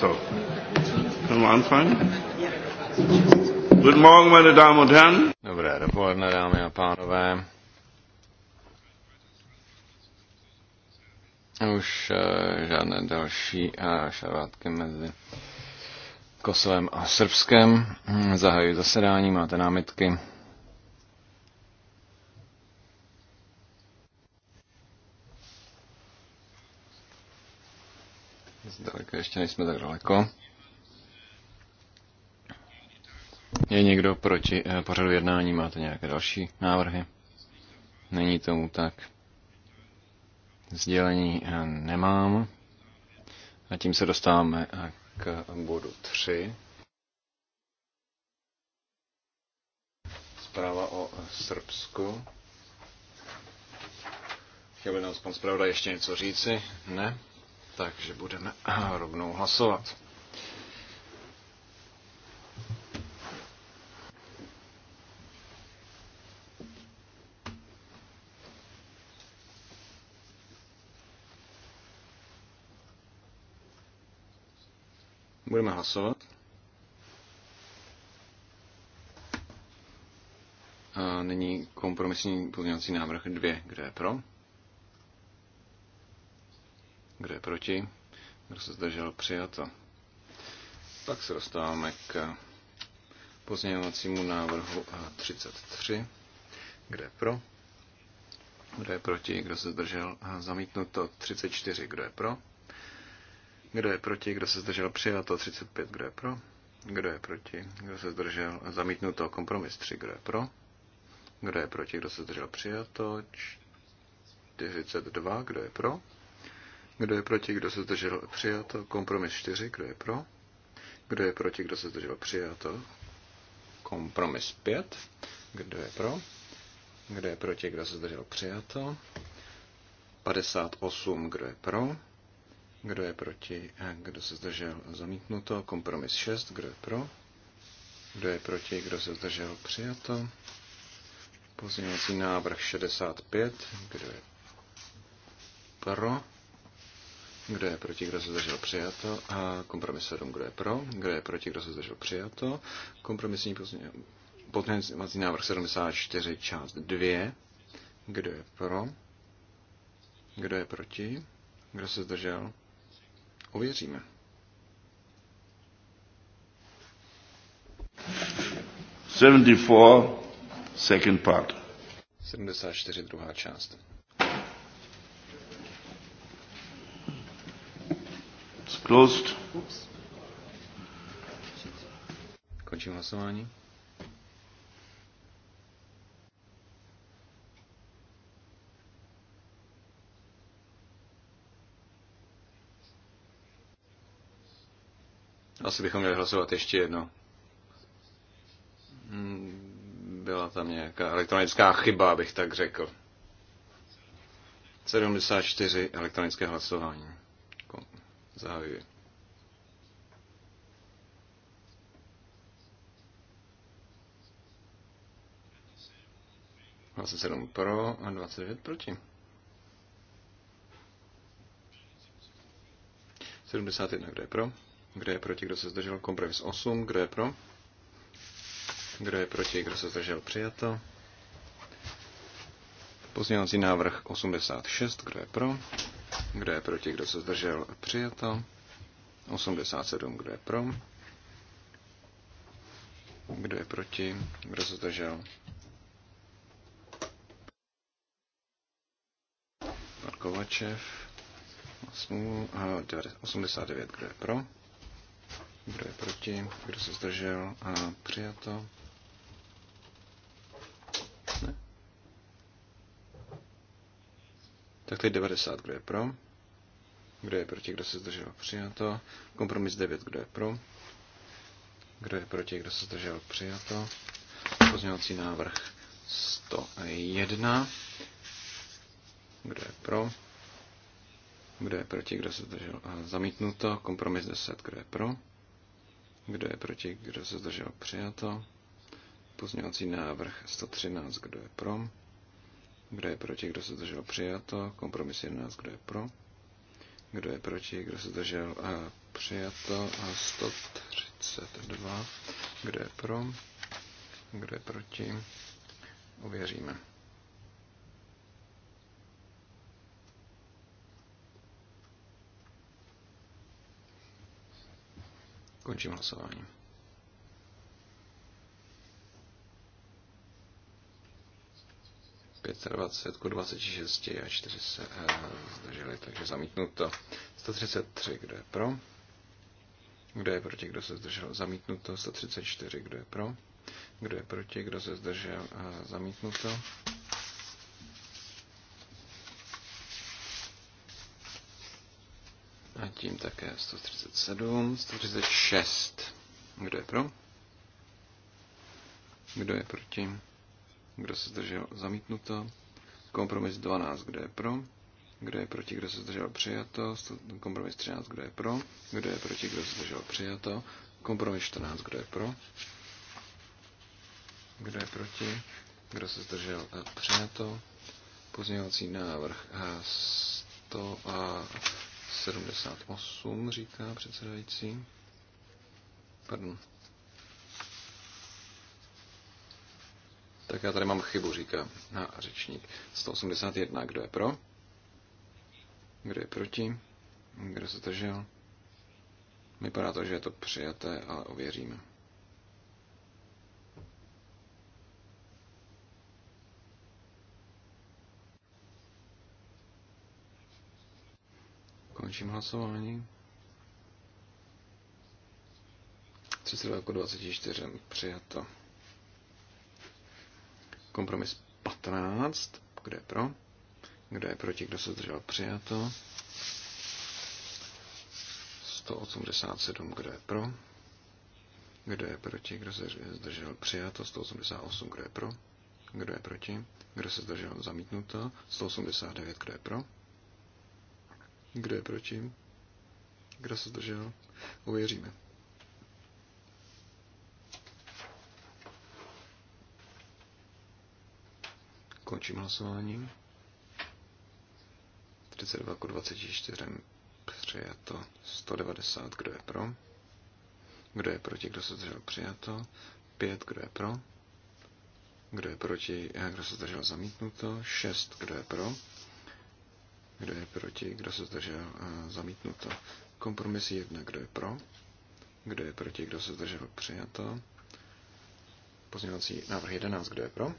So, können wir anfangen? Guten Morgen, meine Damen und Herren. Dobré dopoledne, dámy a pánové. Už uh, žádné další eh, šarvátky mezi Kosovem a Srbskem. Zahajuji zasedání, máte námitky. Zdaleka ještě nejsme tak daleko. Je někdo proti eh, pořadu jednání? Máte nějaké další návrhy? Není tomu tak. Sdělení eh, nemám. A tím se dostáváme eh, k bodu 3. Zpráva o Srbsku. Chtěl by nás pan zpravodaj ještě něco říci? Ne? takže budeme rovnou hlasovat. Budeme hlasovat. A nyní kompromisní pozměňovací návrh 2. kde je pro? Kdo je proti? Kdo se zdržel? Přijato. Pak se dostáváme k pozměňovacímu návrhu 33. kde je pro? Kdo je proti? Kdo se zdržel? Zamítnuto 34. Kdo je pro? Kdo je proti? Kdo se zdržel? Přijato 35. Kdo je pro? Kdo je proti? Kdo se zdržel? Zamítnuto kompromis 3. Kdo je pro? Kdo je proti? Kdo se zdržel? Přijato 42. Kdo je pro? Kdo je proti, kdo se zdržel přijato? Kompromis 4. Kdo je pro? Kdo je proti, kdo se zdržel přijato? Kompromis 5. Kdo je pro? Kdo je proti, kdo se zdržel přijato? 58. Kdo je pro? Kdo je proti? Eh, kdo se zdržel? Zamítnuto. Kompromis 6. Kdo je pro? Kdo je proti? Kdo se zdržel? Přijato. Pozměňovací návrh 65. Kdo je pro? Kdo je proti, kdo se zdržel přijato? A kompromis 7, kdo je pro? Kdo je proti, kdo se zdržel přijato? Kompromisní pozměňovací návrh 74, část 2. Kdo je pro? Kdo je proti? Kdo se zdržel? Ověříme. Seventy-four, second part. 74, druhá část. Closed. Končím hlasování. Asi bychom měli hlasovat ještě jedno. Hmm, byla tam nějaká elektronická chyba, bych tak řekl. 74 elektronické hlasování. Zahajuji. Vlastně 7 pro a 29 proti. 71, kde je pro? Kde je proti, kdo se zdržel? Kompromis 8, kde je pro? Kdo je proti, kdo se zdržel? Přijato. Pozměňovací návrh 86, kdo je pro? Kdo je proti? Kdo se zdržel? Přijato. 87. Kdo je pro? Kdo je proti? Kdo se zdržel? Kovačev. 89. Kdo je pro? Kdo je proti? Kdo se zdržel? A přijato. Tak tady 90, kdo je pro? Kdo je proti, kdo se zdržel? Přijato. Kompromis 9, kdo je pro? Kdo je proti, kdo se zdržel? Přijato. Pozměňovací návrh 101. Kdo je pro? Kdo je proti, kdo se zdržel? Zamítnuto. Kompromis 10, kdo je pro? Kdo je proti, kdo se zdržel? Přijato. Pozměňovací návrh 113, kdo je pro? Kdo je proti, kdo se zdržel přijato? Kompromis 11, kdo je pro? Kdo je proti, kdo se zdržel a přijato? A 132, kdo je pro? Kdo je proti? Uvěříme. Končím hlasování. 520 ku 26 a 4 se eh, zdrželi, takže zamítnuto. 133, kdo je pro? Kdo je proti, kdo se zdržel? Zamítnuto. 134, kdo je pro? Kdo je proti, kdo se zdržel? Eh, zamítnuto. A tím také 137, 136. Kdo je pro? Kdo je proti? kdo se zdržel, zamítnuto. Kompromis 12, kdo je pro, kdo je proti, kdo se zdržel, přijato. Kompromis 13, kdo je pro, kdo je proti, kdo se zdržel, přijato. Kompromis 14, kdo je pro, kdo je proti, kdo se zdržel, přijato. Pozměňovací návrh 178, eh, říká předsedající. Pardon, Tak já tady mám chybu, říká na řečník. 181. Kdo je pro? Kdo je proti? Kdo se držel? Vypadá to, že je to přijaté, ale ověříme. Končím hlasování. 32 jako 24 přijato. Kompromis 15. Kdo je pro? Kdo je proti? Kdo se zdržel? Přijato. 187. Kdo je pro? Kdo je proti? Kdo se zdržel? Přijato. 188. Kdo je pro? Kdo je proti? Kdo se zdržel? Zamítnuto. 189. Kdo je pro? Kdo je proti? Kdo se zdržel? Uvěříme. Končím hlasováním 32 k 24 přijato. 190, kdo je pro? Kdo je proti, kdo se zdržel přijato? 5, eh, kdo je pro? Kdo je proti, kdo se zdržel zamítnuto? 6, kdo je pro? Kdo je proti, kdo se zdržel zamítnuto? Kompromis 1, kdo je pro? Kdo je proti, kdo se zdržel přijato? Pozměňovací návrh 11, kdo je pro?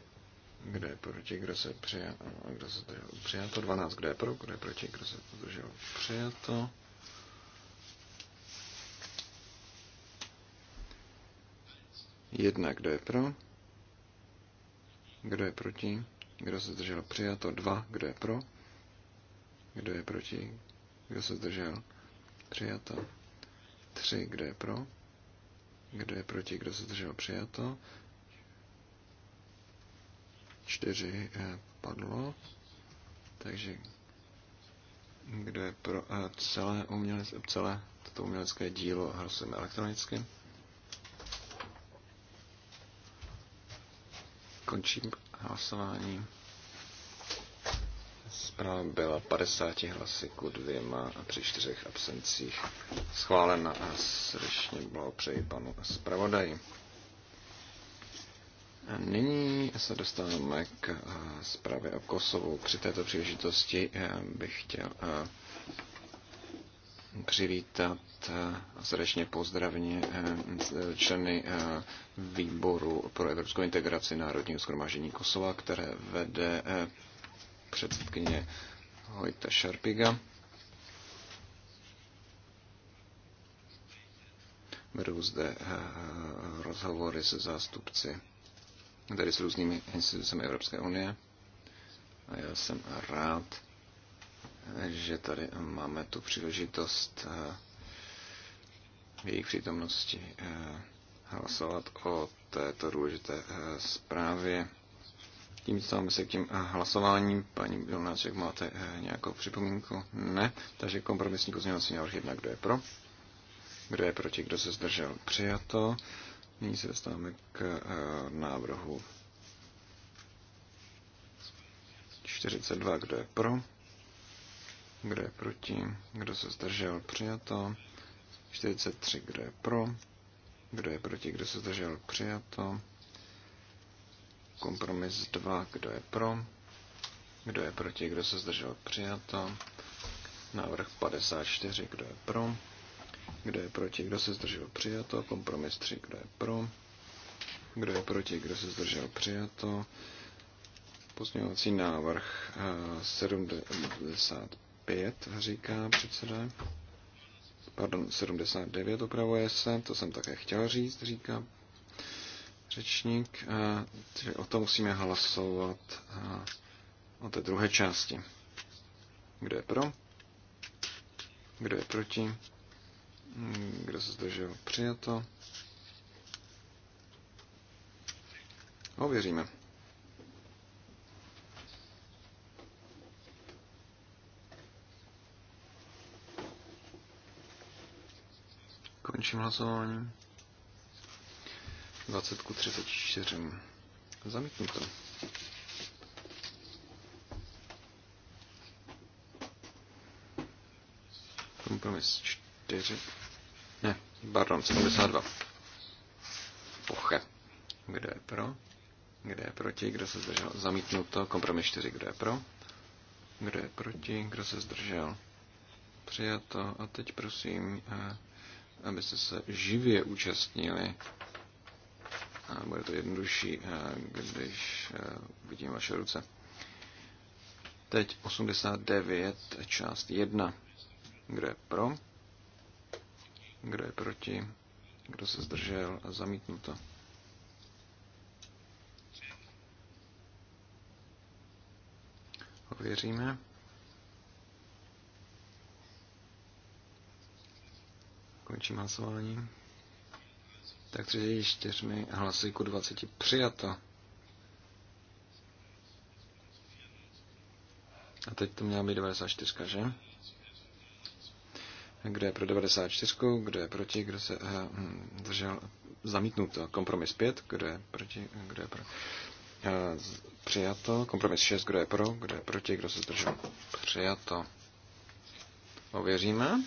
Kdo je proti, kdo se přijal, kdo se držel přijato, 12, kdo je pro, kdo je proti, kdo se držel přijato. Jedna, kdo je pro, kdo je proti, kdo se zdržel přijato, dva, kdo je pro, kdo je proti, kdo se zdržel přijato, tři, kdo je pro, kdo je proti, kdo se zdržel přijato, čtyři eh, padlo. Takže kdo je pro eh, celé, umělec, celé toto umělecké dílo, hlasujeme elektronicky. Končím hlasování. Zpráva byla 50 hlasy ku dvěma a při čtyřech absencích schválena a srdečně blahopřeji panu zpravodaji. A nyní se dostáváme k eh, zprávě o Kosovu. Při této příležitosti eh, bych chtěl eh, přivítat a srdečně pozdravně členy výboru pro evropskou integraci Národního schromáždění Kosova, které vede předsedkyně Hojta Šarpiga. Vedou zde rozhovory se zástupci tady s různými institucemi Evropské unie. A já jsem rád, že tady máme tu příležitost eh, v jejich přítomnosti eh, hlasovat o této důležité eh, zprávě. Tím stáváme se k těm hlasováním. Paní Bilnáček, máte nějakou připomínku? Ne. Takže kompromisní pozměnovací návrh jednak, kdo je pro? Kdo je proti? Kdo se zdržel? Přijato. Nyní se dostáváme k eh, návrhu 42. Kdo je pro? Kdo je proti? Kdo se zdržel? Přijato. 43. Kdo je pro? Kdo je proti? Kdo se zdržel? Přijato. Kompromis 2. Kdo je pro? Kdo je proti? Kdo se zdržel? Přijato. Návrh 54. Kdo je pro? Kdo je proti? Kdo se zdržel? Přijato. Kompromis 3. Kdo je pro? Kdo je proti? Kdo se zdržel? Přijato. Pozměňovací návrh 75 eh, říká předseda. Pardon, 79 opravuje se, to jsem také chtěl říct, říká řečník. Eh, čili o to musíme hlasovat eh, o té druhé části. Kdo je pro? Kdo je proti? kde se zdržel? Přijato. Ověříme. No, Končím hlasování. 20 ku 34. Zamítnuto. Kompromis 4. Ne, pardon, 72. Poche. Kdo je pro? Kdo je proti? Kdo se zdržel? Zamítnuto. Kompromis 4. Kdo je pro? Kdo je proti? Kdo se zdržel? Přijato. A teď prosím, eh, abyste se živě účastnili. A bude to jednodušší, eh, když eh, vidím vaše ruce. Teď 89, část 1. Kdo je pro? Kdo je proti? Kdo se zdržel? Zamítnuto. Ověříme. Končím hlasování. Tak čtyřmi hlasy ku 20 přijato. A teď to měla být 24, že? Kdo je pro 94, kdo je proti, kdo se eh, hm, držel zamítnuto. Kompromis 5, kdo je proti, kdo je pro. Eh, přijato. Kompromis 6, kdo je pro, kdo je proti, kdo se zdržel. Přijato. Ověříme.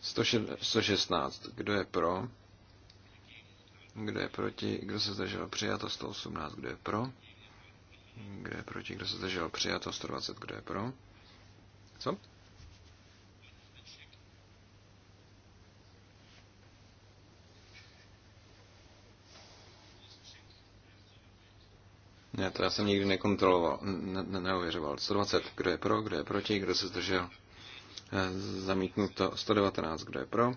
Sto 116. Kdo je pro? Kdo je proti? Kdo se zdržel? Přijato 118. Kdo je pro? Kdo je proti? Kdo se zdržel? Přijato 120. Kdo je pro? Co? Ne, to já jsem nikdy nekontroloval, ne, ne, neuvěřoval. 120, kdo je pro, kdo je proti, kdo se zdržel. Eh, zamítnuto 119, kdo je pro,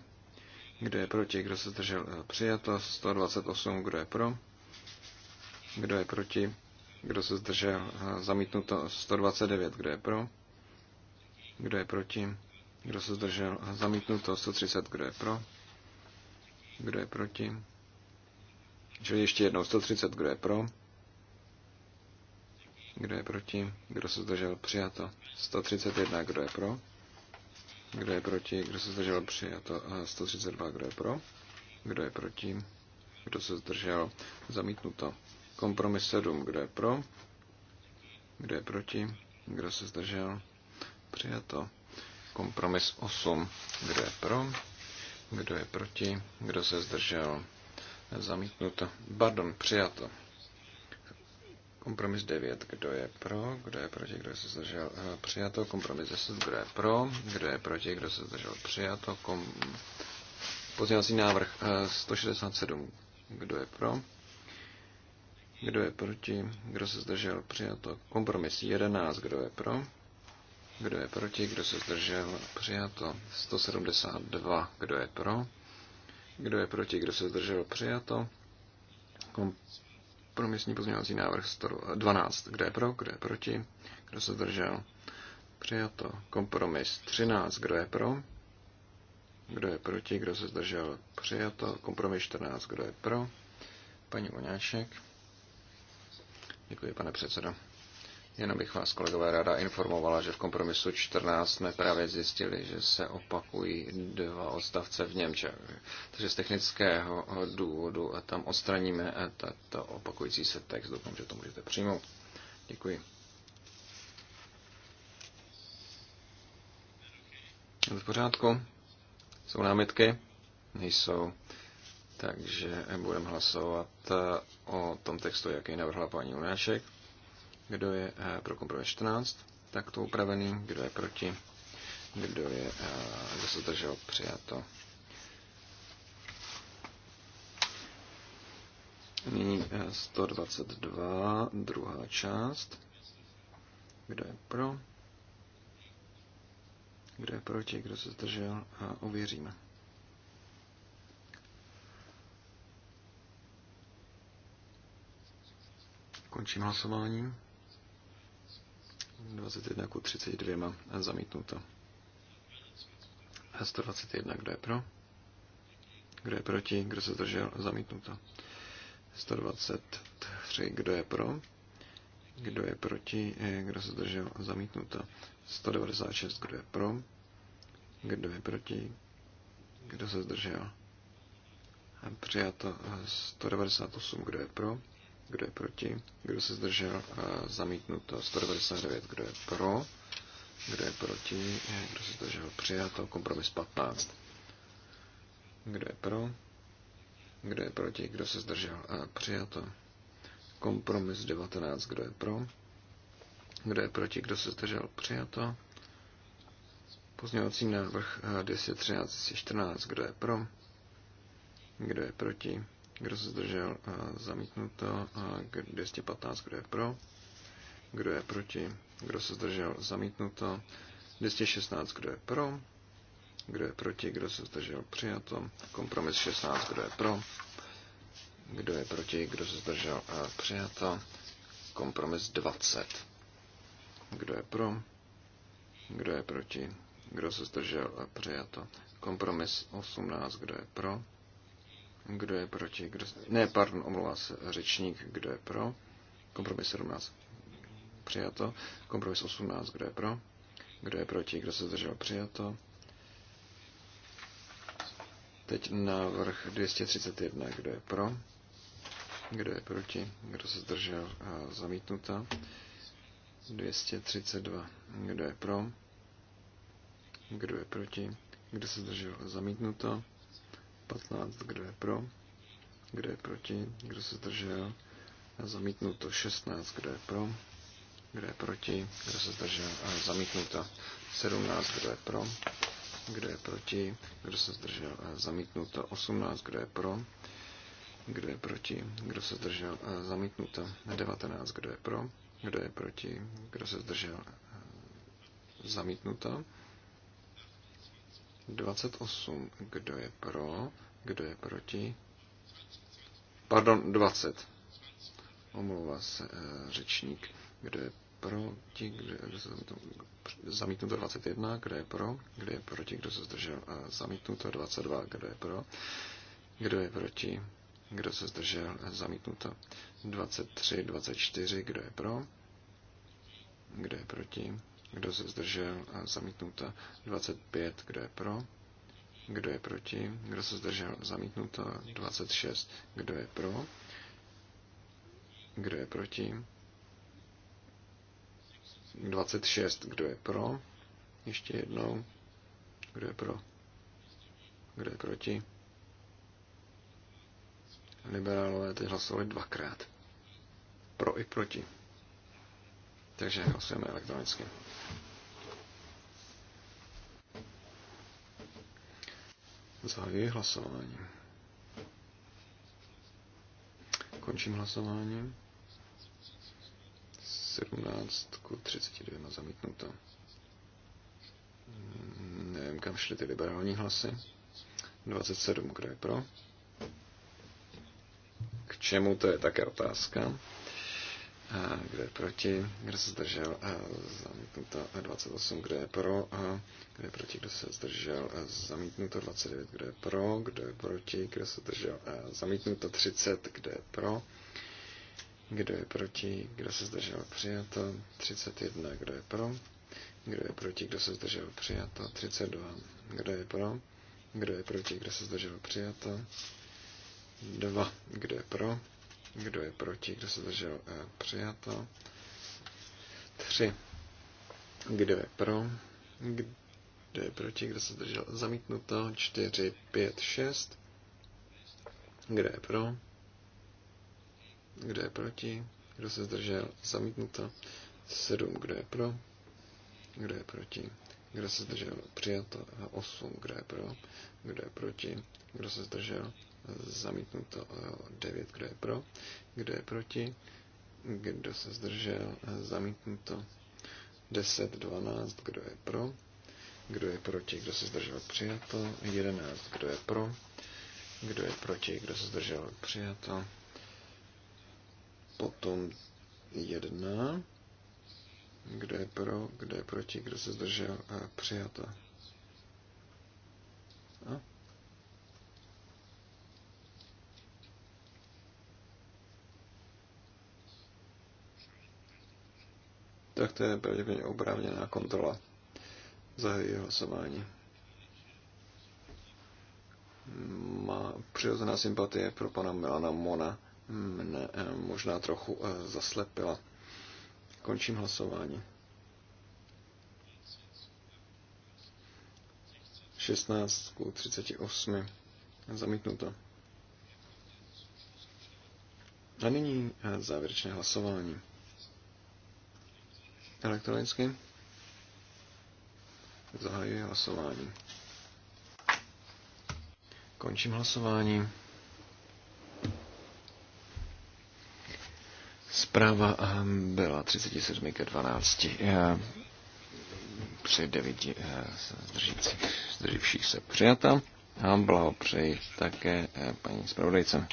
kdo je proti, kdo se zdržel. Eh, přijato 128, kdo je pro, kdo je proti, kdo se zdržel? Zamítnuto 129. Kdo je pro? Kdo je proti? Kdo se zdržel? Zamítnuto 130. Kdo je pro? Kdo je proti? Čili ještě jednou 130. Kdo je pro? Kdo je proti? Kdo se zdržel? Přijato. 131. Kdo je pro? Kdo je proti? Kdo se zdržel? Přijato. 132. Kdo je pro? Kdo je proti? Kdo se zdržel? Zamítnuto. Kompromis 7. Kdo je pro? Kdo je proti? Kdo se zdržel? Přijato. Kompromis 8. Kdo je pro? Kdo je proti? Kdo se zdržel? Zamítnuto. Pardon, přijato. Kompromis 9. Kdo je pro? Kdo je proti? Kdo se zdržel? Eh, přijato. Kompromis 10. Kdo je pro? Kdo je proti? Kdo se zdržel? Přijato. Kom... Pozdělací návrh 167. Eh, kdo je pro? Kdo je proti? Kdo se zdržel? Přijato. Kompromis 11. Kdo je pro? Kdo je proti? Kdo se zdržel? Přijato. 172. Kdo je pro? Kdo je proti? Kdo se zdržel? Přijato. Kompromisní pozměňovací návrh 12. Kdo je pro? Kdo je proti? Kdo se zdržel? Přijato. Kompromis 13. Kdo je pro? Kdo je proti? Kdo se zdržel? Přijato. Kompromis 14. Kdo je pro? Paní Voňáček. Děkuji, pane předsedo. Jenom bych vás, kolegové, ráda informovala, že v kompromisu 14 jsme právě zjistili, že se opakují dva odstavce v Němče. Takže z technického důvodu tam odstraníme tato opakující se text. Doufám, že to můžete přijmout. Děkuji. v pořádku? Jsou námitky? Nejsou. Takže budeme hlasovat eh, o tom textu, jaký navrhla paní Unášek. Kdo je eh, pro kompromis 14, tak to upravený. Kdo je proti, kdo, je, eh, kdo se držel přijato. Nyní 122, druhá část. Kdo je pro? Kdo je proti? Kdo se zdržel? A ověříme. Končím hlasováním. 21 k 32 zamítnuto. 121, kdo je pro? Kdo je proti? Kdo se zdržel? Zamítnuto. 123, kdo je pro? Kdo je proti? Eh, kdo se zdržel? Zamítnuto. 196, kdo je pro? Kdo je proti? Kdo se zdržel? Přijato 198, eh, kdo je pro? Kdo je proti? Kdo se zdržel? Zamítnuto 199. Kdo je pro? Kdo je proti? Kdo se zdržel? Přijato. Kompromis 15. Kdo je pro? Kdo je proti? Kdo se zdržel? Přijato. Kompromis 19. Kdo je pro? Kdo je proti? Kdo se zdržel? Přijato. Pozměňovací návrh 213, eh, 14 Kdo je pro? Kdo je proti? Kdo se zdržel? Zamítnuto. 215. Kdo je pro? Kdo je proti? Kdo se zdržel? Zamítnuto. 216. Kdo je pro? Kdo je proti? Kdo se zdržel? Přijato. Kompromis 16. Kdo je pro? Kdo je proti? Kdo se zdržel? Přijato. Kompromis 20. Kdo je pro? Kdo je proti? Kdo se zdržel? Přijato. Kompromis 18. Kdo je pro? Kdo je proti? Kdo... Ne, pardon, omlouvá se řečník. Kdo je pro? Kompromis 17. Přijato. Kompromis 18. Kdo je pro? Kdo je proti? Kdo se zdržel? Přijato. Teď návrh 231. Kdo je pro? Kdo je proti? Kdo se zdržel? Zamítnuta. 232. Kdo je pro? Kdo je proti? Kdo se zdržel? Zamítnuto. 15, kdo je pro, kdo je proti, kdo se zdržel, zamítnuto 16, kdo je pro, kdo je proti, kdo se zdržel, a zamítnuto 17, kdo je pro, kdo je proti, kdo se zdržel, a zamítnuto 18, kdo je pro, kdo je proti, kdo se zdržel, a zamítnuto 19, kdo je pro, kdo je proti, kdo se zdržel, zamítnuto 28. Kdo je pro? Kdo je proti? Pardon, 20. Omlouvá se e, řečník. Kdo je proti? Kdo je zamítnuto 21? Kdo je pro? Kdo je proti? Kdo se zdržel? E, zamítnuto 22. Kdo je pro? Kdo je proti? Kdo se zdržel? E, zamítnuto 23, 24. Kdo je pro? Kdo je proti? Kdo se zdržel? Zamítnuto. 25. Kdo je pro? Kdo je proti? Kdo se zdržel? Zamítnuto. 26. Kdo je pro? Kdo je proti? 26. Kdo je pro? Ještě jednou. Kdo je pro? Kdo je proti? Liberálové teď hlasovali dvakrát. Pro i proti. Takže hlasujeme elektronicky. Zahajuji hlasování. Končím hlasování. 17 ku 32 zamítnuto. Nevím, kam šly ty liberální hlasy. 27, kdo je pro? K čemu to je také otázka? kdo je proti, kdo se zdržel, zamítnuto 28, kdo je pro, kdo je proti, kdo se zdržel, zamítnuto 29, kdo je pro, kdo je proti, kdo se zdržel, zamítnuto 30, kdo je pro, kdo je proti, kdo se zdržel, přijato 31, kdo je pro, kdo je proti, kdo se zdržel, přijato 32, kdo je pro, kdo je proti, kdo se zdržel, přijato 2, kdo je pro, kdo je proti? Kdo se zdržel? Eh, přijato. 3. Kdo je pro? Kdo je proti? Kdo se zdržel? Zamítnuto. 4, 5, 6. Kdo je pro? Kdo je proti? Kdo se zdržel? Zamítnuto. 7. Kdo je pro? Kdo je proti? Kdo se zdržel? Přijato. 8. Kdo je pro? Kdo je proti? Kdo se zdržel? zamítnuto 9, kdo je pro, kdo je proti, kdo se zdržel, zamítnuto 10, 12, kdo je pro, kdo je proti, kdo se zdržel, přijato 11, kdo je pro, kdo je proti, kdo se zdržel, přijato. Potom 1, kdo je pro, kdo je proti, kdo se zdržel, přijato. A tak to je pravděpodobně oprávněná kontrola. její hlasování. Má přirozená sympatie pro pana Milana Mona mne eh, možná trochu eh, zaslepila. Končím hlasování. 16 k 38. Zamítnuto. A nyní eh, závěrečné hlasování elektronicky. Zahajuji hlasování. Končím hlasování. Zpráva ehm, byla 37 ke 12. Eh, při 9 eh, zdrživších se přijata. A blahopřeji také eh, paní zpravodajce.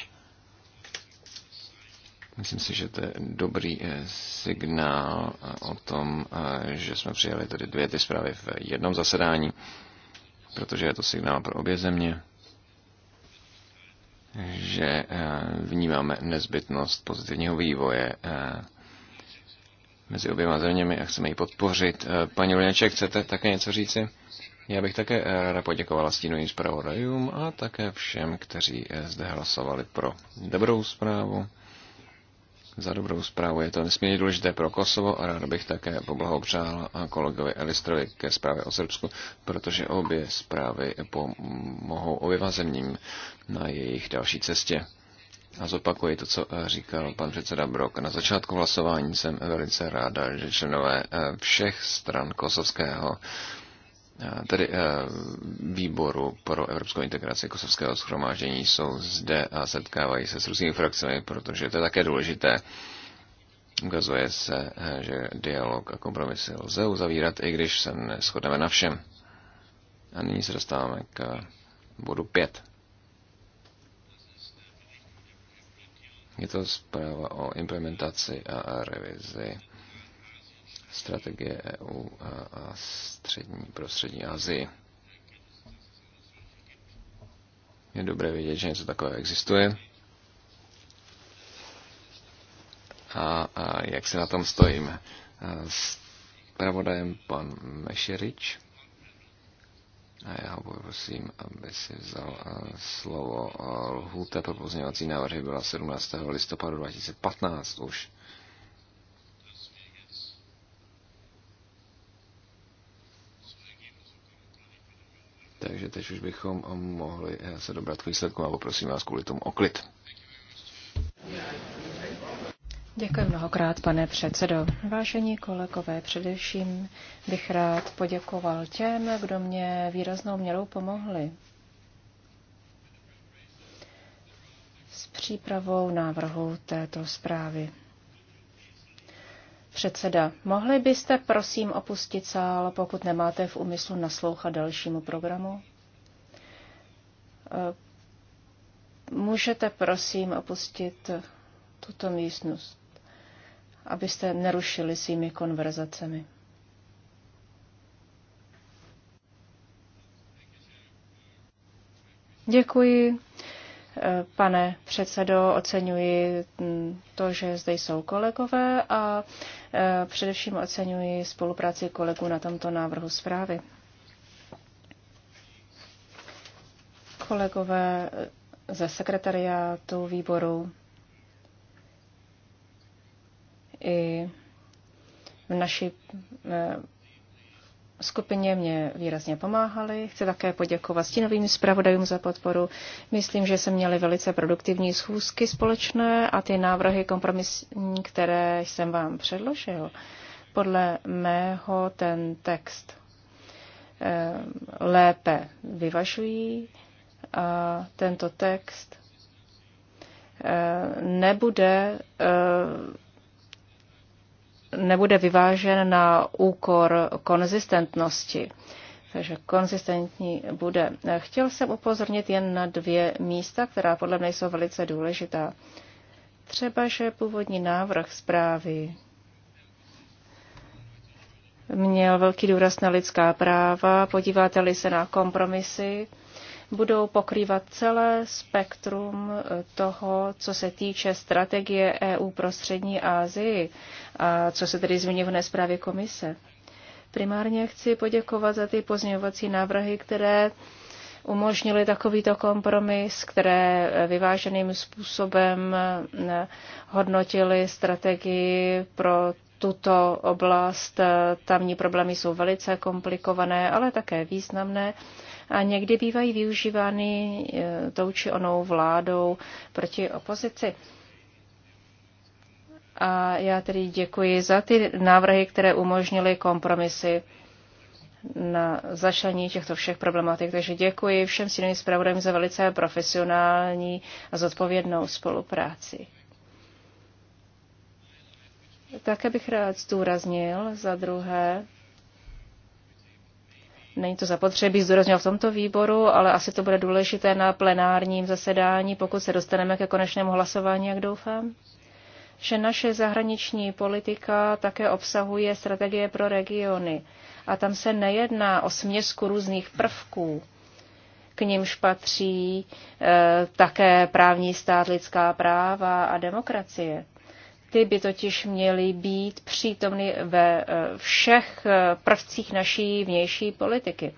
Myslím si, že to je dobrý eh, signál eh, o tom, eh, že jsme přijali tady dvě ty zprávy v jednom zasedání, protože je to signál pro obě země, že vnímáme nezbytnost pozitivního vývoje mezi oběma zeměmi a chceme ji podpořit. Paní Luněček, chcete také něco říci? Já bych také ráda poděkovala stínovým zpravodajům a také všem, kteří zde hlasovali pro dobrou zprávu za dobrou zprávu. Je to nesmírně důležité pro Kosovo a ráda bych také poblahopřál kolegovi Elistrovi ke zprávě o Srbsku, protože obě zprávy pomohou oběma zemím na jejich další cestě. A zopakuji to, co říkal pan předseda Brok. Na začátku hlasování jsem velice ráda, že členové eh, všech stran kosovského tedy eh, výboru pro evropskou integraci kosovského schromáždění jsou zde a setkávají se s různými frakcemi, protože to je také důležité. Ukazuje se, eh, že dialog a kompromisy lze uzavírat, i když se neschodneme na všem. A nyní se dostáváme k eh, bodu 5. Je to zpráva o implementaci a revizi strategie EU a střední prostřední Asii. Je dobré vědět, že něco takového existuje. A, a jak se na tom stojíme? S pravodajem pan Mešerič. A já ho poprosím, aby si vzal slovo. Lhůta pro pozměňovací návrhy byla 17. listopadu 2015 už. Takže teď už bychom mohli eh, se dobrat k výsledku a poprosím vás kvůli tomu oklid. Děkuji mnohokrát, pane předsedo. Vážení kolegové, především bych rád poděkoval těm, kdo mě výraznou měrou pomohli s přípravou návrhu této zprávy. Předseda, mohli byste prosím opustit sál, pokud nemáte v úmyslu naslouchat dalšímu programu? Eh, můžete prosím opustit tuto místnost, abyste nerušili svými konverzacemi. Děkuji Pane předsedo, oceňuji to, že zde jsou kolegové a e, především oceňuji spolupráci kolegů na tomto návrhu zprávy. Kolegové ze sekretariátu výboru i v naší e, skupině mě výrazně pomáhali. Chci také poděkovat stínovým zpravodajům za podporu. Myslím, že jsme měli velice produktivní schůzky společné a ty návrhy kompromisní, které jsem vám předložil, podle mého ten text eh, lépe vyvažují a tento text eh, nebude eh, nebude vyvážen na úkor konzistentnosti. Takže konzistentní bude. Chtěl jsem upozornit jen na dvě místa, která podle mě jsou velice důležitá. Třeba, že původní návrh zprávy měl velký důraz na lidská práva. Podíváte-li se na kompromisy, budou pokrývat celé spektrum eh, toho, co se týče strategie EU pro střední Asii, a co se tedy zmíní v nesprávě komise. Primárně chci poděkovat za ty pozměňovací návrhy, které umožnili takovýto kompromis, které eh, vyváženým způsobem eh, hodnotili strategii pro tuto oblast. Tamní problémy jsou velice komplikované, ale také významné a někdy bývají využívány e, tou či onou vládou proti opozici. A já tedy děkuji za ty návrhy, které umožnily kompromisy na zašlení těchto všech problematik. Takže děkuji všem stínovým zpravodajům za velice profesionální a zodpovědnou spolupráci. Také bych rád zdůraznil za druhé, Není to zapotřebí zdůraznil v tomto výboru, ale asi to bude důležité na plenárním zasedání, pokud se dostaneme ke konečnému hlasování, jak doufám. Že naše zahraniční politika také obsahuje strategie pro regiony. A tam se nejedná o směsku různých prvků, k nímž patří e, také právní stát, lidská práva a demokracie. Ty by totiž měly být přítomny ve eh, všech eh, prvcích naší vnější politiky.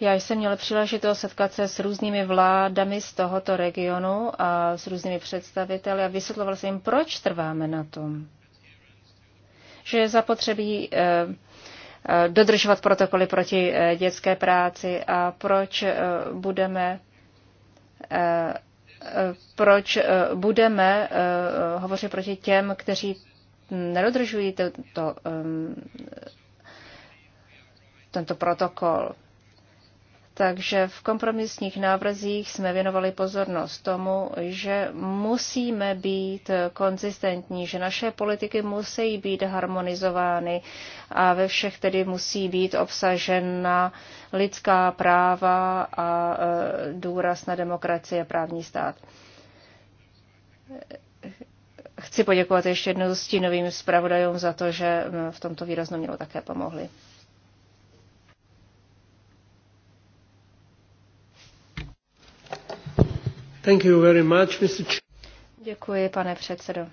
Já jsem měla příležitost setkat se s různými vládami z tohoto regionu a s různými představiteli a vysvětloval jsem jim, proč trváme na tom. Že je zapotřebí eh, dodržovat protokoly proti dětské práci a proč budeme proč eh, budeme eh, hovořit proti těm, kteří nedodržují to, to, ehm, tento protokol. Takže v kompromisních návrzích jsme věnovali pozornost tomu, že musíme být konzistentní, že naše politiky musí být harmonizovány a ve všech tedy musí být obsažena lidská práva a e, důraz na demokracii a právní stát. Chci poděkovat ještě jednou stínovým zpravodajům za to, že v tomto výraznu mělo také pomohli. Thank you very much, Mr. Ch Děkuji, pane předsedo.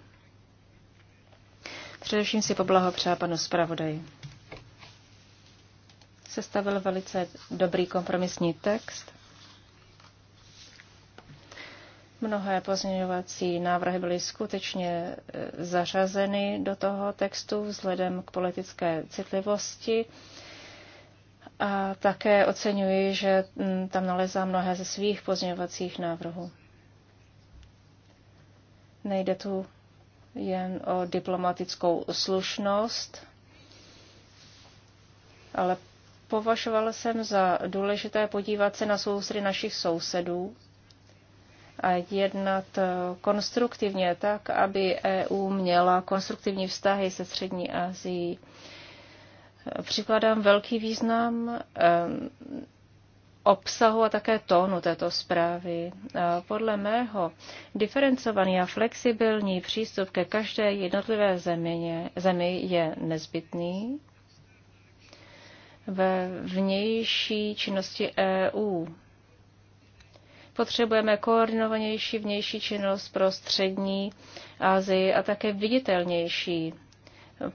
Především si poblahopřeji panu zpravodaji. Sestavil velice dobrý kompromisní text. Mnohé pozměňovací návrhy byly skutečně e, zařazeny do toho textu vzhledem k politické citlivosti a také oceňuji, že mm, tam nalezám mnohé ze svých pozměňovacích návrhů. Nejde tu jen o diplomatickou slušnost, ale považoval jsem za důležité podívat se na sousedy našich sousedů a jednat eh, konstruktivně tak, aby EU měla konstruktivní vztahy se Střední Asií přikládám velký význam obsahu a také tónu této zprávy. E, podle mého diferencovaný a flexibilní přístup ke každé jednotlivé země, zemi je nezbytný ve vnější činnosti EU. Potřebujeme koordinovanější vnější činnost pro střední Asii a také viditelnější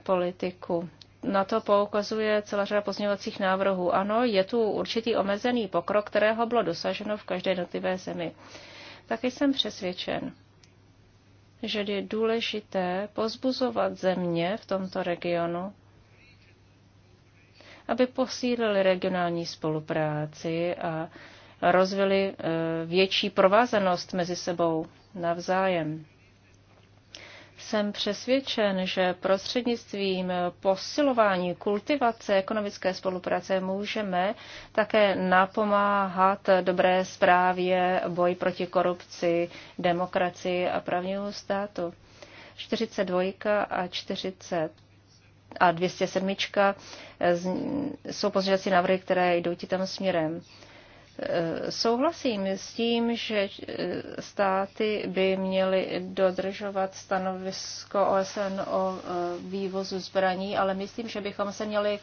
politiku na to poukazuje celá řada pozměňovacích návrhů. Ano, je tu určitý omezený pokrok, kterého bylo dosaženo v každé jednotlivé zemi. Taky jsem přesvědčen, že je důležité pozbuzovat země v tomto regionu, aby posílili regionální spolupráci a rozvili eh, větší provázanost mezi sebou navzájem. Jsem přesvědčen, že prostřednictvím posilování kultivace ekonomické spolupráce můžeme také napomáhat dobré zprávě, boj proti korupci, demokracii a právního státu. 42 a 40 a 207 jsou pozměňovací návrhy, které jdou ti tam směrem. Eh, souhlasím s tím, že eh, státy by měly dodržovat stanovisko OSN o eh, vývozu zbraní, ale myslím, že bychom se měli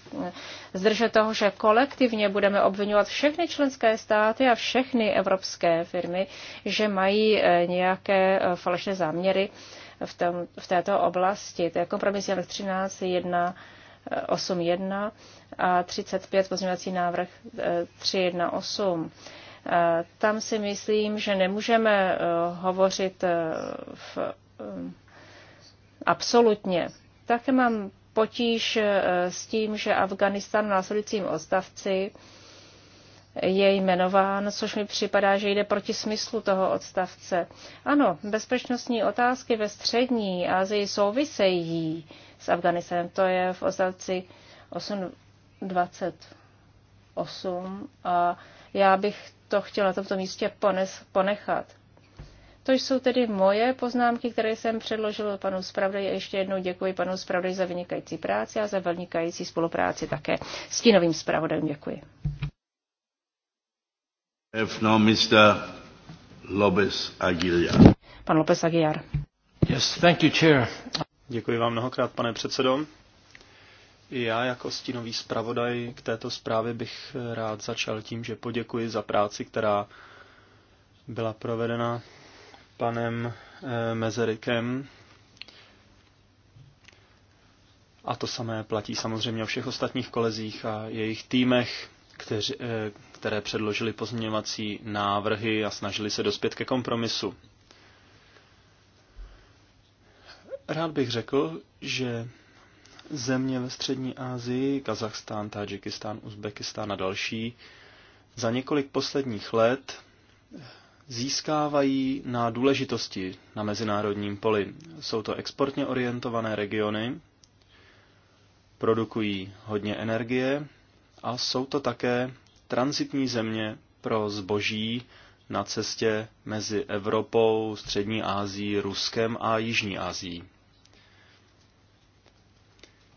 zdržet toho, že kolektivně budeme obvinovat všechny členské státy a všechny evropské firmy, že mají nějaké falešné záměry v, tom, v této oblasti. To je kompromis 13.1 8.1 a 35 pozměňovací návrh 3.1.8. E, e, tam si myslím, že nemůžeme e, hovořit v, absolutně. Také mám potíž s tím, že Afganistan v následujícím odstavci je jmenován, což mi připadá, že jde proti smyslu toho odstavce. Ano, bezpečnostní otázky ve střední Asii souvisejí s Afganistanem. To je v odstavci 8.28 a já bych to chtěla na tomto místě pones, ponechat. To jsou tedy moje poznámky, které jsem předložil panu A Ještě jednou děkuji panu Spravdej za vynikající práci a za vynikající spolupráci také. novým Spravodem děkuji. Now Mr. Lopez Aguilar. Pan Lopez Aguilar. Yes, thank you, chair. Děkuji vám mnohokrát, pane předsedo. Já jako stínový zpravodaj k této zprávě bych rád začal tím, že poděkuji za práci, která byla provedena panem eh, Mezerikem. A to samé platí samozřejmě o všech ostatních kolezích a jejich týmech kteři, eh, které předložili pozměňovací návrhy a snažili se dospět ke kompromisu. Rád bych řekl, že země ve střední Asii, Kazachstán, Tadžikistán, Uzbekistán a další, za několik posledních let získávají na důležitosti na mezinárodním poli. Jsou to exportně orientované regiony, produkují hodně energie, a jsou to také transitní země pro zboží na cestě mezi Evropou, Střední Ázií, Ruskem a Jižní Ázií.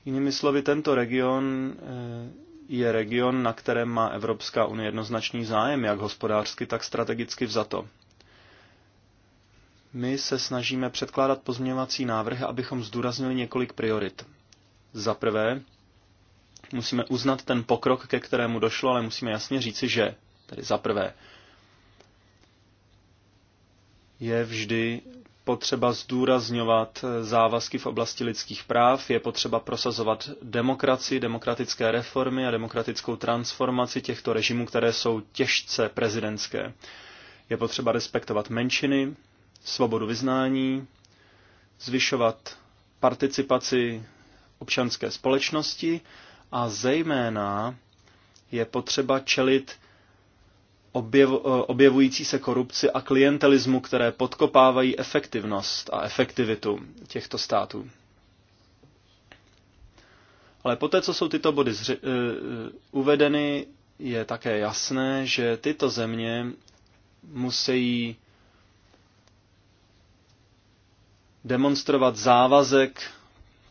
Jinými slovy, tento region eh, je region, na kterém má Evropská unie jednoznačný zájem, jak hospodářsky, tak strategicky vzato. My se snažíme předkládat pozměňovací návrhy, abychom zdůraznili několik priorit. Za prvé, Musíme uznat ten pokrok, ke kterému došlo, ale musíme jasně říci, že tedy za prvé je vždy potřeba zdůrazňovat závazky v oblasti lidských práv, je potřeba prosazovat demokracii, demokratické reformy a demokratickou transformaci těchto režimů, které jsou těžce prezidentské. Je potřeba respektovat menšiny, svobodu vyznání, zvyšovat participaci občanské společnosti a zejména je potřeba čelit objev, eh, objevující se korupci a klientelismu, které podkopávají efektivnost a efektivitu těchto států. Ale poté, co jsou tyto body zři- eh, eh, uvedeny, je také jasné, že tyto země musí demonstrovat závazek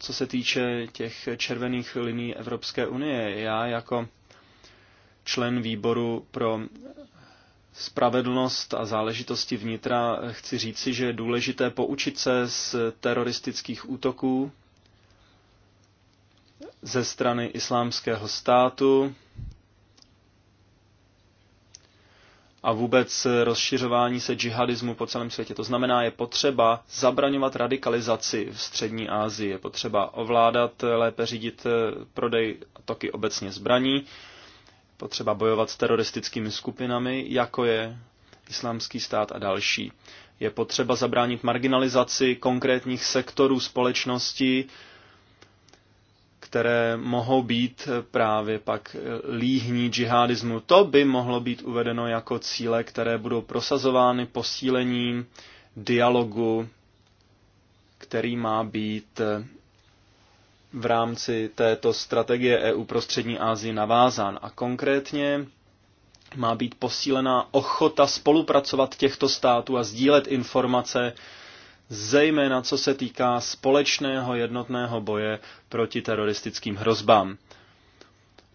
co se týče těch červených liní Evropské unie. Já jako člen výboru pro spravedlnost a záležitosti vnitra chci říci, že je důležité poučit se z teroristických útoků ze strany islámského státu, a vůbec eh, rozšiřování se džihadismu po celém světě. To znamená, je potřeba zabraňovat radikalizaci v střední Asii, je potřeba ovládat, eh, lépe řídit eh, prodej toky obecně zbraní, potřeba bojovat s teroristickými skupinami, jako je islámský stát a další. Je potřeba zabránit marginalizaci konkrétních sektorů společnosti, které mohou být právě pak eh, líhní džihadismu. To by mohlo být uvedeno jako cíle, které budou prosazovány posílením dialogu, který má být eh, v rámci této strategie EU prostřední Asii navázán. A konkrétně má být posílená ochota spolupracovat těchto států a sdílet informace zejména co se týká společného jednotného boje proti teroristickým hrozbám.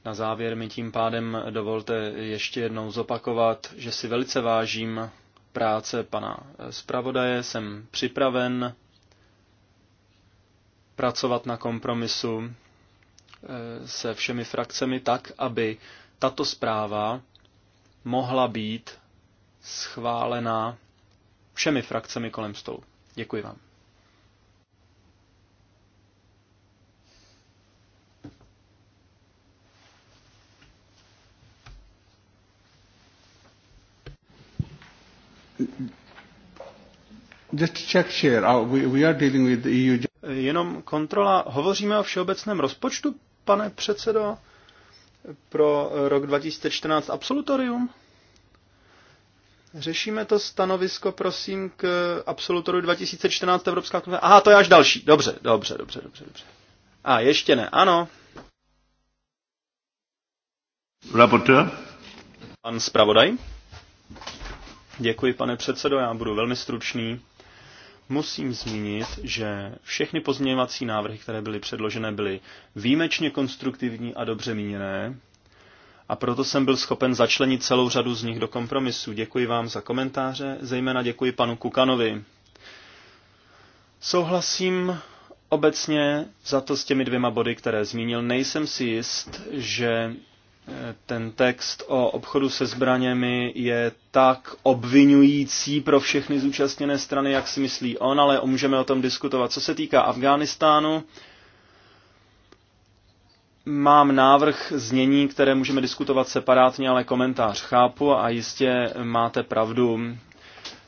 Na závěr mi tím pádem dovolte ještě jednou zopakovat, že si velice vážím práce pana eh, zpravodaje, jsem připraven pracovat na kompromisu eh, se všemi frakcemi tak, aby tato zpráva mohla být schválená všemi frakcemi kolem stolu. Děkuji vám. Just check share. Uh, we, we are dealing with the EU. Jenom kontrola. Hovoříme o všeobecném rozpočtu, pane předsedo, pro rok 2014 absolutorium? Řešíme to stanovisko, prosím, k absolutoru 2014 Evropská komise. Aha, to je až další. Dobře, dobře, dobře, dobře, dobře. A ještě ne, ano. Raportér? Pan zpravodaj. Děkuji, pane předsedo, já budu velmi stručný. Musím zmínit, že všechny pozměňovací návrhy, které byly předložené, byly výjimečně konstruktivní a dobře míněné a proto jsem byl schopen začlenit celou řadu z nich do kompromisu. Děkuji vám za komentáře, zejména děkuji panu Kukanovi. Souhlasím obecně za to s těmi dvěma body, které zmínil. Nejsem si jist, že eh, ten text o obchodu se zbraněmi je tak obvinující pro všechny zúčastněné strany, jak si myslí on, ale můžeme o tom diskutovat. Co se týká Afghánistánu, mám návrh znění, které můžeme diskutovat separátně, ale komentář chápu a jistě máte pravdu.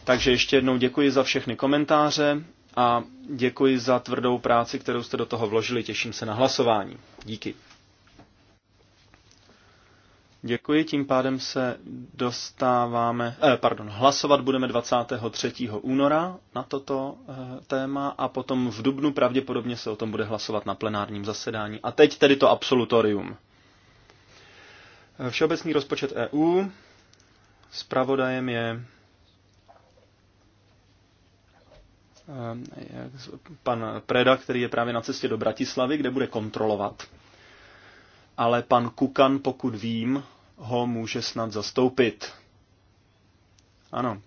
Takže ještě jednou děkuji za všechny komentáře a děkuji za tvrdou práci, kterou jste do toho vložili. Těším se na hlasování. Díky. Děkuji, tím pádem se dostáváme, eh, pardon, hlasovat budeme 23. února na toto eh, téma a potom v Dubnu pravděpodobně se o tom bude hlasovat na plenárním zasedání. A teď tedy to absolutorium. Eh, Všeobecný rozpočet EU, S pravodajem je eh, pan Preda, který je právě na cestě do Bratislavy, kde bude kontrolovat ale pan Kukan, pokud vím, ho může snad zastoupit. Ano.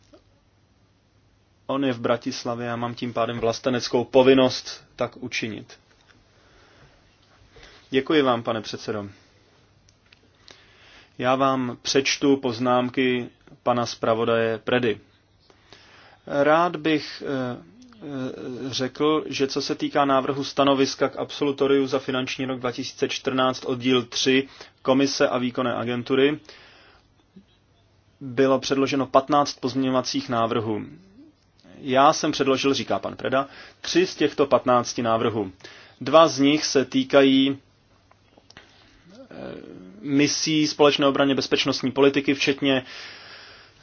On je v Bratislavě a mám tím pádem vlasteneckou povinnost tak učinit. Děkuji vám, pane předsedo. Já vám přečtu poznámky pana zpravodaje Predy. Rád bych eh, Eh, řekl, že co se týká návrhu stanoviska k absolutoriu za finanční rok 2014 oddíl 3 Komise a výkonné agentury, bylo předloženo 15 pozměňovacích návrhů. Já jsem předložil, říká pan Preda, tři z těchto 15 návrhů. Dva z nich se týkají eh, misí společné obraně bezpečnostní politiky, včetně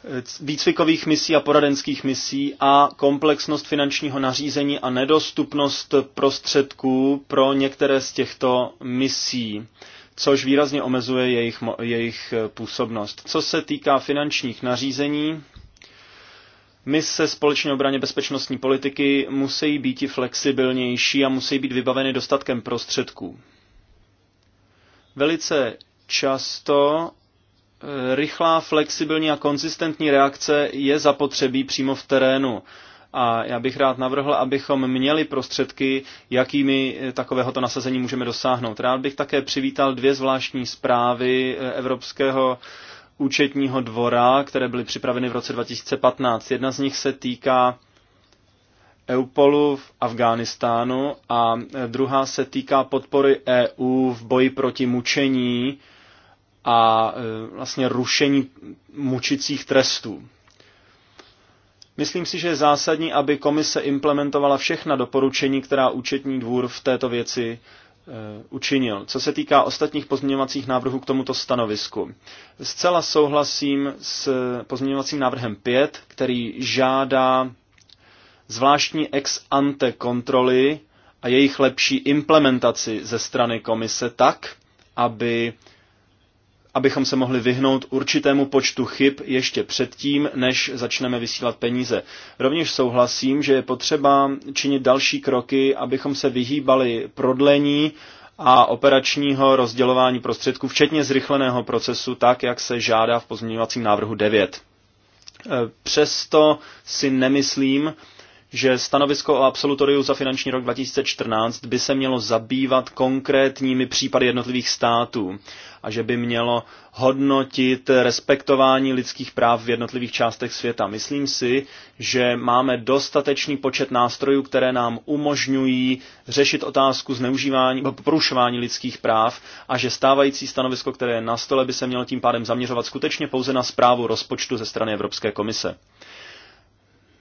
Eh, výcvikových misí a poradenských misí a komplexnost finančního nařízení a nedostupnost prostředků pro některé z těchto misí, což výrazně omezuje jejich, jejich eh, působnost. Co se týká finančních nařízení, Mise společně obraně bezpečnostní politiky musí být i flexibilnější a musí být vybaveny dostatkem prostředků. Velice často rychlá, flexibilní a konzistentní reakce je zapotřebí přímo v terénu. A já bych rád navrhl, abychom měli prostředky, jakými eh, takovéhoto nasazení můžeme dosáhnout. Rád bych také přivítal dvě zvláštní zprávy eh, Evropského účetního dvora, které byly připraveny v roce 2015. Jedna z nich se týká EUPOLu v Afghánistánu a eh, druhá se týká podpory EU v boji proti mučení a e, vlastně rušení mučicích trestů. Myslím si, že je zásadní, aby komise implementovala všechna doporučení, která účetní dvůr v této věci e, učinil. Co se týká ostatních pozměňovacích návrhů k tomuto stanovisku. Zcela souhlasím s pozměňovacím návrhem 5, který žádá zvláštní ex ante kontroly a jejich lepší implementaci ze strany komise tak, aby abychom se mohli vyhnout určitému počtu chyb ještě předtím, než začneme vysílat peníze. Rovněž souhlasím, že je potřeba činit další kroky, abychom se vyhýbali prodlení a operačního rozdělování prostředků, včetně zrychleného procesu, tak jak se žádá v pozměňovacím návrhu 9. E, přesto si nemyslím, že stanovisko o absolutoriu za finanční rok 2014 by se mělo zabývat konkrétními případy jednotlivých států a že by mělo hodnotit respektování lidských práv v jednotlivých částech světa. Myslím si, že máme dostatečný počet nástrojů, které nám umožňují řešit otázku zneužívání, porušování lidských práv a že stávající stanovisko, které je na stole, by se mělo tím pádem zaměřovat skutečně pouze na zprávu rozpočtu ze strany Evropské komise.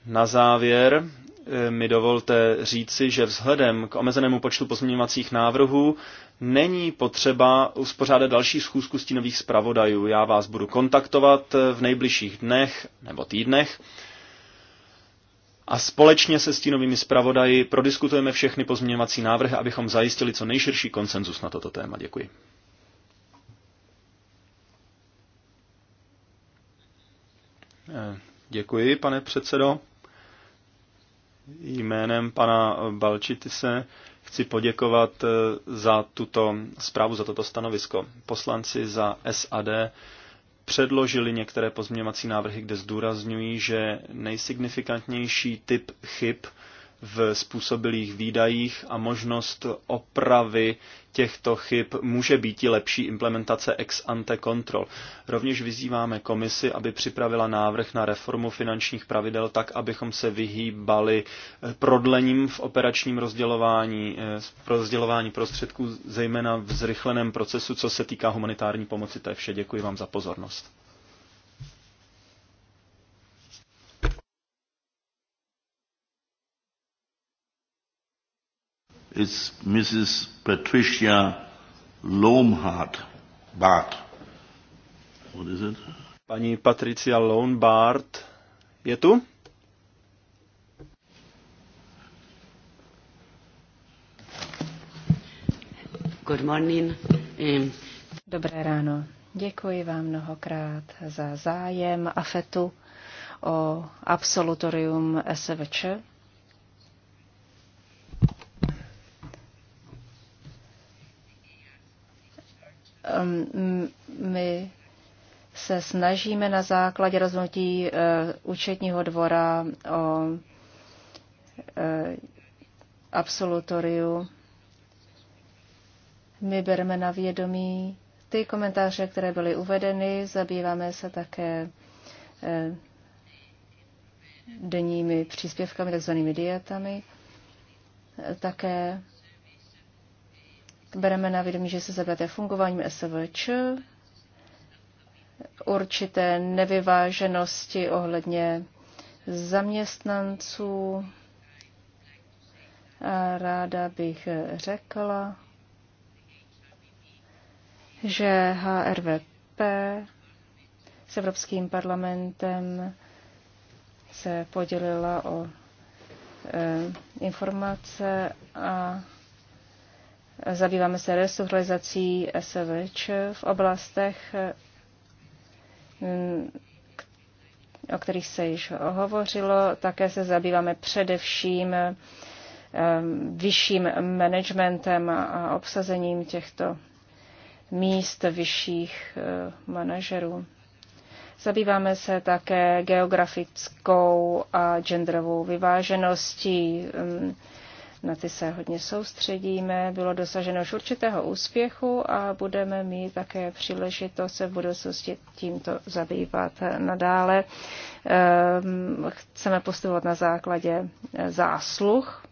Na závěr eh, mi dovolte říci, že vzhledem k omezenému počtu pozměňovacích návrhů není potřeba uspořádat další schůzku stínových zpravodajů. Já vás budu kontaktovat eh, v nejbližších dnech nebo týdnech a společně se stínovými zpravodaji prodiskutujeme všechny pozměňovací návrhy, abychom zajistili co nejširší konsenzus na toto téma. Děkuji. Eh, děkuji, pane předsedo jménem pana Balčitise chci poděkovat eh, za tuto zprávu, za toto stanovisko. Poslanci za SAD předložili některé pozměňovací návrhy, kde zdůrazňují, že nejsignifikantnější typ chyb v způsobilých výdajích a možnost opravy těchto chyb může být i lepší implementace ex ante kontrol. Rovněž vyzýváme komisi, aby připravila návrh na reformu finančních pravidel tak, abychom se vyhýbali eh, prodlením v operačním rozdělování, v eh, rozdělování prostředků, zejména v zrychleném procesu, co se týká humanitární pomoci. To je vše. Děkuji vám za pozornost. is Mrs. Patricia Lomhart. Bart. What is it? Paní Patricia Lombard je tu? Good morning. Um, Dobré ráno. Děkuji vám mnohokrát za zájem AFETu o absolutorium SVČ Ehm, my se snažíme na základě rozhodnutí eh, účetního dvora o eh, absolutoriu. My bereme na vědomí ty komentáře, které byly uvedeny, zabýváme se také eh, denními příspěvkami, takzvanými dietami. Také Bereme na vědomí, že se zabýváte fungováním SVČ, určité nevyváženosti ohledně zaměstnanců. A ráda bych řekla, že HRVP s Evropským parlamentem se podělila o e, informace a Zabýváme se restrukturalizací SVČ v oblastech, mm, o kterých se již hovořilo. Také se zabýváme především vyšším managementem a obsazením těchto míst vyšších e, manažerů. Zabýváme se také geografickou a genderovou vyvážeností na ty se hodně soustředíme. Bylo dosaženo už určitého úspěchu a budeme mít také příležitost se v budoucnosti tímto zabývat nadále. Ehm, chceme postupovat na základě eh, zásluh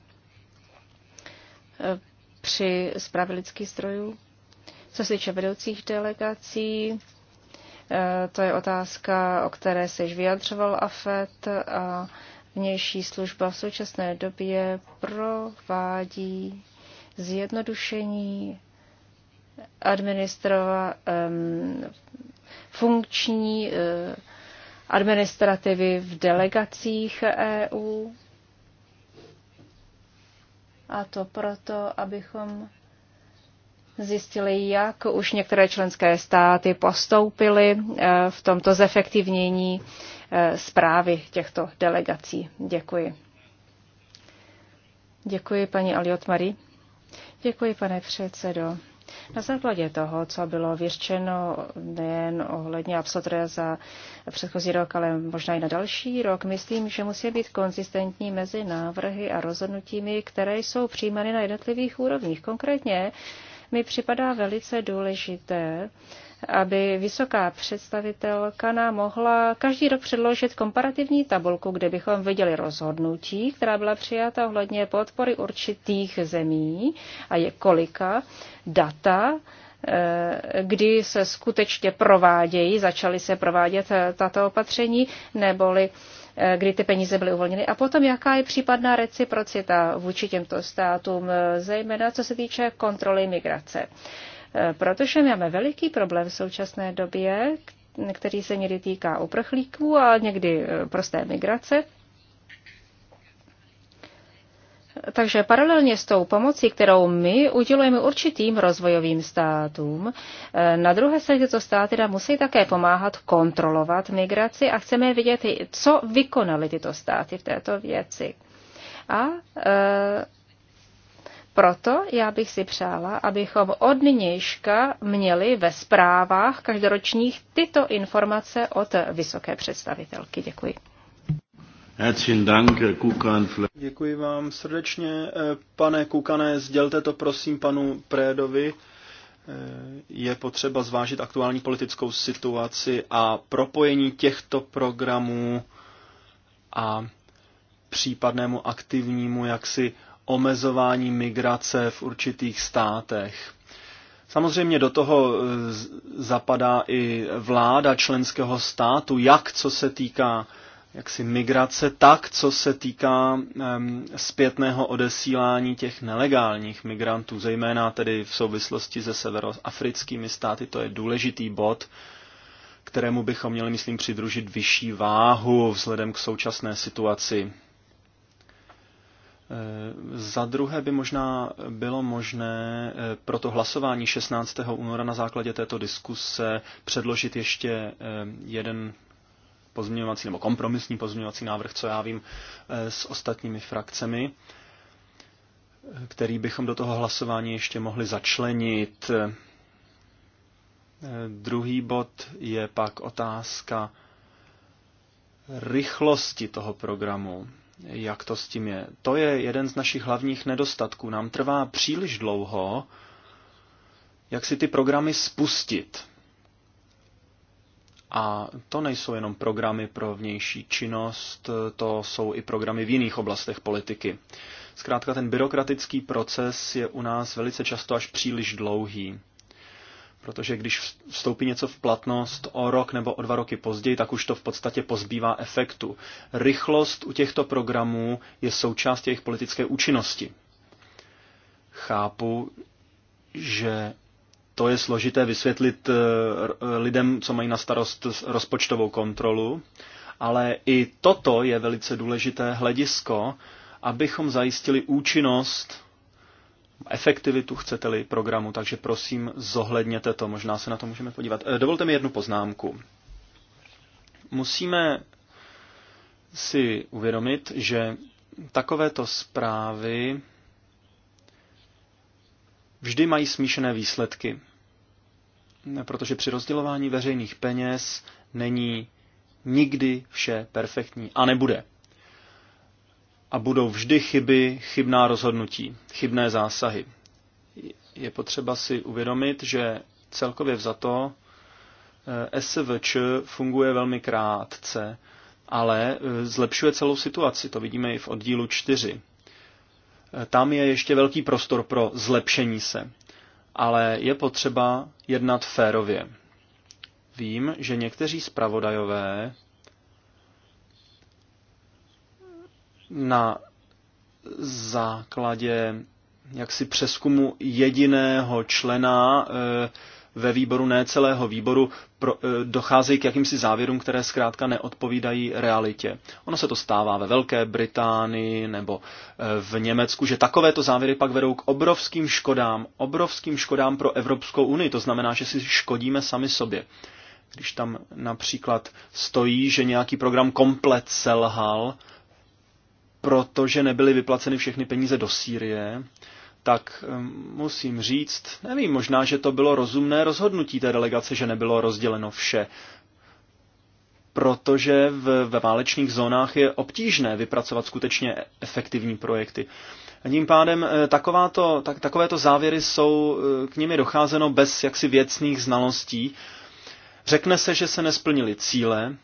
eh, při zprávě lidských strojů. Co se týče vedoucích delegací, eh, to je otázka, o které se již vyjadřoval AFET a Vnější služba v současné době provádí zjednodušení administrova, um, funkční uh, administrativy v delegacích EU. A to proto, abychom zjistili, jak už některé členské státy postoupily e, v tomto zefektivnění Eh, zprávy těchto delegací. Děkuji. Děkuji paní Aliot Marie. Děkuji, pane předsedo. Na základě toho, co bylo vyřčeno nejen ohledně absolutoria za předchozí rok, ale možná i na další rok, myslím, že musí být konzistentní mezi návrhy a rozhodnutími, které jsou přijímány na jednotlivých úrovních. Konkrétně mi připadá velice důležité, aby vysoká představitelka nám mohla každý rok předložit komparativní tabulku, kde bychom viděli rozhodnutí, která byla přijata ohledně podpory určitých zemí a je kolika data, eh, kdy se skutečně provádějí, začaly se provádět eh, tato opatření, neboli eh, kdy ty peníze byly uvolněny. A potom, jaká je případná reciprocita vůči těmto státům, zejména co se týče kontroly migrace. Eh, protože máme veliký problém v současné době, který se někdy týká uprchlíků a někdy eh, prosté migrace. Takže paralelně s tou pomocí, kterou my udělujeme určitým rozvojovým státům, eh, na druhé straně tyto státy nám musí také pomáhat kontrolovat migraci a chceme vidět, co vykonaly tyto státy v této věci. A proto já bych si přála, abychom od nynějška měli ve zprávách každoročních tyto informace od vysoké představitelky. Děkuji. Děkuji vám srdečně. Pane Kukane, sdělte to prosím panu Prédovi. Je potřeba zvážit aktuální politickou situaci a propojení těchto programů a případnému aktivnímu jaksi omezování migrace v určitých státech. Samozřejmě do toho e, zapadá i vláda členského státu, jak co se týká jaksi migrace, tak co se týká um, zpětného odesílání těch nelegálních migrantů, zejména tedy v souvislosti se severoafrickými státy, to je důležitý bod, kterému bychom měli, myslím, přidružit vyšší váhu vzhledem k současné situaci Eh, za druhé by možná bylo možné eh, pro to hlasování 16. února na základě této diskuse předložit ještě eh, jeden pozměňovací nebo kompromisní pozměňovací návrh, co já vím, s ostatními frakcemi, který bychom do toho hlasování ještě mohli začlenit. Druhý bod je pak otázka rychlosti toho programu jak to s tím je. To je jeden z našich hlavních nedostatků. Nám trvá příliš dlouho, jak si ty programy spustit. A to nejsou jenom programy pro vnější činnost, to jsou i programy v jiných oblastech politiky. Zkrátka ten byrokratický proces je u nás velice často až příliš dlouhý protože když vstoupí něco v platnost o rok nebo o dva roky později, tak už to v podstatě pozbývá efektu. Rychlost u těchto programů je součást jejich politické účinnosti. Chápu, že to je složité vysvětlit eh, lidem, co mají na starost rozpočtovou kontrolu, ale i toto je velice důležité hledisko, abychom zajistili účinnost efektivitu, chcete-li, programu, takže prosím, zohledněte to, možná se na to můžeme podívat. Eh, dovolte mi jednu poznámku. Musíme si uvědomit, že takovéto zprávy vždy mají smíšené výsledky, protože při rozdělování veřejných peněz není nikdy vše perfektní a nebude a budou vždy chyby, chybná rozhodnutí, chybné zásahy. Je potřeba si uvědomit, že celkově vzato eh, SVČ funguje velmi krátce, ale eh, zlepšuje celou situaci. To vidíme i v oddílu 4. Eh, tam je ještě velký prostor pro zlepšení se, ale je potřeba jednat férově. Vím, že někteří zpravodajové na základě jaksi přeskumu jediného člena eh, ve výboru, ne celého výboru, pro, eh, docházejí k jakýmsi závěrům, které zkrátka neodpovídají realitě. Ono se to stává ve Velké Británii nebo eh, v Německu, že takovéto závěry pak vedou k obrovským škodám, obrovským škodám pro Evropskou unii. To znamená, že si škodíme sami sobě. Když tam například stojí, že nějaký program komplet selhal, protože nebyly vyplaceny všechny peníze do Sýrie, tak musím říct, nevím, možná, že to bylo rozumné rozhodnutí té delegace, že nebylo rozděleno vše. Protože v, ve válečných zónách je obtížné vypracovat skutečně efektivní projekty. A tím pádem eh, takováto, tak, takovéto závěry jsou, eh, k nimi docházeno bez jaksi věcných znalostí. Řekne se, že se nesplnili cíle,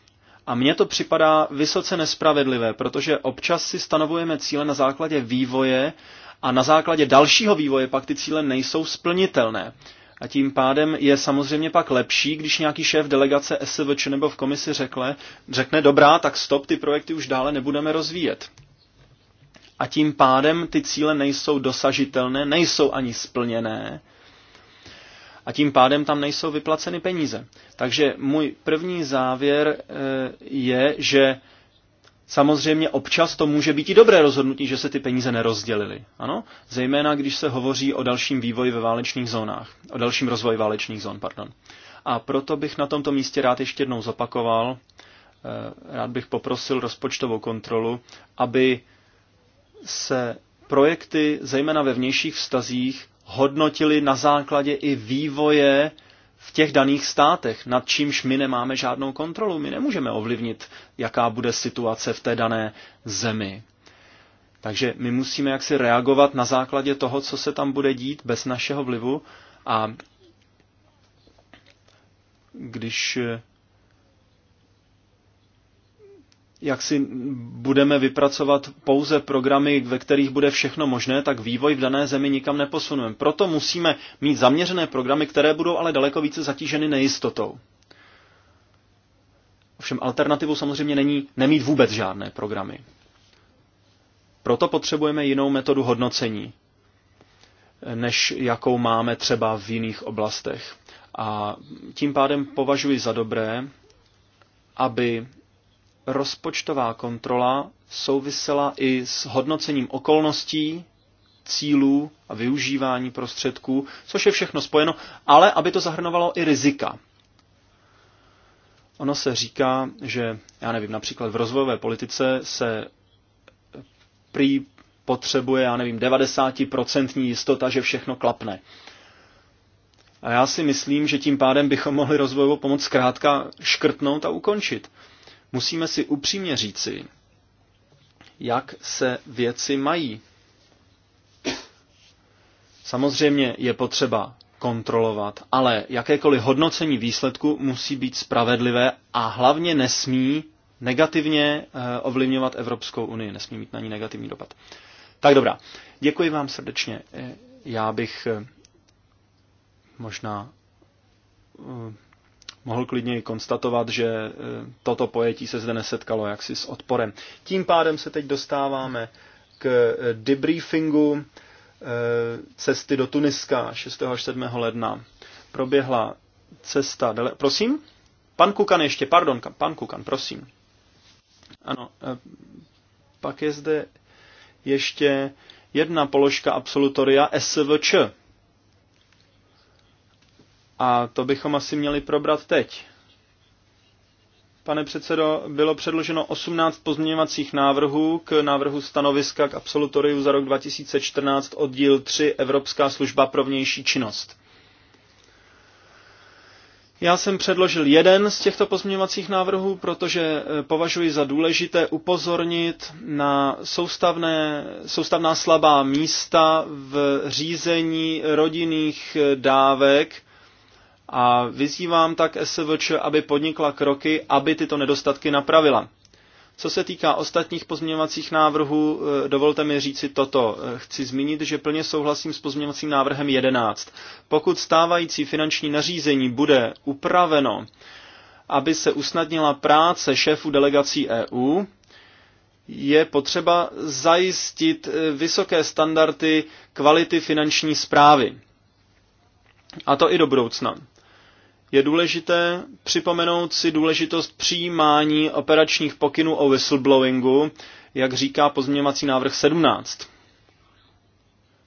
a mně to připadá vysoce nespravedlivé, protože občas si stanovujeme cíle na základě vývoje a na základě dalšího vývoje pak ty cíle nejsou splnitelné. A tím pádem je samozřejmě pak lepší, když nějaký šéf delegace SVČ nebo v komisi řekle, řekne, dobrá, tak stop, ty projekty už dále nebudeme rozvíjet. A tím pádem ty cíle nejsou dosažitelné, nejsou ani splněné a tím pádem tam nejsou vyplaceny peníze. Takže můj první závěr eh, je, že Samozřejmě občas to může být i dobré rozhodnutí, že se ty peníze nerozdělily. Ano? Zejména, když se hovoří o dalším vývoji ve válečných zónách. O dalším rozvoji válečných zón, pardon. A proto bych na tomto místě rád ještě jednou zopakoval, eh, rád bych poprosil rozpočtovou kontrolu, aby se projekty, zejména ve vnějších vztazích, hodnotili na základě i vývoje v těch daných státech, nad čímž my nemáme žádnou kontrolu. My nemůžeme ovlivnit, jaká bude situace v té dané zemi. Takže my musíme jaksi reagovat na základě toho, co se tam bude dít bez našeho vlivu a když jak si budeme vypracovat pouze programy, ve kterých bude všechno možné, tak vývoj v dané zemi nikam neposuneme. Proto musíme mít zaměřené programy, které budou ale daleko více zatíženy nejistotou. Ovšem alternativou samozřejmě není nemít vůbec žádné programy. Proto potřebujeme jinou metodu hodnocení, než jakou máme třeba v jiných oblastech. A tím pádem považuji za dobré, aby rozpočtová kontrola souvisela i s hodnocením okolností, cílů a využívání prostředků, což je všechno spojeno, ale aby to zahrnovalo i rizika. Ono se říká, že, já nevím, například v rozvojové politice se prý potřebuje, já nevím, 90% jistota, že všechno klapne. A já si myslím, že tím pádem bychom mohli rozvojovou pomoc zkrátka škrtnout a ukončit. Musíme si upřímně říci, jak se věci mají. Samozřejmě je potřeba kontrolovat, ale jakékoliv hodnocení výsledku musí být spravedlivé a hlavně nesmí negativně eh, ovlivňovat Evropskou unii, nesmí mít na ní negativní dopad. Tak dobrá, děkuji vám srdečně. Eh, já bych eh, možná mohl klidně konstatovat, že e, toto pojetí se zde nesetkalo jaksi s odporem. Tím pádem se teď dostáváme k e, debriefingu e, cesty do Tuniska 6. až 7. ledna. Proběhla cesta... Dele... Prosím? Pan Kukan ještě, pardon, pan Kukan, prosím. Ano, pak je zde ještě jedna položka absolutoria SVČ, a to bychom asi měli probrat teď. Pane předsedo, bylo předloženo 18 pozměňovacích návrhů k návrhu stanoviska k absolutoriu za rok 2014 oddíl 3 Evropská služba pro vnější činnost. Já jsem předložil jeden z těchto pozměňovacích návrhů, protože eh, považuji za důležité upozornit na soustavné, soustavná slabá místa v řízení rodinných eh, dávek, a vyzývám tak SVČ, aby podnikla kroky, aby tyto nedostatky napravila. Co se týká ostatních pozměňovacích návrhů, eh, dovolte mi říci toto. Eh, chci zmínit, že plně souhlasím s pozměňovacím návrhem 11. Pokud stávající finanční nařízení bude upraveno, aby se usnadnila práce šéfů delegací EU, je potřeba zajistit eh, vysoké standardy kvality finanční zprávy. A to i do budoucna je důležité připomenout si důležitost přijímání operačních pokynů o whistleblowingu, jak říká pozměňovací návrh 17.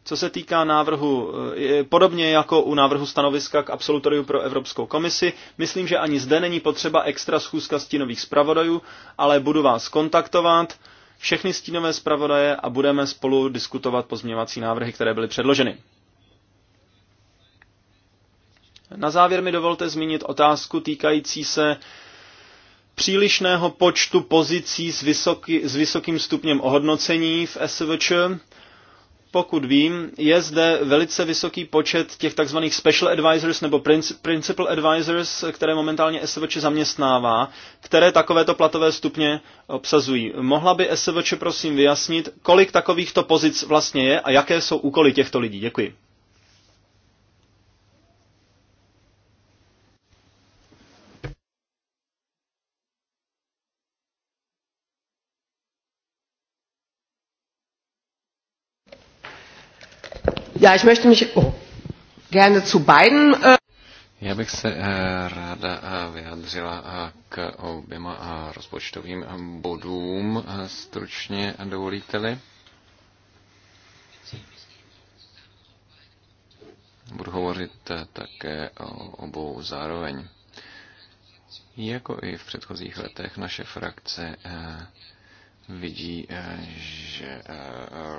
Co se týká návrhu, podobně jako u návrhu stanoviska k absolutoriu pro Evropskou komisi, myslím, že ani zde není potřeba extra schůzka stínových zpravodajů, ale budu vás kontaktovat, všechny stínové zpravodaje a budeme spolu diskutovat pozměňovací návrhy, které byly předloženy. Na závěr mi dovolte zmínit otázku týkající se přílišného počtu pozicí s, vysoký, s vysokým stupněm ohodnocení v SVČ. Pokud vím, je zde velice vysoký počet těch tzv. special advisors nebo principal advisors, které momentálně SVČ zaměstnává, které takovéto platové stupně obsazují. Mohla by SVČ prosím vyjasnit, kolik takovýchto pozic vlastně je a jaké jsou úkoly těchto lidí? Děkuji. Já ich möchte mich oh, gerne zu beiden. Äh, Já bych se eh, ráda eh, vyjádřila eh, k oběma rozpočtovým bodům, stručně dovolíte-li. Budu hovořit také o obou zároveň. Jako i v předchozích letech naše frakce vidí, eh, že eh,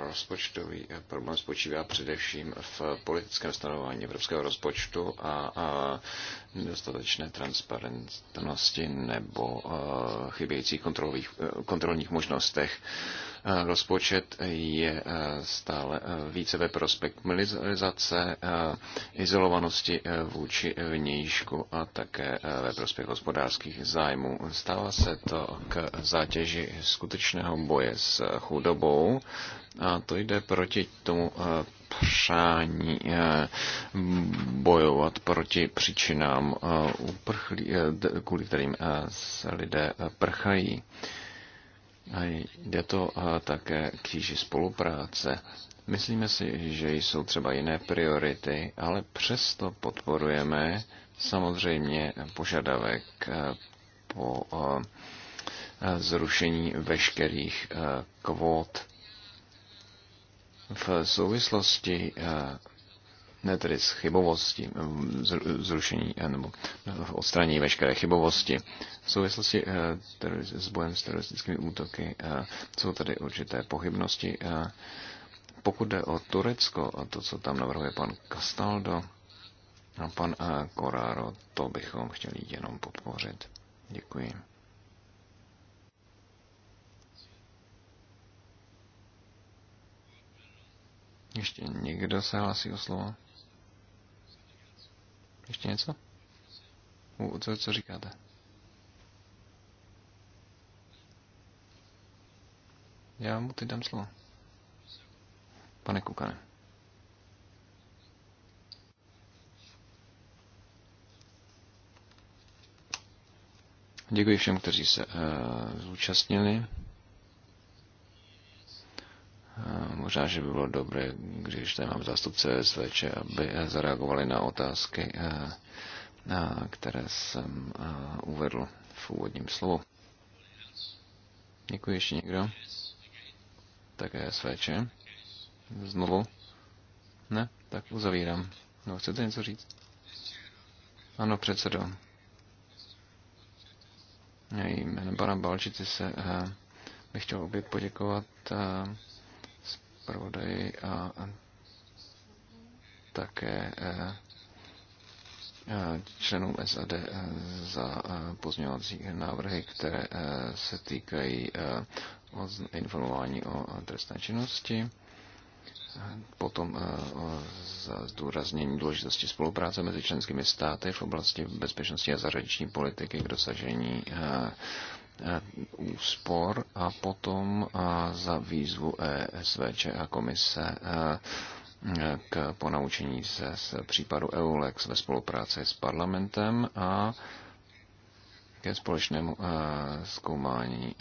rozpočtový eh, problém spočívá především v politickém stanování evropského rozpočtu a nedostatečné transparentnosti nebo chybějících kontrolních možnostech Eh, rozpočet je eh, stále eh, více ve prospekt milizace, izolovanosti vůči vnějšku a také ve prospěch hospodářských zájmů. Stává se to k zátěži skutečného boje s chudobou a to jde proti tomu přání bojovat proti příčinám, kvůli kterým se lidé prchají. A jde to také kříži spolupráce. Myslíme si, že jsou třeba jiné priority, ale přesto podporujeme samozřejmě požadavek po zrušení veškerých kvót. V souvislosti ne tedy z chybovosti, zrušení eh, nebo odstranění veškeré chybovosti. V souvislosti eh, s bojem s teroristickými útoky eh, jsou tady určité pochybnosti. Pokud jde o Turecko, to, co tam navrhuje pan Castaldo a pan Koráro, to bychom chtěli jenom podpořit. Děkuji. Ještě někdo se hlásí o slovo? Ještě něco? Co, co říkáte? Já mu teď dám slovo. Pane Kukane. Děkuji všem, kteří se uh, zúčastnili. Možná, že by bylo dobré, když tady mám zástupce SVČ, aby zareagovali na otázky, které jsem uvedl v úvodním slovu. Děkuji ještě někdo? Také SVČ. Znovu? Ne? Tak uzavírám. No, chcete něco říct? Ano, předsedo. Jmenem pana Balčici se bych chtěl opět poděkovat zpravodaji a také eh, eh, členům SAD eh, za pozměňovací návrhy, které se týkají informování o trestné činnosti, potom za zdůraznění důležitosti spolupráce mezi členskými státy v oblasti bezpečnosti a zahraniční politiky k dosažení Eh, úspor a potom eh, za výzvu ESVČ a komise eh, k ponaučení se z případu EULEX ve spolupráci s parlamentem a ke společnému zkoumání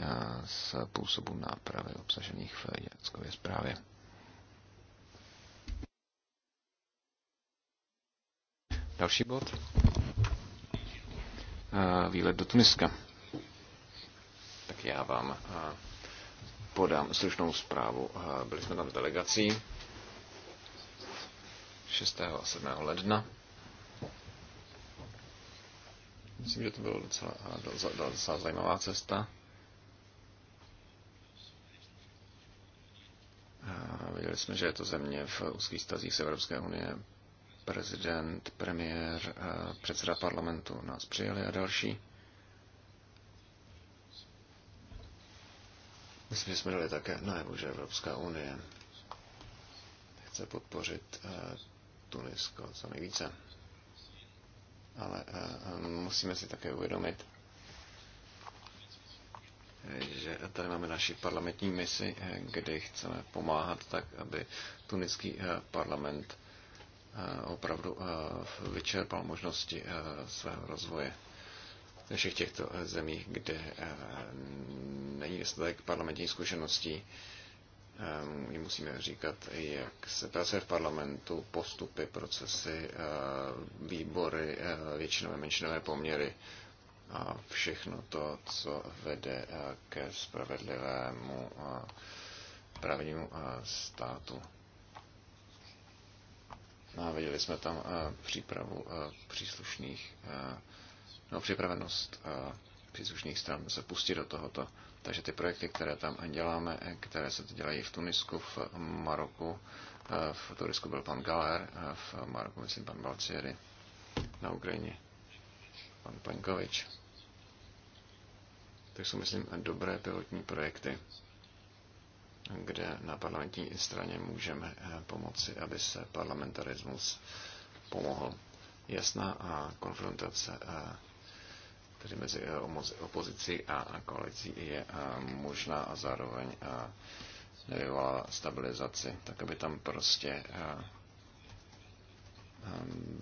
působu nápravy obsažených v Jackově zprávě. Další bod. Výlet do Tuniska tak já vám eh, podám stručnou zprávu. Eh, byli jsme tam s delegací 6. a 7. ledna. Myslím, že to byla docela, eh, docela, docela zajímavá cesta. A viděli jsme, že je to země v úzkých stazích z Evropské unie. Prezident, premiér, předseda parlamentu nás přijeli a další. Myslím, že jsme dali také najevo, že Evropská unie chce podpořit eh, Tunisko co nejvíce. Ale eh, musíme si také uvědomit, že tady máme naši parlamentní misi, eh, kdy chceme pomáhat tak, aby tunický parlament opravdu vyčerpal možnosti svého rozvoje ve všech těchto zemích, kde eh, není dostatek parlamentních zkušeností. Eh, my musíme říkat, jak se pracuje v parlamentu, postupy, procesy, eh, výbory, většinové, menšinové poměry a všechno to, co vede ke spravedlivému právnímu státu. A viděli jsme tam přípravu příslušných no, připravenost eh, příslušných stran se pustit do tohoto. Takže ty projekty, které tam děláme, eh, které se dělají v Tunisku, v Maroku, eh, v Tunisku byl pan Galer, v Maroku myslím pan Balcieri, na Ukrajině pan Plenkovič. To jsou, myslím, dobré pilotní projekty, kde na parlamentní straně můžeme pomoci, aby se parlamentarismus pomohl. Jasná a konfrontace tedy mezi eh, opozicí a koalicí je eh, možná a zároveň eh, nevyvolá stabilizaci, tak aby tam prostě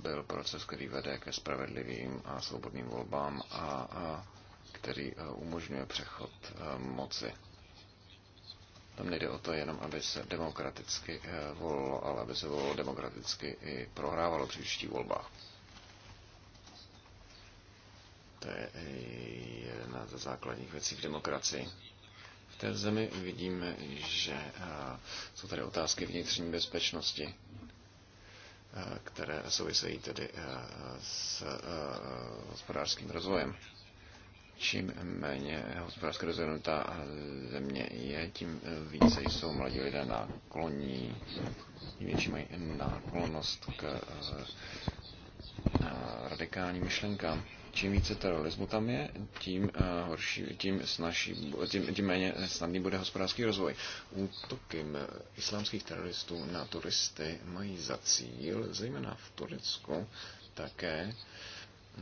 byl proces, který vede ke spravedlivým a svobodným volbám a který umožňuje přechod moci. Tam nejde o to jenom, aby se demokraticky volilo, ale aby se volilo demokraticky i prohrávalo příští volbách. To je jedna ze základních věcí v demokracii. V té zemi vidíme, že jsou tady otázky vnitřní bezpečnosti, které souvisejí tedy s hospodářským rozvojem. Čím méně hospodářské rozvinutá no, země je, tím více jsou mladí lidé nákloní, tím větší mají náklonnost k radikálním myšlenkám čím více terorismu tam je, tím, eh, horší, tím, snaží, tím, tím méně snadný bude hospodářský rozvoj. Útoky islámských teroristů na turisty mají za cíl, zejména v Turecku, také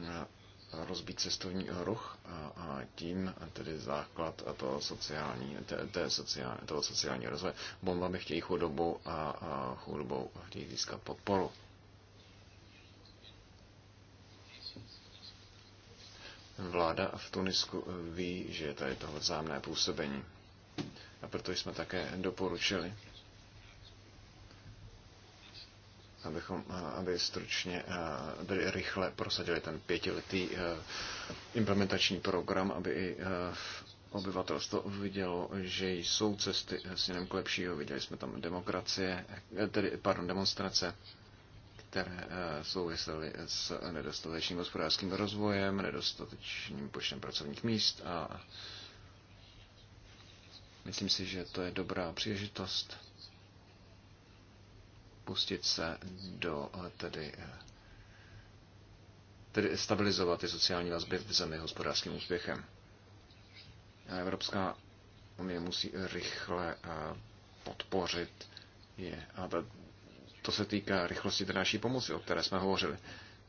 eh, rozbít cestovní ruch a, a tím tedy základ toho, sociální, te, te sociální, toho sociálního rozvoje. Bombami chtějí chudobu a, a chudobou chtějí získat podporu. Vláda v Tunisku ví, že to je toho vzájemné působení. A proto jsme také doporučili, abychom, aby stručně, tedy rychle prosadili ten pětiletý e, implementační program, aby i e, obyvatelstvo vidělo, že jsou cesty směrem k lepšího. Viděli jsme tam demokracie, e, tedy, pardon, demonstrace, které eh, souvisely s nedostatečným hospodářským rozvojem, nedostatečným počtem pracovních míst a myslím si, že to je dobrá příležitost pustit se do eh, tedy eh, tedy stabilizovat ty sociální vazby v zemi hospodářským úspěchem. A Evropská unie musí rychle podpořit je. A to se týká rychlosti té naší pomoci, o které jsme hovořili.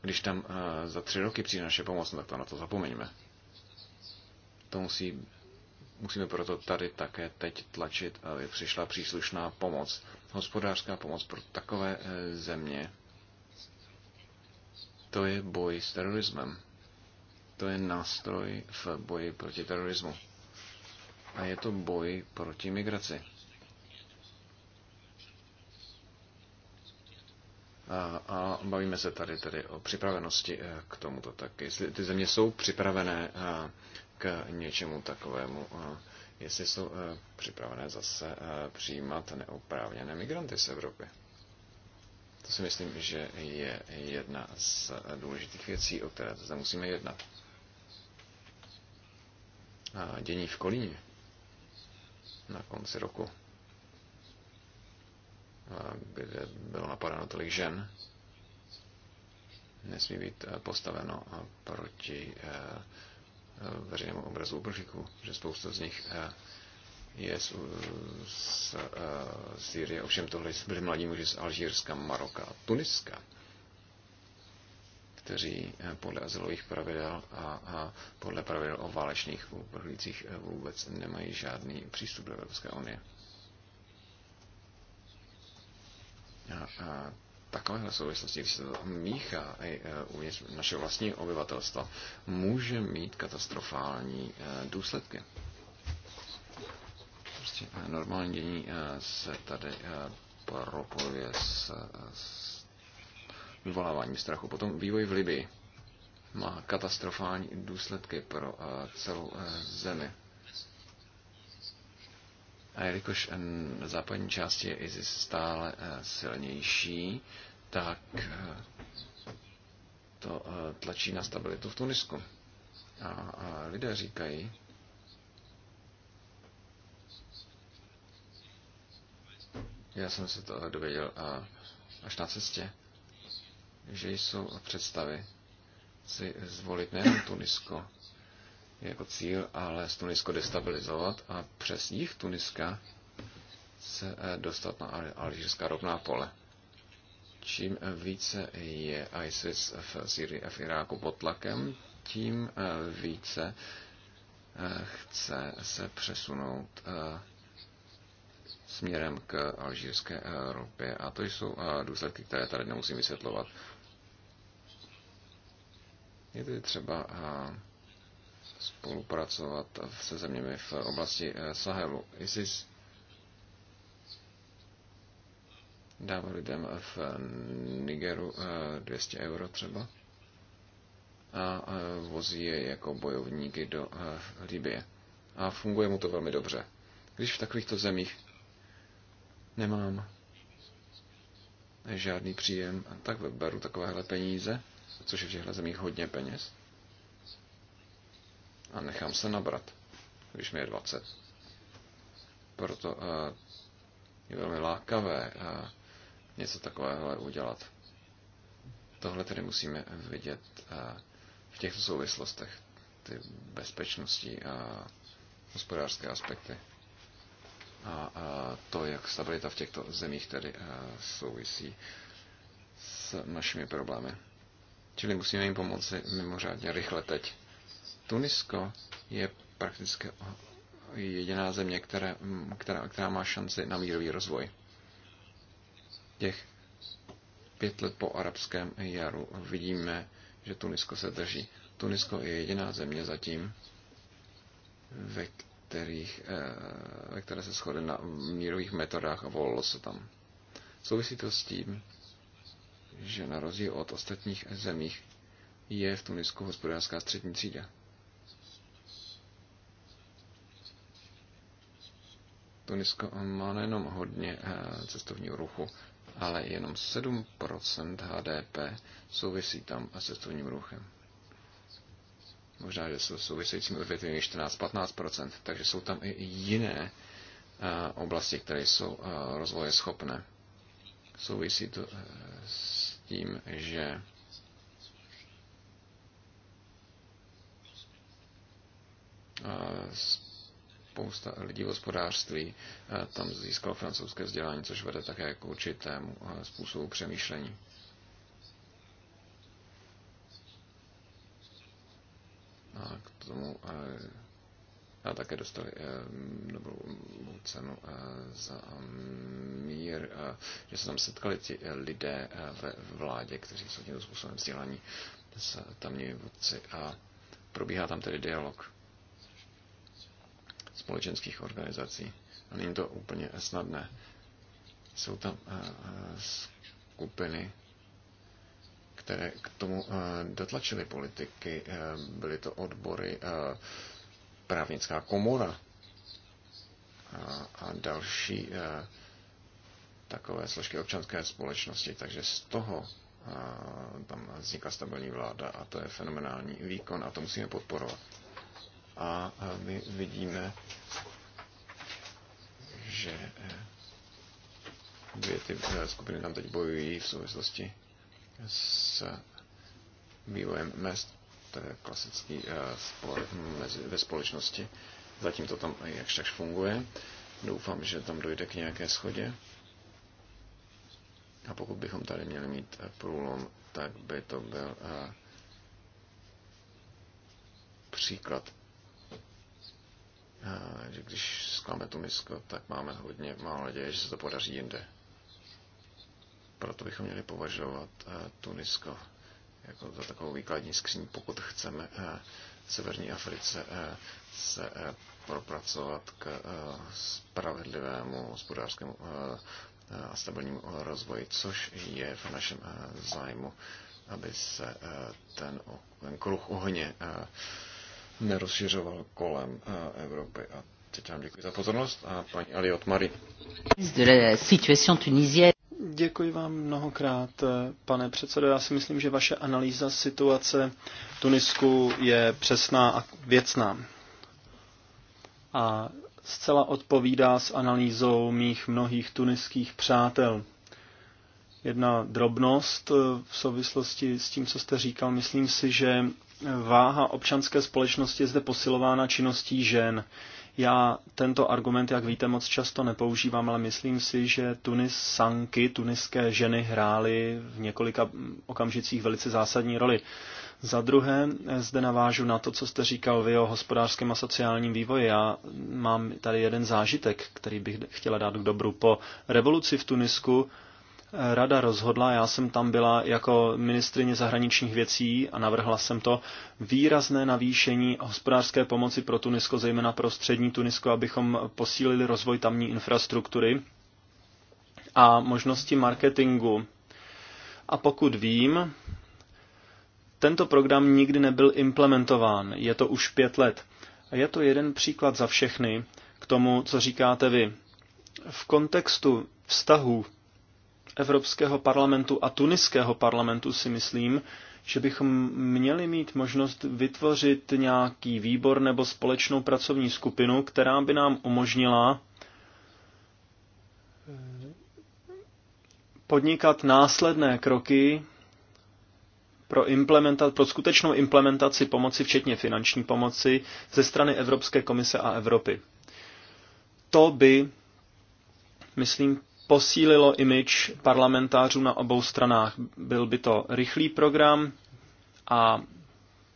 Když tam eh, za tři roky přijde naše pomoc, tak to na to zapomeňme. To musí, musíme proto tady také teď tlačit, aby přišla příslušná pomoc, hospodářská pomoc pro takové eh, země. To je boj s terorismem. To je nástroj v boji proti terorismu. A je to boj proti migraci A, a bavíme se tady tedy o připravenosti eh, k tomuto. Tak jestli ty země jsou připravené eh, k něčemu takovému, eh, jestli jsou připravené zase přijímat neoprávněné migranty z Evropy. To si myslím, že je jedna z důležitých věcí, o které zde musíme jednat. A dění v Kolíně na konci roku kde bylo napadeno tolik žen, nesmí být eh, postaveno eh, proti eh, veřejnému obrazu uprchlíků, že spousta z nich je z, z, z Syrie. Ovšem tohle byli mladí muži z Alžírska, Maroka a Tuniska, kteří podle azylových pravidel a, a podle pravidel o válečných uprchlících vůbec nemají žádný přístup do Evropské unie. A, a takovéhle souvislosti, když se to míchá i e, uvnitř našeho vlastního obyvatelstva, může mít katastrofální e, důsledky. Prostě e, normální dění se tady propojuje s, s vyvoláváním strachu. Potom vývoj v Libii má katastrofální důsledky pro celou zemi. A jelikož na západní části je ISIS stále eh, silnější, tak eh, to eh, tlačí na stabilitu v Tunisku. A, a lidé říkají, já jsem se to dověděl až na cestě, že jsou představy si zvolit nejen Tunisko, jako cíl, ale z Tunisko destabilizovat a přes jich Tuniska se eh, dostat na alžírská rovná pole. Čím eh, více je ISIS v Syrii a v Iráku pod tlakem, tím eh, více chce se přesunout směrem k alžírské ropě. A to jsou důsledky, které tady nemusím vysvětlovat. Je tedy třeba spolupracovat se zeměmi v oblasti eh, Sahelu. ISIS dává lidem v Nigeru 200 eh, euro třeba a eh, vozí je jako bojovníky do Libie. A funguje mu to velmi dobře. Když v takovýchto zemích nemám žádný příjem, tak beru takovéhle peníze, což je v těchto zemích hodně peněz, a nechám se nabrat, když mi je 20. Proto eh, je velmi lákavé eh, něco takového udělat. Tohle tedy musíme vidět eh, v těchto souvislostech, ty bezpečnosti a hospodářské aspekty. A, a to, jak stabilita v těchto zemích tedy souvisí s našimi problémy. Čili musíme jim pomoci mimořádně rychle teď. Tunisko je prakticky jediná země, které, která, která má šanci na mírový rozvoj. Těch pět let po arabském jaru vidíme, že Tunisko se drží. Tunisko je jediná země zatím, ve, kterých, eh, ve které se shodly na mírových metodách a volilo se tam. Souvisí to s tím, že na rozdíl od ostatních zemích je v Tunisku hospodářská střední třída. Tunisko má nejenom hodně eh, cestovního ruchu, ale jenom 7% HDP souvisí tam a cestovním ruchem. Možná, že jsou souvisejícími odvětvími 14-15%, takže jsou tam i jiné eh, oblasti, které jsou eh, rozvoje schopné. Souvisí to s tím, že s spousta lidí v hospodářství eh, tam získalo francouzské vzdělání, což vede také k určitému eh, způsobu přemýšlení. A k tomu a eh, také dostali dobrou cenu za mír, že se tam setkali ti lidé ve vládě, kteří jsou tímto způsobem vzdělaní s tamní vůdci a probíhá tam tedy dialog společenských organizací. A není to úplně snadné. Jsou tam eh, eh, skupiny, které k tomu eh, dotlačily politiky. Byly to odbory, právnická komora a další takové složky občanské společnosti. Takže z toho tam vznikla stabilní vláda a to je fenomenální výkon a to musíme podporovat a e, my vidíme, že e, dvě ty e, skupiny tam teď bojují v souvislosti s vývojem mest. To je klasický ve společnosti. Zatím to tam jakž takž funguje. Doufám, že tam dojde k nějaké schodě. A pokud bychom tady měli mít průlom, tak by to byl příklad že když tu misku, tak máme hodně málo naděje, že se to podaří jinde. Proto bychom měli považovat tu misko jako za takovou výkladní skříň, pokud chceme v Severní Africe se propracovat k spravedlivému hospodářskému a stabilnímu rozvoji, což je v našem zájmu, aby se ten kruh ohně nerozšiřoval kolem eh, Evropy. A teď vám děkuji za pozornost a paní Aliot Marie. Děkuji vám mnohokrát, eh, pane předsedo. Já si myslím, že vaše analýza situace v Tunisku je přesná a věcná. A zcela odpovídá s analýzou mých mnohých tuniských přátel jedna drobnost eh, v souvislosti s tím, co jste říkal. Myslím si, že váha občanské společnosti je zde posilována činností žen. Já tento argument, jak víte, moc často nepoužívám, ale myslím si, že Tunisanky, tuniské ženy hrály v několika okamžicích velice zásadní roli. Za druhé, eh, zde navážu na to, co jste říkal vy o hospodářském a sociálním vývoji. Já mám tady jeden zážitek, který bych chtěla dát k dobru. Po revoluci v Tunisku rada rozhodla, já jsem tam byla jako ministrině zahraničních věcí a navrhla jsem to výrazné navýšení hospodářské pomoci pro Tunisko, zejména pro střední Tunisko, abychom posílili rozvoj tamní infrastruktury a možnosti marketingu. A pokud vím, tento program nikdy nebyl implementován. Je to už pět let. A je to jeden příklad za všechny k tomu, co říkáte vy. V kontextu vztahů Evropského parlamentu a Tuniského parlamentu si myslím, že bychom měli mít možnost vytvořit nějaký výbor nebo společnou pracovní skupinu, která by nám umožnila eh, podnikat následné kroky pro, implementa- pro skutečnou implementaci pomoci, včetně finanční pomoci, ze strany Evropské komise a Evropy. To by, myslím, posílilo imič parlamentářů na obou stranách. Byl by to rychlý program a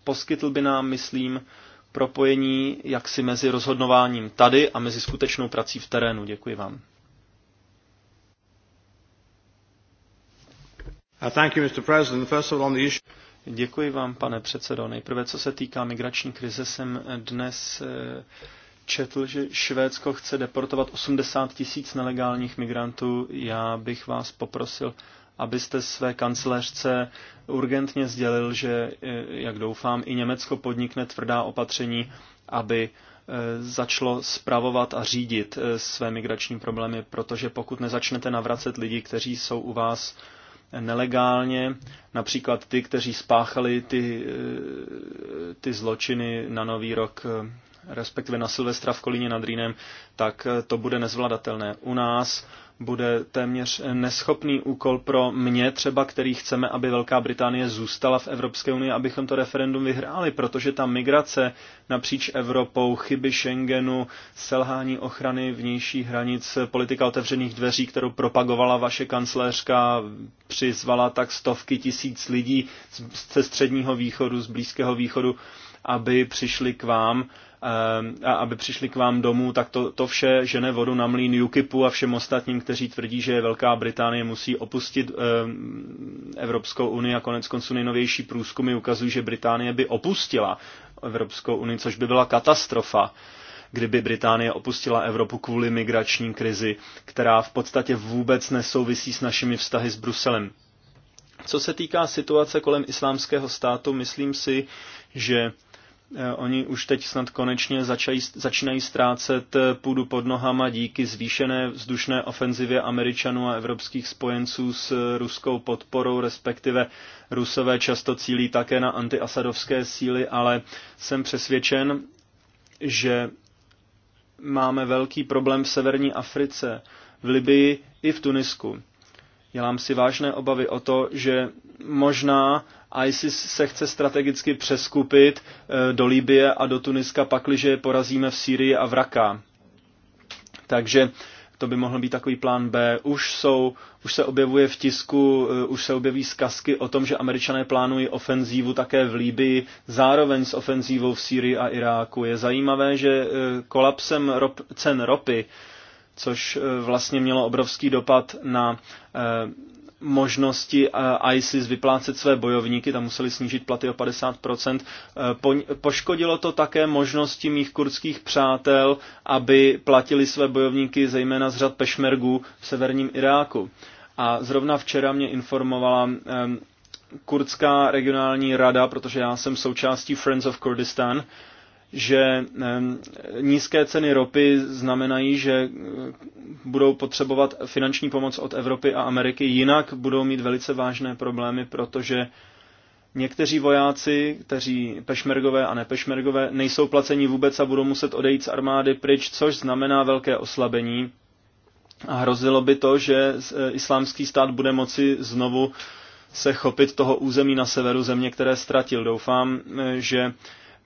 poskytl by nám, myslím, propojení jaksi mezi rozhodnováním tady a mezi skutečnou prací v terénu. Děkuji vám. Uh, Děkuji vám, pane předsedo. Nejprve, co se týká migrační krize, jsem dnes eh, četl, že Švédsko chce deportovat 80 tisíc nelegálních migrantů. Já bych vás poprosil, abyste své kancelářce urgentně sdělil, že, eh, jak doufám, i Německo podnikne tvrdá opatření, aby eh, začalo spravovat a řídit eh, své migrační problémy, protože pokud nezačnete navracet lidi, kteří jsou u vás nelegálně, například ty, kteří spáchali ty, ty zločiny na Nový rok respektive na Silvestra v Kolíně nad Rýnem, tak eh, to bude nezvladatelné. U nás bude téměř eh, neschopný úkol pro mě třeba, který chceme, aby Velká Británie zůstala v Evropské unii, abychom to referendum vyhráli, protože ta migrace napříč Evropou, chyby Schengenu, selhání ochrany vnějších hranic, politika otevřených dveří, kterou propagovala vaše kancléřka, přizvala tak stovky tisíc lidí ze středního východu, z Blízkého východu, aby přišli k vám eh, a aby přišli k vám domů, tak to, to vše žene vodu na mlín UKIPu a všem ostatním, kteří tvrdí, že Velká Británie musí opustit eh, Evropskou unii a konec konců nejnovější průzkumy ukazují, že Británie by opustila Evropskou unii, což by byla katastrofa kdyby Británie opustila Evropu kvůli migrační krizi, která v podstatě vůbec nesouvisí s našimi vztahy s Bruselem. Co se týká situace kolem islámského státu, myslím si, že Eh, oni už teď snad konečně začají, začínají ztrácet eh, půdu pod nohama díky zvýšené vzdušné ofenzivě Američanů a evropských spojenců s eh, ruskou podporou, respektive Rusové často cílí také na antiasadovské síly, ale jsem přesvědčen, že máme velký problém v severní Africe, v Libii i v Tunisku. Dělám si vážné obavy o to, že možná ISIS se chce strategicky přeskupit eh, do Libie a do Tuniska, pakliže je porazíme v Sýrii a v Raká. Takže to by mohl být takový plán B. Už, jsou, už se objevuje v tisku, eh, už se objeví zkazky o tom, že američané plánují ofenzívu také v Líbii, zároveň s ofenzívou v Sýrii a Iráku. Je zajímavé, že eh, kolapsem rop, cen ropy což eh, vlastně mělo obrovský dopad na eh, možnosti eh, ISIS vyplácet své bojovníky, tam museli snížit platy o 50%. Poškodilo to také možnosti mých kurdských přátel, aby platili své bojovníky zejména z řad pešmergů v severním Iráku. A zrovna včera mě informovala kurdská regionální rada, protože já jsem součástí Friends of Kurdistan, že nízké ceny ropy znamenají, že eh, budou potřebovat finanční pomoc od Evropy a Ameriky, jinak budou mít velice vážné problémy, protože někteří vojáci, kteří pešmergové a nepešmergové, nejsou placeni vůbec a budou muset odejít z armády pryč, což znamená velké oslabení. A hrozilo by to, že eh, islámský stát bude moci znovu se chopit toho území na severu země, které ztratil. Doufám, eh, že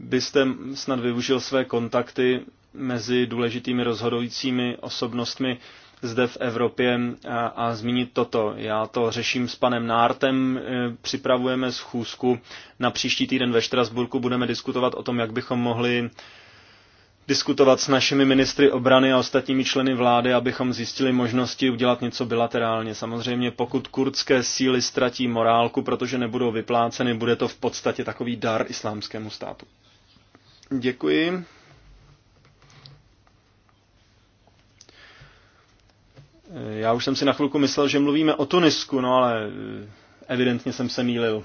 byste snad využil své kontakty mezi důležitými rozhodujícími osobnostmi zde v Evropě a, a zmínit toto. Já to řeším s panem Nártem, e, připravujeme schůzku na příští týden ve Štrasburku, budeme diskutovat o tom, jak bychom mohli diskutovat s našimi ministry obrany a ostatními členy vlády, abychom zjistili možnosti udělat něco bilaterálně. Samozřejmě pokud kurdské síly ztratí morálku, protože nebudou vypláceny, bude to v podstatě takový dar islámskému státu. Děkuji. Já už jsem si na chvilku myslel, že mluvíme o Tunisku, no ale eh, evidentně jsem se mýlil.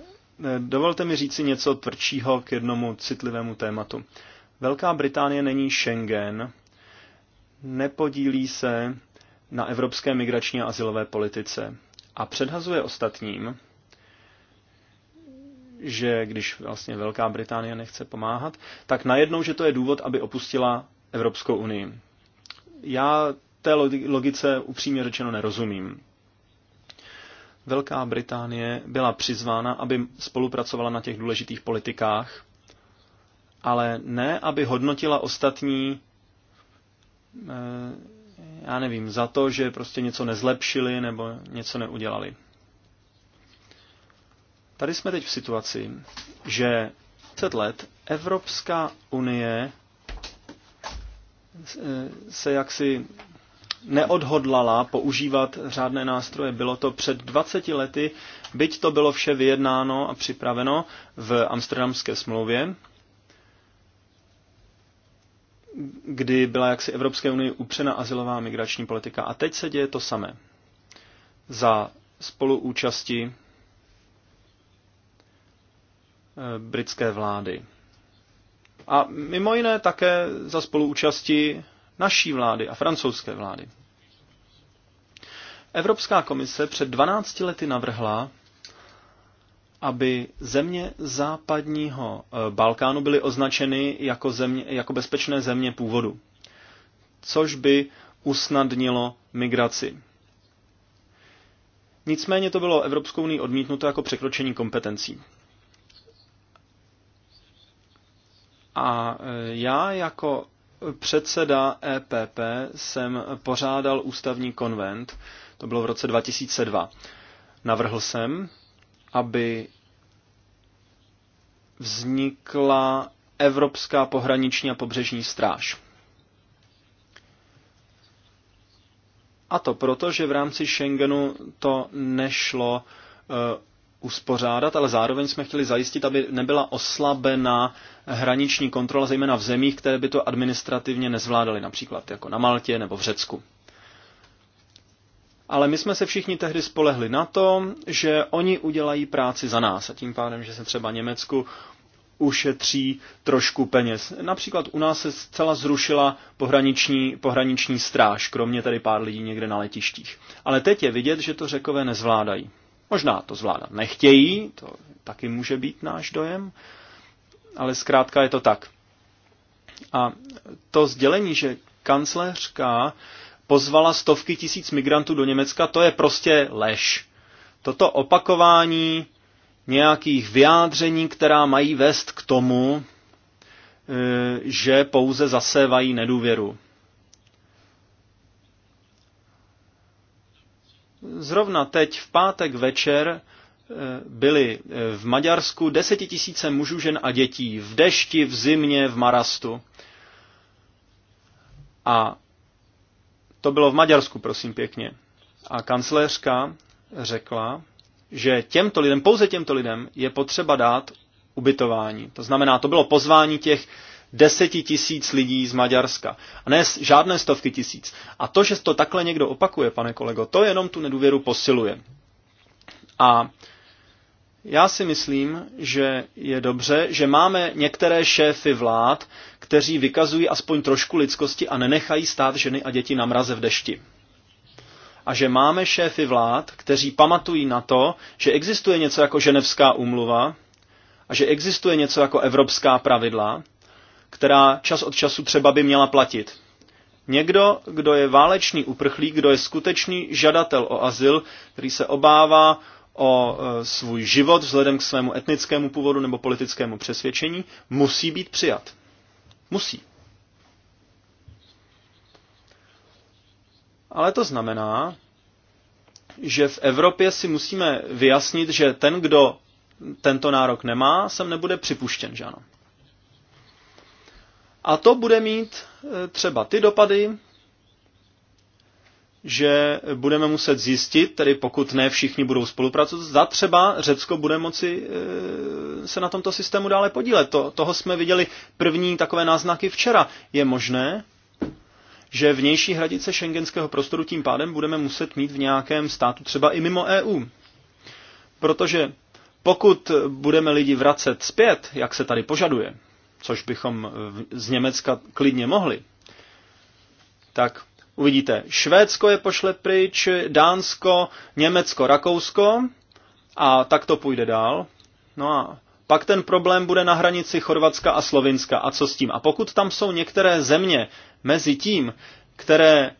Eh, dovolte mi říci něco tvrdšího k jednomu citlivému tématu. Velká Británie není Schengen, nepodílí se na evropské migrační a asilové politice a předhazuje ostatním, že když vlastně Velká Británie nechce pomáhat, tak najednou, že to je důvod, aby opustila Evropskou unii. Já té logice upřímně řečeno nerozumím. Velká Británie byla přizvána, aby spolupracovala na těch důležitých politikách, ale ne, aby hodnotila ostatní, eh, já nevím, za to, že prostě něco nezlepšili nebo něco neudělali. Tady jsme teď v situaci, že 10 let Evropská unie eh, se jaksi neodhodlala používat řádné nástroje. Bylo to před 20 lety, byť to bylo vše vyjednáno a připraveno v Amsterdamské smlouvě, kdy byla jaksi Evropské unii upřena asilová migrační politika. A teď se děje to samé. Za spoluúčasti Eh, britské vlády. A mimo jiné také za spoluúčasti naší vlády a francouzské vlády. Evropská komise před 12 lety navrhla, aby země západního eh, Balkánu byly označeny jako, země, jako bezpečné země původu, což by usnadnilo migraci. Nicméně to bylo Evropskou unii odmítnuto jako překročení kompetencí. A e, já jako předseda EPP jsem pořádal ústavní konvent, to bylo v roce 2002. Navrhl jsem, aby vznikla Evropská pohraniční a pobřežní stráž. A to proto, že v rámci Schengenu to nešlo e, uspořádat, ale zároveň jsme chtěli zajistit, aby nebyla oslabena hraniční kontrola, zejména v zemích, které by to administrativně nezvládaly, například jako na Maltě nebo v Řecku. Ale my jsme se všichni tehdy spolehli na to, že oni udělají práci za nás a tím pádem, že se třeba Německu ušetří trošku peněz. Například u nás se zcela zrušila pohraniční, pohraniční stráž, kromě tady pár lidí někde na letištích. Ale teď je vidět, že to řekové nezvládají. Možná to zvládat nechtějí, to taky může být náš dojem, ale zkrátka je to tak. A to sdělení, že kancléřka pozvala stovky tisíc migrantů do Německa, to je prostě lež. Toto opakování nějakých vyjádření, která mají vést k tomu, e, že pouze zasévají nedůvěru. Zrovna teď v pátek večer eh, byli eh, v Maďarsku desetitisíce mužů, žen a dětí v dešti, v zimě, v marastu. A to bylo v Maďarsku, prosím pěkně. A kancléřka řekla, že těmto lidem, pouze těmto lidem, je potřeba dát ubytování. To znamená, to bylo pozvání těch deseti tisíc lidí z Maďarska. A ne žádné stovky tisíc. A to, že to takhle někdo opakuje, pane kolego, to jenom tu nedůvěru posiluje. A já si myslím, že je dobře, že máme některé šéfy vlád, kteří vykazují aspoň trošku lidskosti a nenechají stát ženy a děti na mraze v dešti. A že máme šéfy vlád, kteří pamatují na to, že existuje něco jako ženevská úmluva a že existuje něco jako evropská pravidla která čas od času třeba by měla platit. Někdo, kdo je válečný uprchlík, kdo je skutečný žadatel o azyl, který se obává o e, svůj život vzhledem k svému etnickému původu nebo politickému přesvědčení, musí být přijat. Musí. Ale to znamená, že v Evropě si musíme vyjasnit, že ten, kdo tento nárok nemá, sem nebude připuštěn, že ano. A to bude mít e, třeba ty dopady, že budeme muset zjistit, tedy pokud ne všichni budou spolupracovat, za třeba Řecko bude moci e, se na tomto systému dále podílet. To, toho jsme viděli první takové náznaky včera. Je možné, že vnější hranice šengenského prostoru tím pádem budeme muset mít v nějakém státu, třeba i mimo EU. Protože pokud budeme lidi vracet zpět, jak se tady požaduje, což bychom eh, z Německa klidně mohli, tak uvidíte, Švédsko je pošle pryč, Dánsko, Německo, Rakousko a tak to půjde dál. No a pak ten problém bude na hranici Chorvatska a Slovinska. A co s tím? A pokud tam jsou některé země mezi tím, které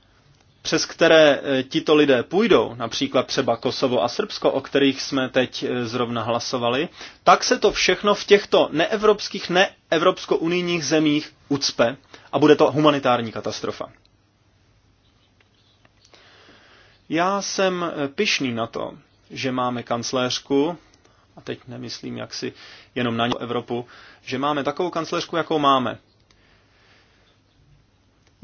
přes které eh, tito lidé půjdou, například třeba Kosovo a Srbsko, o kterých jsme teď eh, zrovna hlasovali, tak se to všechno v těchto neevropských, neevropsko-unijních zemích ucpe a bude to humanitární katastrofa. Já jsem eh, pišný na to, že máme kancléřku, a teď nemyslím jaksi jenom na Evropu, že máme takovou kancléřku, jakou máme.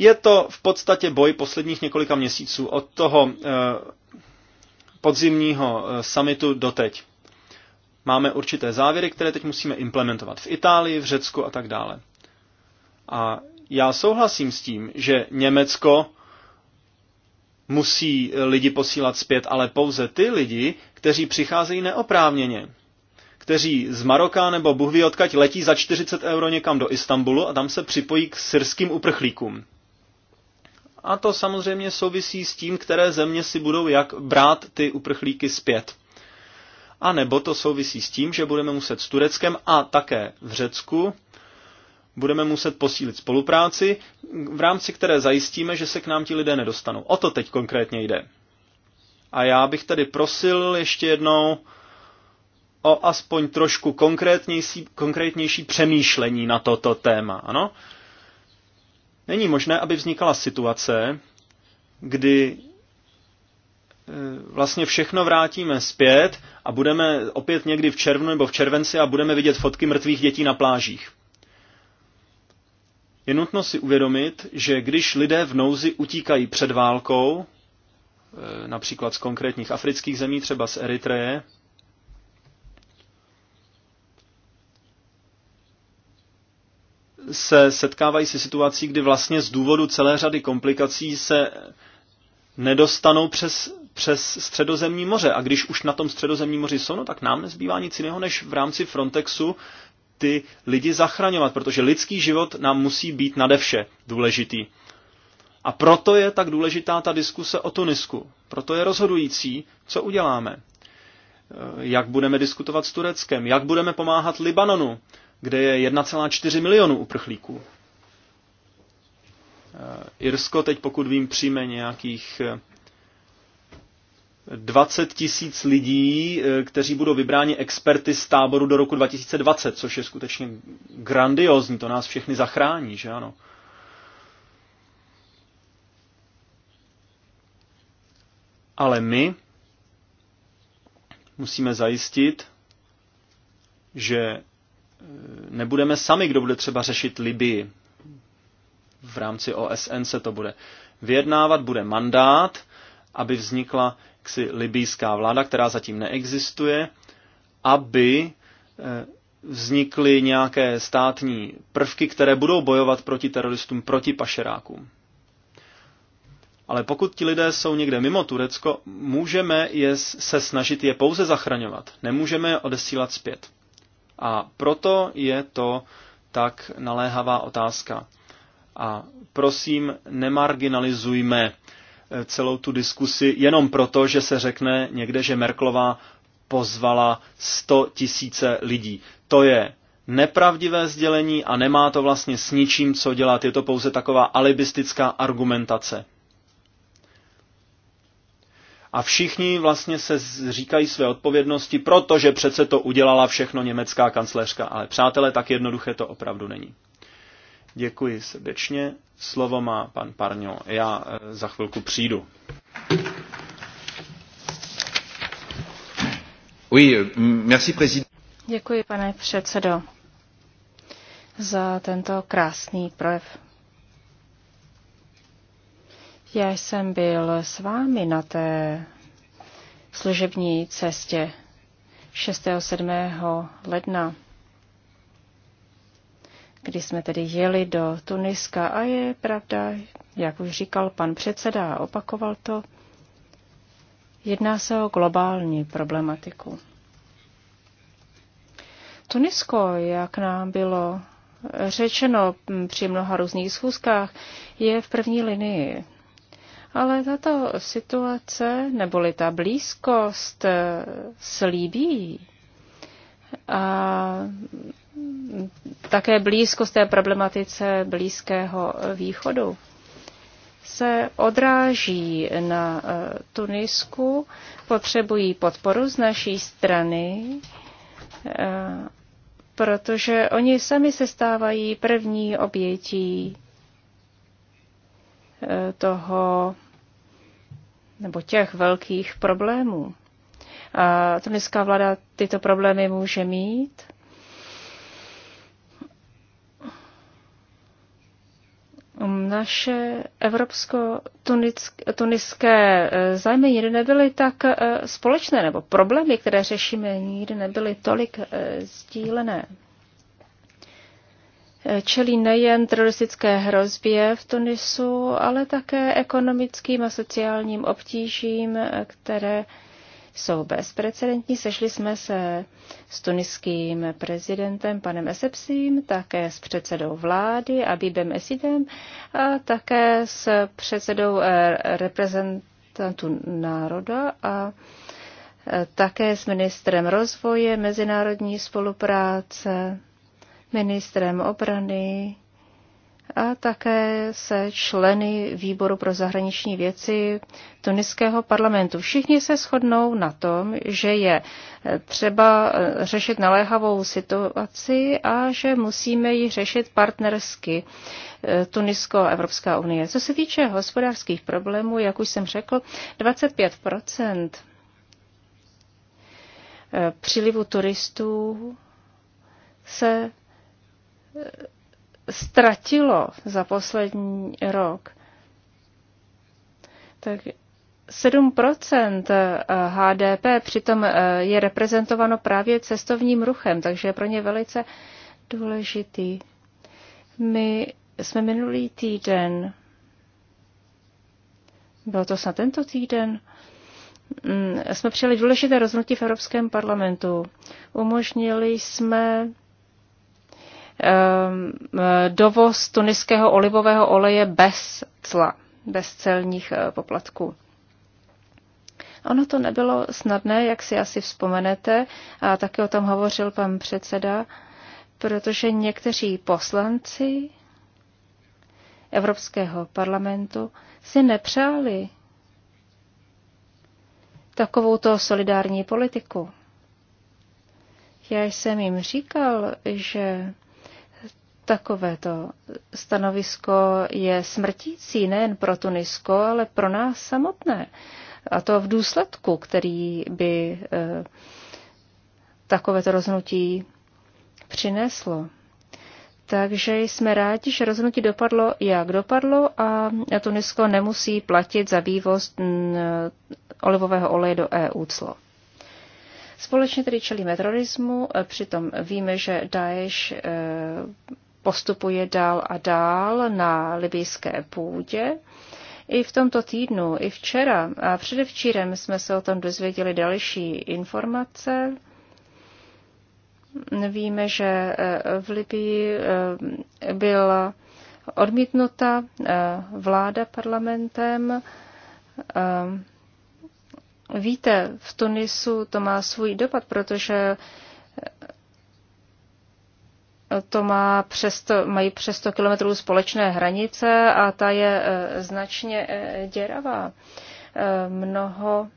Je to v podstatě boj posledních několika měsíců od toho eh, podzimního eh, do doteď. Máme určité závěry, které teď musíme implementovat v Itálii, v Řecku a tak dále. A já souhlasím s tím, že Německo musí eh, lidi posílat zpět, ale pouze ty lidi, kteří přicházejí neoprávněně. Kteří z Maroka nebo Buhví odkaď letí za 40 euro někam do Istanbulu a tam se připojí k syrským uprchlíkům. A to samozřejmě souvisí s tím, které země si budou jak brát ty uprchlíky zpět. A nebo to souvisí s tím, že budeme muset s Tureckem a také v Řecku budeme muset posílit spolupráci, v rámci které zajistíme, že se k nám ti lidé nedostanou. O to teď konkrétně jde. A já bych tedy prosil ještě jednou o aspoň trošku konkrétnější, konkrétnější přemýšlení na toto téma. Ano? Není možné, aby vznikala situace, kdy e, vlastně všechno vrátíme zpět a budeme opět někdy v červnu nebo v červenci a budeme vidět fotky mrtvých dětí na plážích. Je nutno si uvědomit, že když lidé v nouzi utíkají před válkou, e, například z konkrétních afrických zemí, třeba z Eritreje, se setkávají se situací, kdy vlastně z důvodu celé řady komplikací se nedostanou přes, přes středozemní moře. A když už na tom středozemní moři jsou, no tak nám nezbývá nic jiného, než v rámci Frontexu ty lidi zachraňovat, protože lidský život nám musí být nade vše důležitý. A proto je tak důležitá ta diskuse o Tunisku. Proto je rozhodující, co uděláme. Jak budeme diskutovat s Tureckem, jak budeme pomáhat Libanonu, kde je 1,4 milionu uprchlíků. Eh, Irsko teď, pokud vím, přijme nějakých 20 eh, tisíc lidí, eh, kteří budou vybráni experty z táboru do roku 2020, což je skutečně grandiozní, to nás všechny zachrání, že ano. Ale my musíme zajistit, že Eh, nebudeme sami, kdo bude třeba řešit Libii. V rámci OSN se to bude vyjednávat, bude mandát, aby vznikla ksi libijská vláda, která zatím neexistuje, aby eh, vznikly nějaké státní prvky, které budou bojovat proti teroristům, proti pašerákům. Ale pokud ti lidé jsou někde mimo Turecko, můžeme je se snažit je pouze zachraňovat. Nemůžeme je odesílat zpět. A proto je to tak naléhavá otázka. A prosím, nemarginalizujme eh, celou tu diskusi jenom proto, že se řekne někde, že Merklová pozvala 100 tisíce lidí. To je nepravdivé sdělení a nemá to vlastně s ničím co dělat. Je to pouze taková alibistická argumentace a všichni vlastně se říkají své odpovědnosti, protože přece to udělala všechno německá kancléřka. Ale přátelé, tak jednoduché to opravdu není. Děkuji srdečně. Slovo má pan Parňo. Já eh, za chvilku přijdu. Oui, euh, merci, Děkuji, pane předsedo, za tento krásný projev. Já jsem byl s vámi na té služební cestě 6. 7. ledna, kdy jsme tedy jeli do Tuniska a je pravda, jak už říkal pan předseda a opakoval to, jedná se o globální problematiku. Tunisko, jak nám bylo řečeno při mnoha různých schůzkách, je v první linii ale tato situace, neboli ta blízkost, eh, slíbí a také blízkost té problematice Blízkého východu se odráží na eh, Tunisku, potřebují podporu z naší strany, eh, protože oni sami se stávají první obětí toho nebo těch velkých problémů. A tuniská vláda tyto problémy může mít. Naše evropsko-tuniské eh, zájmy nikdy nebyly tak eh, společné, nebo problémy, které řešíme, nikdy nebyly tolik eh, sdílené čelí nejen teroristické hrozbě v Tunisu, ale také ekonomickým a sociálním obtížím, které jsou bezprecedentní. Sešli jsme se s tuniským prezidentem panem Esepsím, také s předsedou vlády Abibem Esidem a také s předsedou eh, reprezentantů národa a eh, také s ministrem rozvoje, mezinárodní spolupráce ministrem obrany a také se členy výboru pro zahraniční věci tuniského parlamentu. Všichni se shodnou na tom, že je třeba řešit naléhavou situaci a že musíme ji řešit partnersky eh, Tunisko a Evropská unie. Co se týče hospodářských problémů, jak už jsem řekl, 25 eh, přílivu turistů se ztratilo za poslední rok. Tak 7 eh, HDP přitom eh, je reprezentováno právě cestovním ruchem, takže je pro ně velice důležitý. My jsme minulý týden, bylo to snad tento týden, mm, jsme přijali důležité rozhodnutí v Evropském parlamentu. Umožnili jsme Ehm, eh, dovoz tuniského olivového oleje bez cla, bez celních eh, poplatků. Ono to nebylo snadné, jak si asi vzpomenete, a také o tom hovořil pan předseda, protože někteří poslanci Evropského parlamentu si nepřáli takovouto solidární politiku. Já jsem jim říkal, že Takovéto stanovisko je smrtící nejen pro Tunisko, ale pro nás samotné. A to v důsledku, který by eh, takovéto rozhodnutí přineslo. Takže jsme rádi, že rozhodnutí dopadlo, jak dopadlo a Tunisko nemusí platit za vývoz mm, olivového oleje do EU clo. Společně tedy čelíme terorismu, eh, přitom víme, že Daesh eh, postupuje dál a dál na libijské půdě. I v tomto týdnu, i včera a předevčírem jsme se o tom dozvěděli další informace. Víme, že eh, v Libii eh, byla odmítnuta eh, vláda parlamentem. Víte, v Tunisu to má svůj dopad, protože to má přes to, mají přes 100 kilometrů společné hranice a ta je e, značně e, děravá. E, mnoho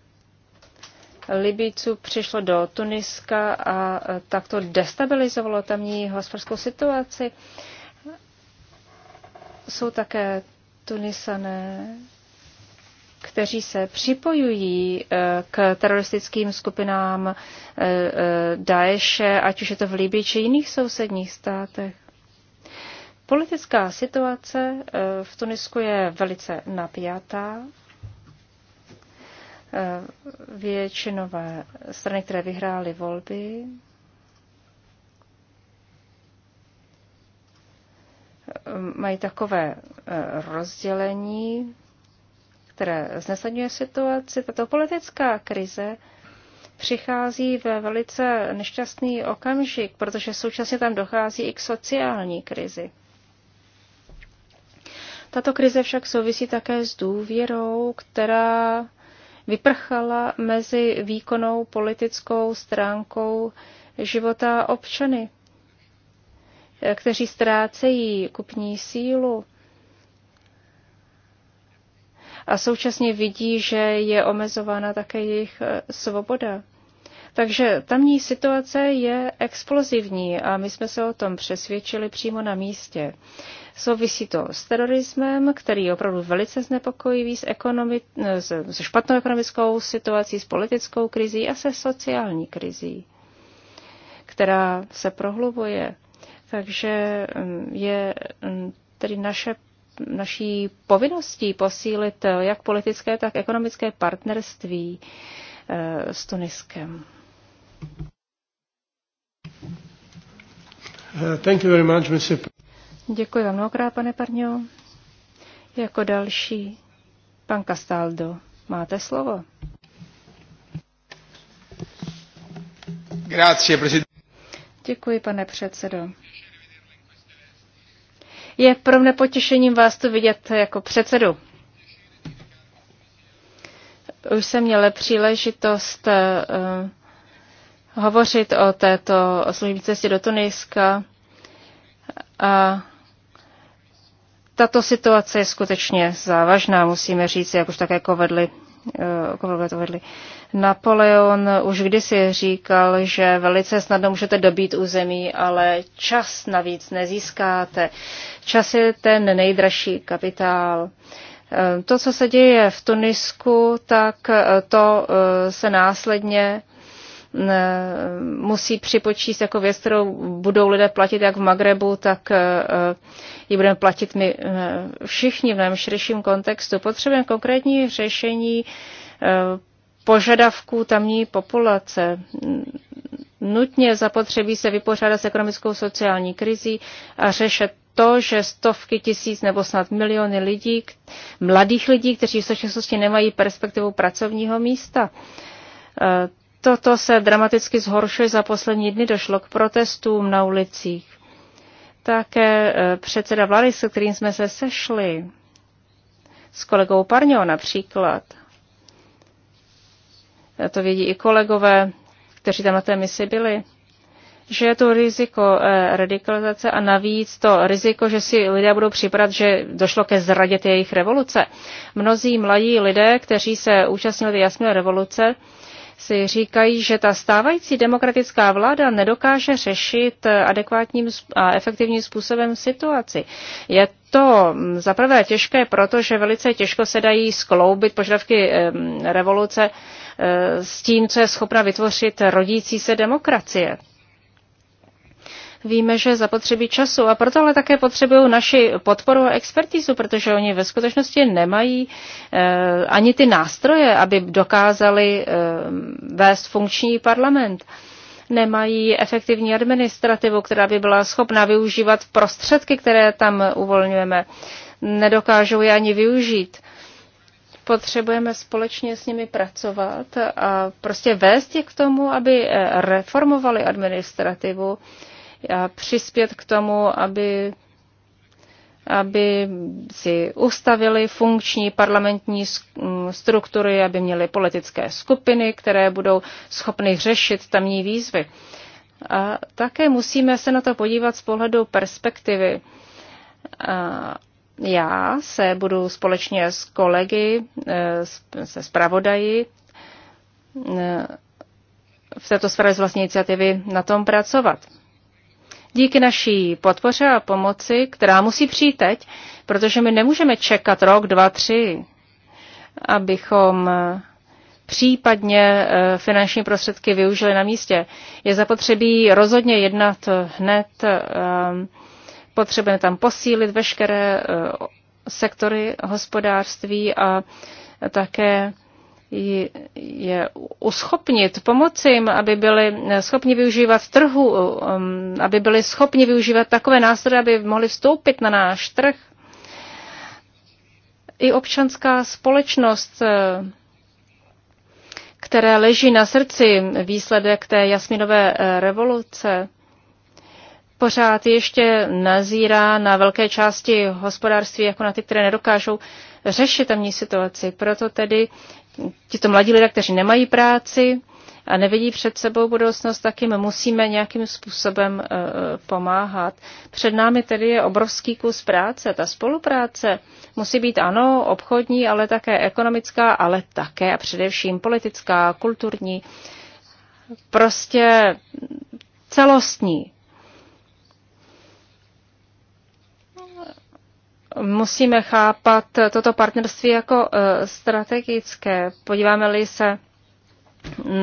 Libíců přišlo do Tuniska a tak to destabilizovalo tamní hospodářskou situaci. Jsou také Tunisané, kteří se připojují eh, k teroristickým skupinám eh, eh, Daeše, ať už je to v Libii či jiných sousedních státech. Politická situace v Tunisku je velice napjatá. Většinové strany, které vyhrály volby, mají takové rozdělení které znesadňuje situaci. Tato politická krize přichází ve velice nešťastný okamžik, protože současně tam dochází i k sociální krizi. Tato krize však souvisí také s důvěrou, která vyprchala mezi výkonnou politickou stránkou života občany, kteří ztrácejí kupní sílu a současně vidí, že je omezována také jejich e, svoboda. Takže tamní situace je explozivní a my jsme se o tom přesvědčili přímo na místě. Souvisí to s terorismem, který je opravdu velice znepokojivý, s, ekonomi- e, s, s špatnou ekonomickou situací, s politickou krizí a se sociální krizí, která se prohlubuje. Takže mm, je mm, tedy naše naší povinností posílit jak politické, tak ekonomické partnerství eh, s Tuniskem. Eh, thank you very much, Děkuji vám mnohokrát, pane Parňo. Jako další, pan Castaldo, máte slovo. Grazie, Děkuji, pane předsedo. Je pro mne potěšením vás tu vidět jako předsedu. Už jsem měla příležitost uh, hovořit o této služební cestě do Tuniska a tato situace je skutečně závažná, musíme říct, jak už také jako vedli Eh, kolegové to vedli. Napoleon už kdysi říkal, že velice snadno můžete dobít území, ale čas navíc nezískáte. Čas je ten nejdražší kapitál. Eh, to, co se děje v Tunisku, tak eh, to se následně musí připočíst jako věc, kterou budou lidé platit jak v Magrebu, tak eh, eh, ji budeme platit my eh, všichni v mnohem širším kontextu. Potřebujeme konkrétní řešení požadavků tamní populace. Nutně zapotřebí se vypořádat s ekonomickou sociální krizí a řešit to, že stovky tisíc nebo snad miliony lidí, mladých lidí, kteří v současnosti nemají perspektivu pracovního místa. Toto se dramaticky zhoršuje za poslední dny, došlo k protestům na ulicích. Také eh, předseda vlády, se kterým jsme se sešli, s kolegou Parňo například, to vědí i kolegové, kteří tam na té misi byli, že je to riziko eh, radikalizace a navíc to riziko, že si lidé budou připadat, že došlo ke zradě jejich revoluce. Mnozí mladí lidé, kteří se účastnili jasné revoluce, si říkají, že ta stávající demokratická vláda nedokáže řešit adekvátním a efektivním způsobem situaci. Je to mm, za prvé těžké, protože velice těžko se dají skloubit požadavky revoluce eh, s tím, co je schopna vytvořit rodící se demokracie. Víme, že zapotřebí času a proto ale také potřebují naši podporu a expertizu, protože oni ve skutečnosti nemají eh, ani ty nástroje, aby dokázali eh, vést funkční parlament nemají efektivní administrativu, která by byla schopna využívat prostředky, které tam uvolňujeme. Nedokážou je ani využít. Potřebujeme společně s nimi pracovat a prostě vést je k tomu, aby eh, reformovali administrativu a přispět k tomu, aby aby si ustavili funkční parlamentní mm, struktury, aby měli politické skupiny, které budou schopny řešit tamní výzvy. A také musíme se na to podívat z pohledu perspektivy. A já se budu společně s kolegy, e, se zpravodaji e, v této sféře z vlastní iniciativy na tom pracovat díky naší podpoře a pomoci, která musí přijít teď, protože my nemůžeme čekat rok, dva, tři, abychom eh, případně eh, finanční prostředky využili na místě. Je zapotřebí rozhodně jednat hned, ehm, potřebujeme tam posílit veškeré eh, sektory hospodářství a také je uschopnit, pomoci jim, aby byli schopni využívat trhu, um, aby byli schopni využívat takové nástroje, aby mohli vstoupit na náš trh. I občanská společnost, eh, které leží na srdci výsledek té jasminové eh, revoluce, pořád ještě nazírá na velké části hospodářství jako na ty, které nedokážou řešit tamní situaci. Proto tedy tito mladí lidé, kteří nemají práci a nevidí před sebou budoucnost, tak jim musíme nějakým způsobem eh, eh, pomáhat. Před námi tedy je obrovský kus práce. Ta spolupráce musí být ano obchodní, ale také ekonomická, ale také a především politická, kulturní, prostě celostní musíme chápat toto partnerství jako e, strategické. Podíváme-li se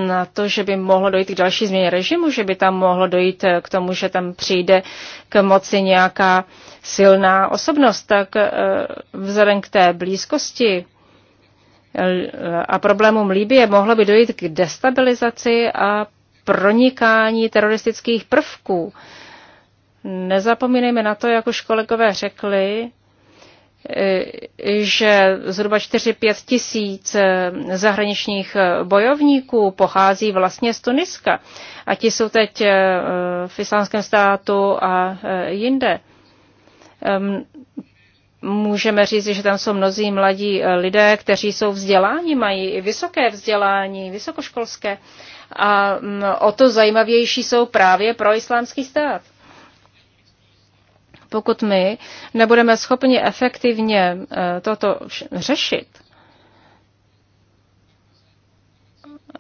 na to, že by mohlo dojít k další změně režimu, že by tam mohlo dojít k tomu, že tam přijde k moci nějaká silná osobnost, tak e, vzhledem k té blízkosti e, a problémům Líbie mohlo by dojít k destabilizaci a pronikání teroristických prvků. Nezapomínejme na to, jak už kolegové řekli, že zhruba 4-5 tisíc eh, zahraničních eh, bojovníků pochází vlastně z Tuniska. A ti jsou teď eh, v islámském státu a jinde. Můžeme říct, že tam jsou mnozí mladí lidé, kteří jsou vzděláni, mají i vysoké vzdělání, vysokoškolské. A mm, o to zajímavější jsou právě pro islámský stát. Pokud my nebudeme schopni efektivně eh, toto řešit,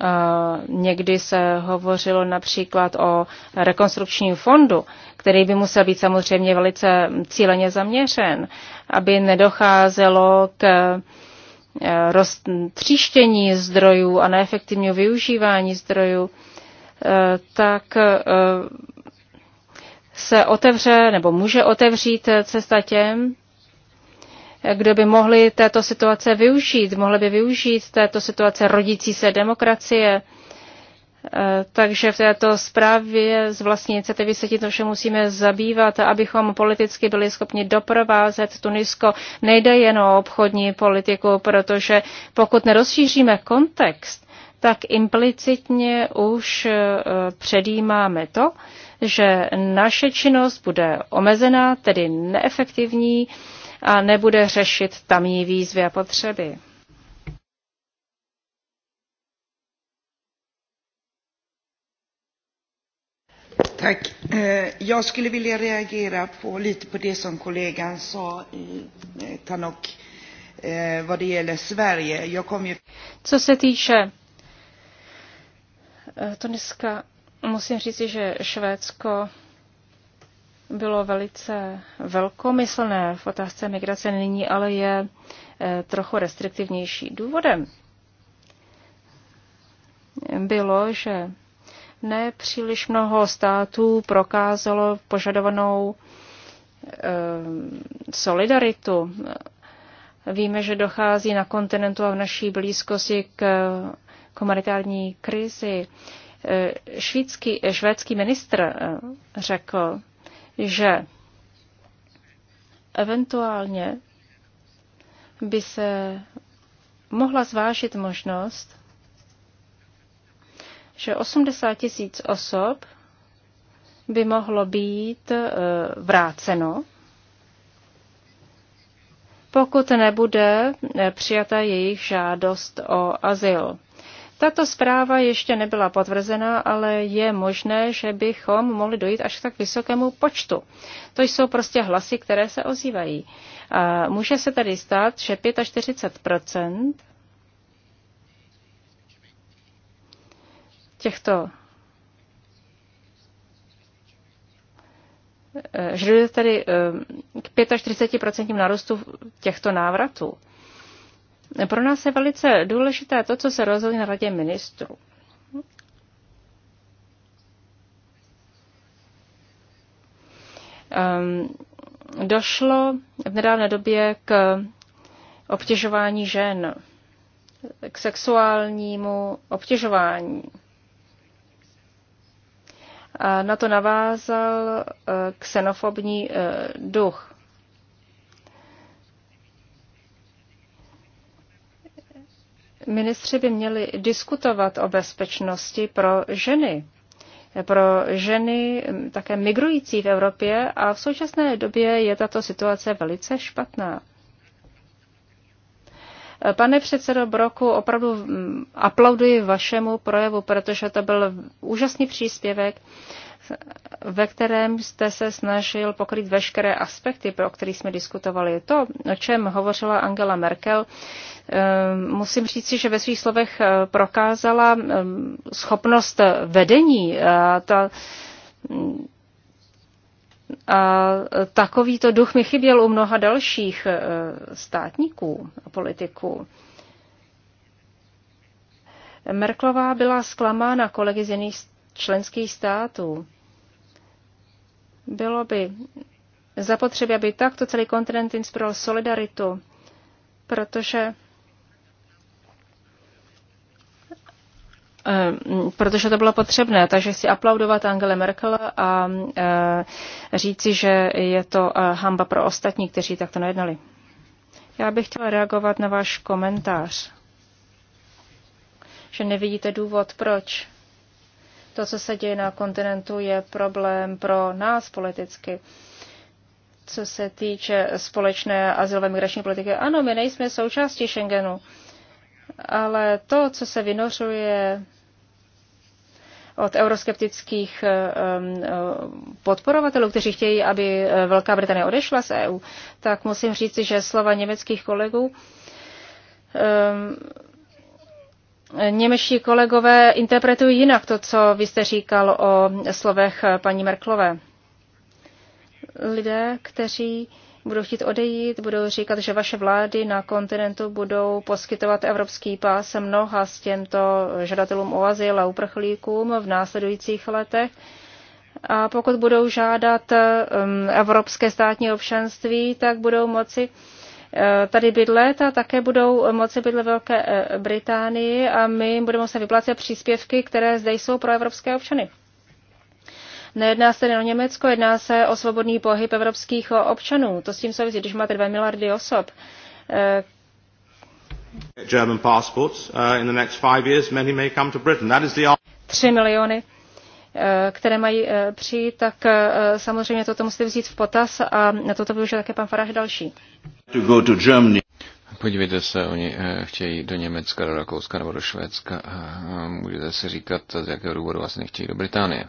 eh, Někdy se hovořilo například o rekonstrukčním fondu, který by musel být samozřejmě velice cíleně zaměřen, aby nedocházelo k eh, roztříštění zdrojů a neefektivního využívání zdrojů, tak se otevře nebo může otevřít cesta těm, kdo by mohli této situace využít, mohli by využít této situace rodící se demokracie. E, takže v této zprávě z vlastní iniciativy se tímto vše musíme zabývat, abychom politicky byli schopni doprovázet Tunisko. Nejde jen o obchodní politiku, protože pokud nerozšíříme kontext, tak implicitně už e, předjímáme to, že naše činnost bude omezená, tedy neefektivní a nebude řešit tamní výzvy a potřeby. Tak eh, já skulle vilja reagera på lite på det som kollegan sa i eh, Tanok eh, vad det gäller Sverige. Jag kom ju... Co se týče dneska Musím říci, že Švédsko bylo velice velkomyslné v otázce migrace nyní, ale je eh, trochu restriktivnější. Důvodem bylo, že ne příliš mnoho států prokázalo požadovanou eh, solidaritu. Víme, že dochází na kontinentu a v naší blízkosti k komunitární krizi švédský, švédský ministr eh, řekl, že eventuálně by se mohla zvážit možnost, že 80 tisíc osob by mohlo být eh, vráceno, pokud nebude eh, přijata jejich žádost o azyl. Tato zpráva ještě nebyla potvrzena, ale je možné, že bychom mohli dojít až k tak vysokému počtu. To jsou prostě hlasy, které se ozývají. A může se tady stát, že 45 těchto eh, že tady tedy eh, k 45% nárůstu těchto návratů. Pro nás je velice důležité to, co se rozhodne na radě ministrů. Ehm, došlo v nedávné době k obtěžování žen, k sexuálnímu obtěžování. A na to navázal eh, ksenofobní eh, duch. Ministři by měli diskutovat o bezpečnosti pro ženy, pro ženy také migrující v Evropě a v současné době je tato situace velice špatná. Pane předsedo Broku, opravdu aplauduji vašemu projevu, protože to byl úžasný příspěvek ve kterém jste se snažil pokryt veškeré aspekty, pro které jsme diskutovali. To, o čem hovořila Angela Merkel, eh, musím říci, že ve svých slovech eh, prokázala eh, schopnost vedení. A ta, a takovýto duch mi chyběl u mnoha dalších státníků a politiků. Merklová byla zklamána kolegy z jiných členských států. Bylo by zapotřebí, aby takto celý kontinent inspiroval solidaritu, protože eh, protože to bylo potřebné, takže si aplaudovat Angele Merkel a eh, říci, že je to eh, hamba pro ostatní, kteří takto nejednali. Já bych chtěla reagovat na váš komentář, že nevidíte důvod, proč to, co se děje na kontinentu, je problém pro nás politicky. Co se týče společné azylové migrační politiky, ano, my nejsme součástí Schengenu, ale to, co se vynořuje od euroskeptických eh, eh, podporovatelů, kteří chtějí, aby eh, Velká Británie odešla z EU, tak musím říct, že slova německých kolegů Němečtí kolegové interpretují jinak to, co vy jste říkal o slovech paní Merklové. Lidé, kteří budou chtít odejít, budou říkat, že vaše vlády na kontinentu budou poskytovat evropský pás mnoha s těmto žadatelům o azyl a uprchlíkům v následujících letech. A pokud budou žádat um, evropské státní občanství, tak budou moci uh, Eh, tady bydlet a také budou moci bydlet Velké eh, Británii a my budeme se vyplácet příspěvky, které zde jsou pro evropské občany. Nejedná se jen o Německo, jedná se o svobodný pohyb evropských eh, občanů. To s tím souvisí, když máte 2 miliardy osob. Tři miliony které mají přijít, tak samozřejmě toto musíte vzít v potaz a na toto využije také pan Faráš další. Podívejte se, oni eh, chtějí do Německa, do Rakouska nebo do Švédska. Eh, můžete si říkat, z jakého důvodu vlastně nechtějí do Británie.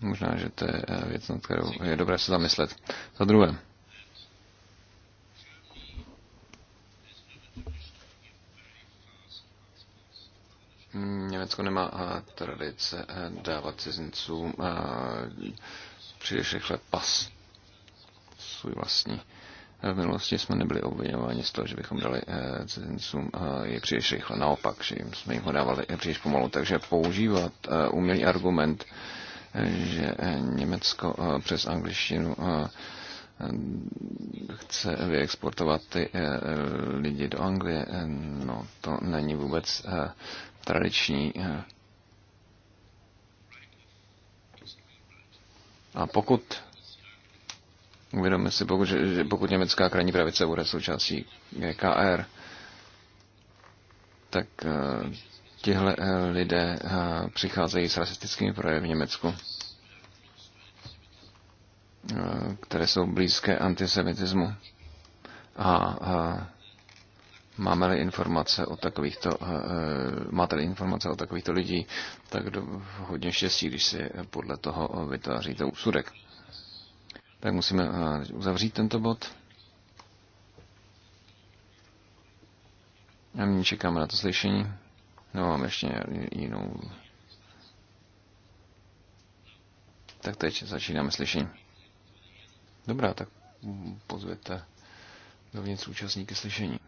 Možná, že to je eh, věc, nad kterou je dobré se zamyslet. Za druhé. Německo nemá tradice dávat cizincům příliš rychle pas svůj vlastní. Eh, v minulosti jsme nebyli obvinováni z toho, že bychom dali eh, cizincům eh, je příliš rychle, naopak, že jim jsme jim ho dávali příliš pomalu. Takže používat umělý argument, že Německo přes angličtinu chce vyexportovat ty lidi do Anglie, no to není vůbec tradiční. A pokud Uvědomme si, pokud, že, pokud německá krajní pravice bude součástí GKR, tak uh, tihle uh, lidé uh, přicházejí s rasistickými projevy v Německu, uh, které jsou blízké antisemitismu. A, uh, máme-li informace o takovýchto, uh, máte-li informace o takovýchto lidí, tak do, hodně štěstí, když si podle toho vytváříte úsudek. Tak musíme eh, uzavřít tento bod. A nyní čekáme na to slyšení. No, mám ještě jinou. Tak teď začínáme slyšení. Dobrá, tak pozvěte dovnitř účastníky slyšení.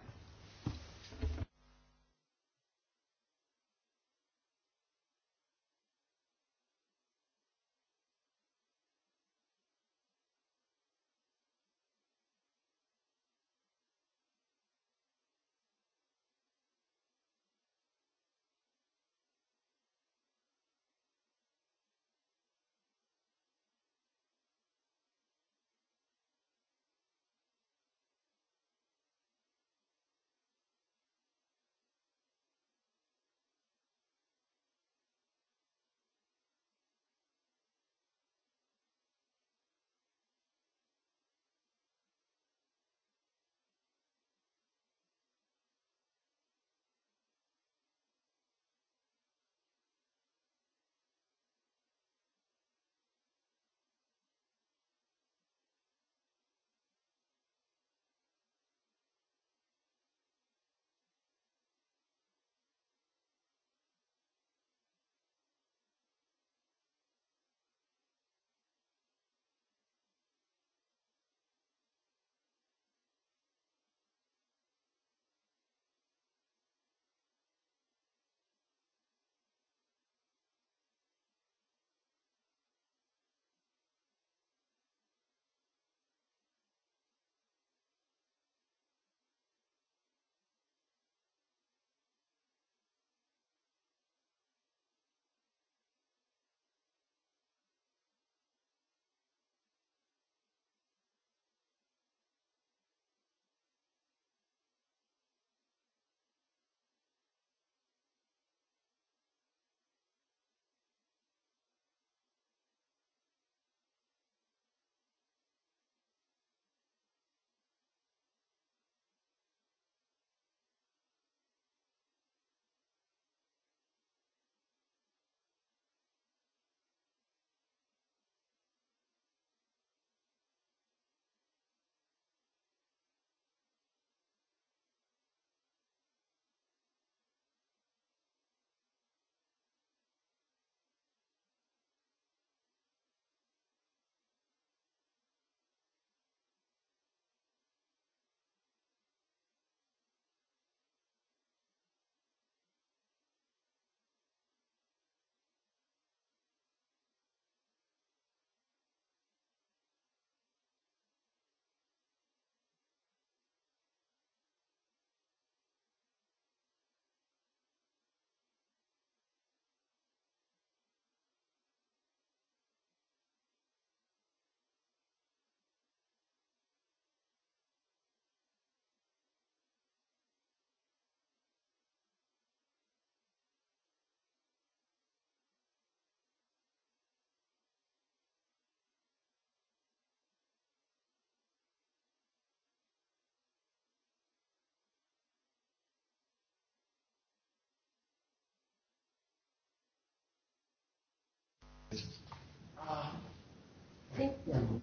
Merci.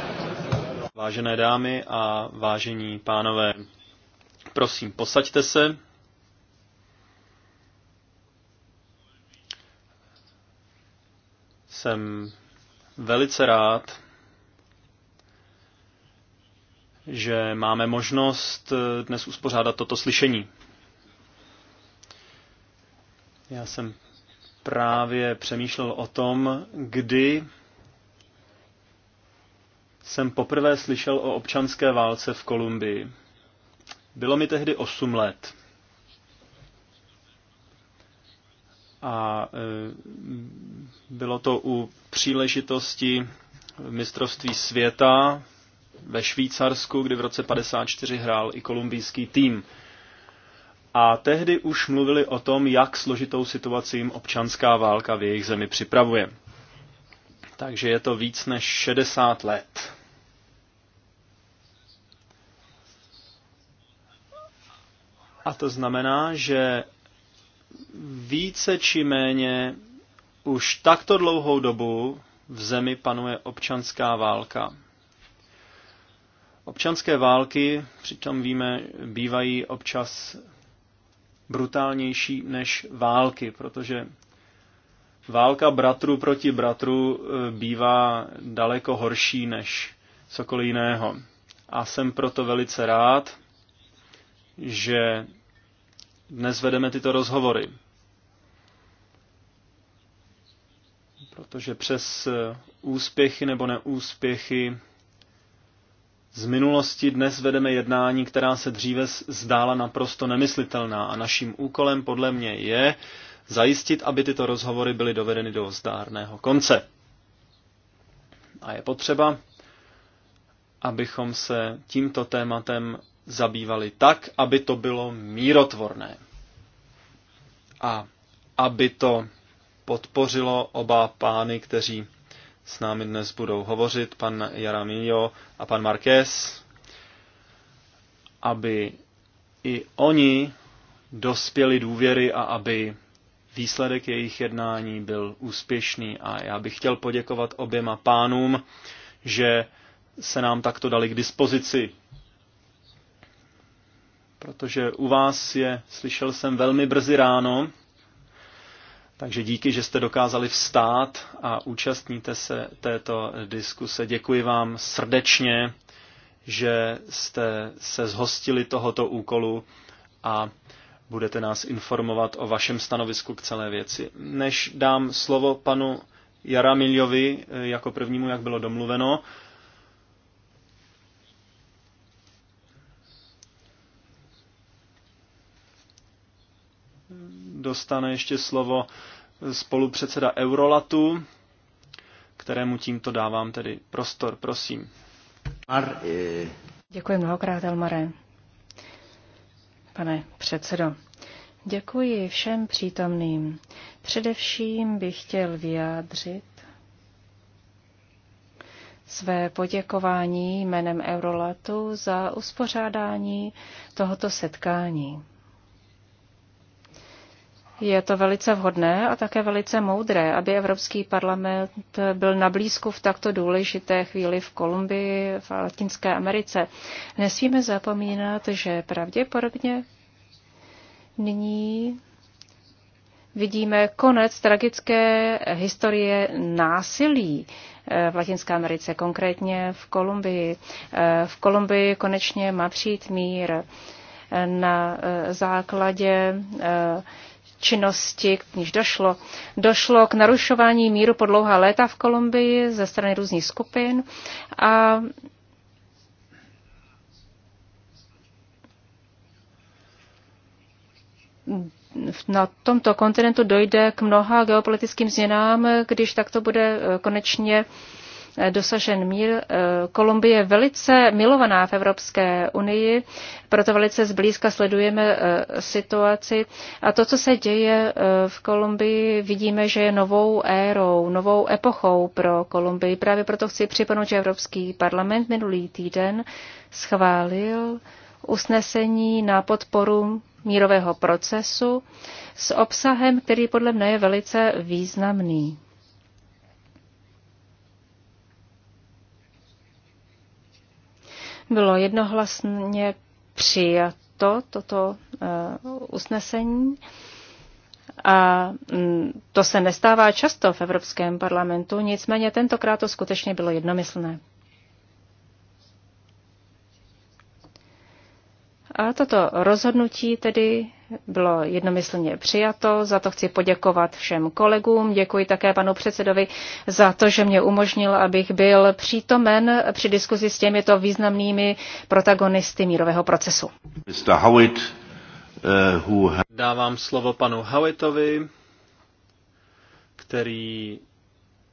Vážené dámy a vážení pánové, prosím, posaďte se. Jsem velice rád, že máme možnost dnes uspořádat toto slyšení. Já jsem právě přemýšlel o tom, kdy jsem poprvé slyšel o občanské válce v Kolumbii. Bylo mi tehdy 8 let. A e, bylo to u příležitosti mistrovství světa ve Švýcarsku, kdy v roce 54 hrál i kolumbijský tým. A tehdy už mluvili o tom, jak složitou situaci jim občanská válka v jejich zemi připravuje. Takže je to víc než 60 let. A to znamená, že více či méně už takto dlouhou dobu v zemi panuje občanská válka. Občanské války, přitom víme, bývají občas brutálnější než války, protože Válka bratru proti bratru e, bývá daleko horší než cokoliv jiného. A jsem proto velice rád, že dnes vedeme tyto rozhovory. Protože přes e, úspěchy nebo neúspěchy z minulosti dnes vedeme jednání, která se dříve zdála naprosto nemyslitelná a naším úkolem podle mě je zajistit, aby tyto rozhovory byly dovedeny do zdárného konce. A je potřeba, abychom se tímto tématem zabývali tak, aby to bylo mírotvorné. A aby to podpořilo oba pány, kteří s námi dnes budou hovořit, pan Jaramillo a pan Marquez, aby i oni dospěli důvěry a aby výsledek jejich jednání byl úspěšný a já bych chtěl poděkovat oběma pánům, že se nám takto dali k dispozici. Protože u vás je, slyšel jsem, velmi brzy ráno, takže díky, že jste dokázali vstát a účastníte se této diskuse. Děkuji vám srdečně, že jste se zhostili tohoto úkolu a budete nás informovat o vašem stanovisku k celé věci. Než dám slovo panu Jaramiljovi eh, jako prvnímu, jak bylo domluveno, dostane ještě slovo spolupředseda Eurolatu, kterému tímto dávám tedy prostor, prosím. Eh, Děkuji mnohokrát, Elmare pane předsedo. Děkuji všem přítomným. Především bych chtěl vyjádřit své poděkování jménem Eurolatu za uspořádání tohoto setkání. Je to velice vhodné a také velice moudré, aby Evropský parlament byl nablízku v takto důležité chvíli v Kolumbii, v Latinské Americe. Nesmíme zapomínat, že pravděpodobně nyní vidíme konec tragické historie násilí eh, v Latinské Americe, konkrétně v Kolumbii. Eh, v Kolumbii konečně má přijít mír eh, na základě činnosti, k níž došlo. Došlo k narušování míru po dlouhá léta v Kolumbii ze strany různých skupin a na tomto kontinentu dojde k mnoha geopolitickým změnám, když takto bude eh, konečně uh, Eh, dosažen mír. Eh, Kolumbie je velice milovaná v Evropské unii, proto velice zblízka sledujeme eh, situaci. A to, co se děje v Kolumbii, vidíme, že je novou érou, novou epochou pro Kolumbii. Právě proto chci připomenout, že Evropský parlament minulý týden schválil usnesení na podporu mírového procesu s obsahem, který podle mne je velice významný. Bylo jednohlasně přijato toto eh, usnesení. A mm, to se nestává často v Evropském parlamentu, nicméně tentokrát to skutečně bylo jednomyslné. A toto rozhodnutí tedy bylo jednomyslně přijato. Za to chci poděkovat všem kolegům. Děkuji také panu předsedovi za to, že mě umožnil, abych byl přítomen při diskuzi s těmito významnými protagonisty mírového procesu. Mr. Howitt, uh, who... Dávám slovo panu Howittovi, který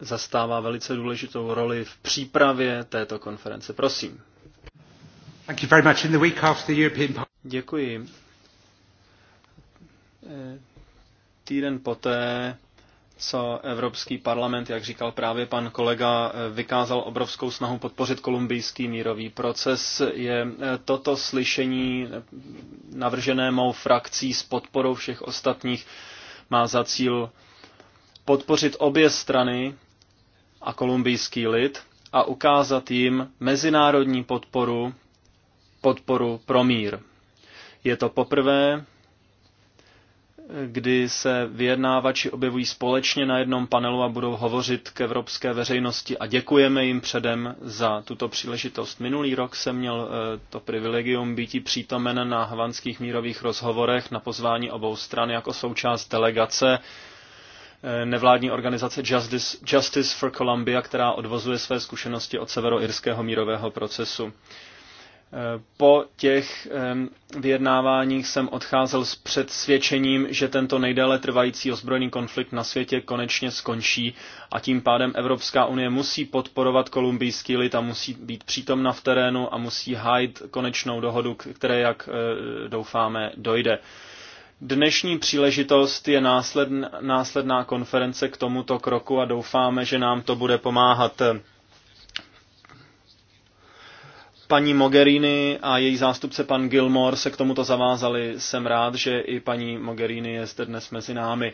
zastává velice důležitou roli v přípravě této konference. Prosím. Thank you very much. In the week after the European... Děkuji týden poté, co Evropský parlament, jak říkal právě pan kolega, vykázal obrovskou snahu podpořit kolumbijský mírový proces, je toto slyšení navržené mou frakcí s podporou všech ostatních má za cíl podpořit obě strany a kolumbijský lid a ukázat jim mezinárodní podporu, podporu pro mír. Je to poprvé, kdy se vyjednávači objevují společně na jednom panelu a budou hovořit k evropské veřejnosti a děkujeme jim předem za tuto příležitost. Minulý rok jsem měl eh, to privilegium být přítomen na havanských mírových rozhovorech na pozvání obou stran jako součást delegace eh, nevládní organizace Justice, Justice for Colombia, která odvozuje své zkušenosti od severoirského mírového procesu po těch vyjednáváních jsem odcházel s předsvědčením, že tento nejdéle trvající ozbrojený konflikt na světě konečně skončí a tím pádem Evropská unie musí podporovat kolumbijský lid a musí být přítomna v terénu a musí hájit konečnou dohodu, které, jak e, doufáme, dojde. Dnešní příležitost je následná konference k tomuto kroku a doufáme, že nám to bude pomáhat Paní Mogherini a její zástupce pan Gilmore se k tomuto zavázali. Jsem rád, že i paní Mogherini je zde dnes mezi námi.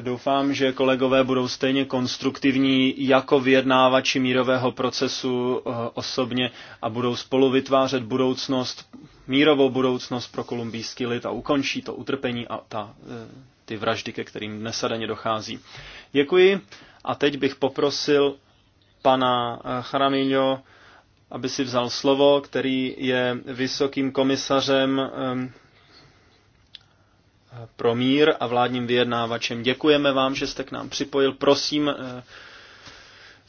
Doufám, že kolegové budou stejně konstruktivní jako vyjednávači mírového procesu eh, osobně a budou spolu vytvářet budoucnost, mírovou budoucnost pro kolumbijský lid a ukončí to utrpení a ta, eh, ty vraždy, ke kterým dnes a denně dochází. Děkuji a teď bych poprosil pana Charamillo, eh, aby si vzal slovo, který je vysokým komisařem pro mír a vládním vyjednávačem. Děkujeme vám, že jste k nám připojil. Prosím, eh,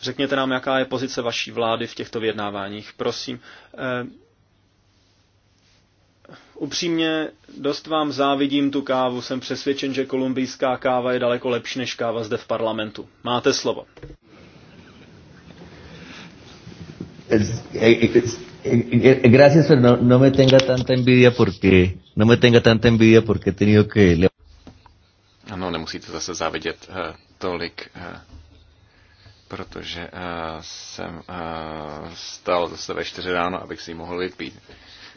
řekněte nám, jaká je pozice vaší vlády v těchto vyjednáváních. Prosím. Eh, upřímně, dost vám závidím tu kávu. Jsem přesvědčen, že kolumbijská káva je daleko lepší než káva zde v parlamentu. Máte slovo. Es, eh, es, es, eh, es, eh, gracias, pero no, no me tenga tanta envidia porque no me tenga tanta envidia porque he tenido que. Le... Ano, nemusíte zase závidět uh, tolik, uh, protože uh, jsem uh, stál zase ve čtyři ráno, abych si ji mohl vypít.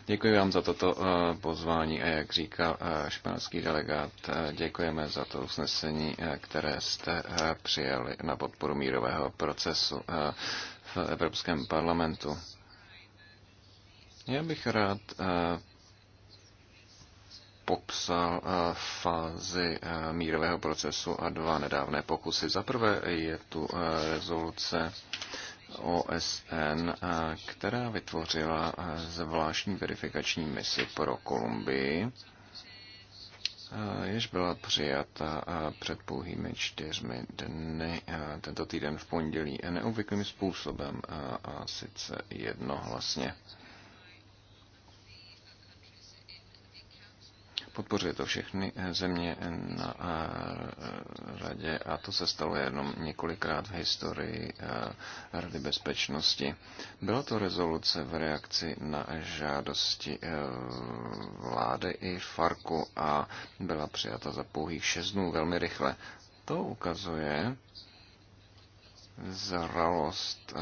Děkuji vám za toto uh, pozvání a jak říkal uh, španělský delegát, uh, děkujeme za to usnesení, uh, které jste uh, přijali na podporu mírového procesu. Uh, Evropském parlamentu. Já bych rád eh, popsal eh, fázi eh, mírového procesu a dva nedávné pokusy. Za prvé je tu rezoluce OSN, která vytvořila zvláštní verifikační misi pro Kolumbii Eh, jež byla přijata eh, před pouhými čtyřmi dny eh, tento týden v pondělí neobvyklým způsobem a sice jednohlasně. Podpořili to všechny eh, země eh, na eh, radě a to se stalo jenom několikrát v historii Rady bezpečnosti. Byla to rezoluce v reakci na žádosti vlády i Farku a byla přijata za pouhých šest dnů velmi rychle. To ukazuje, zralost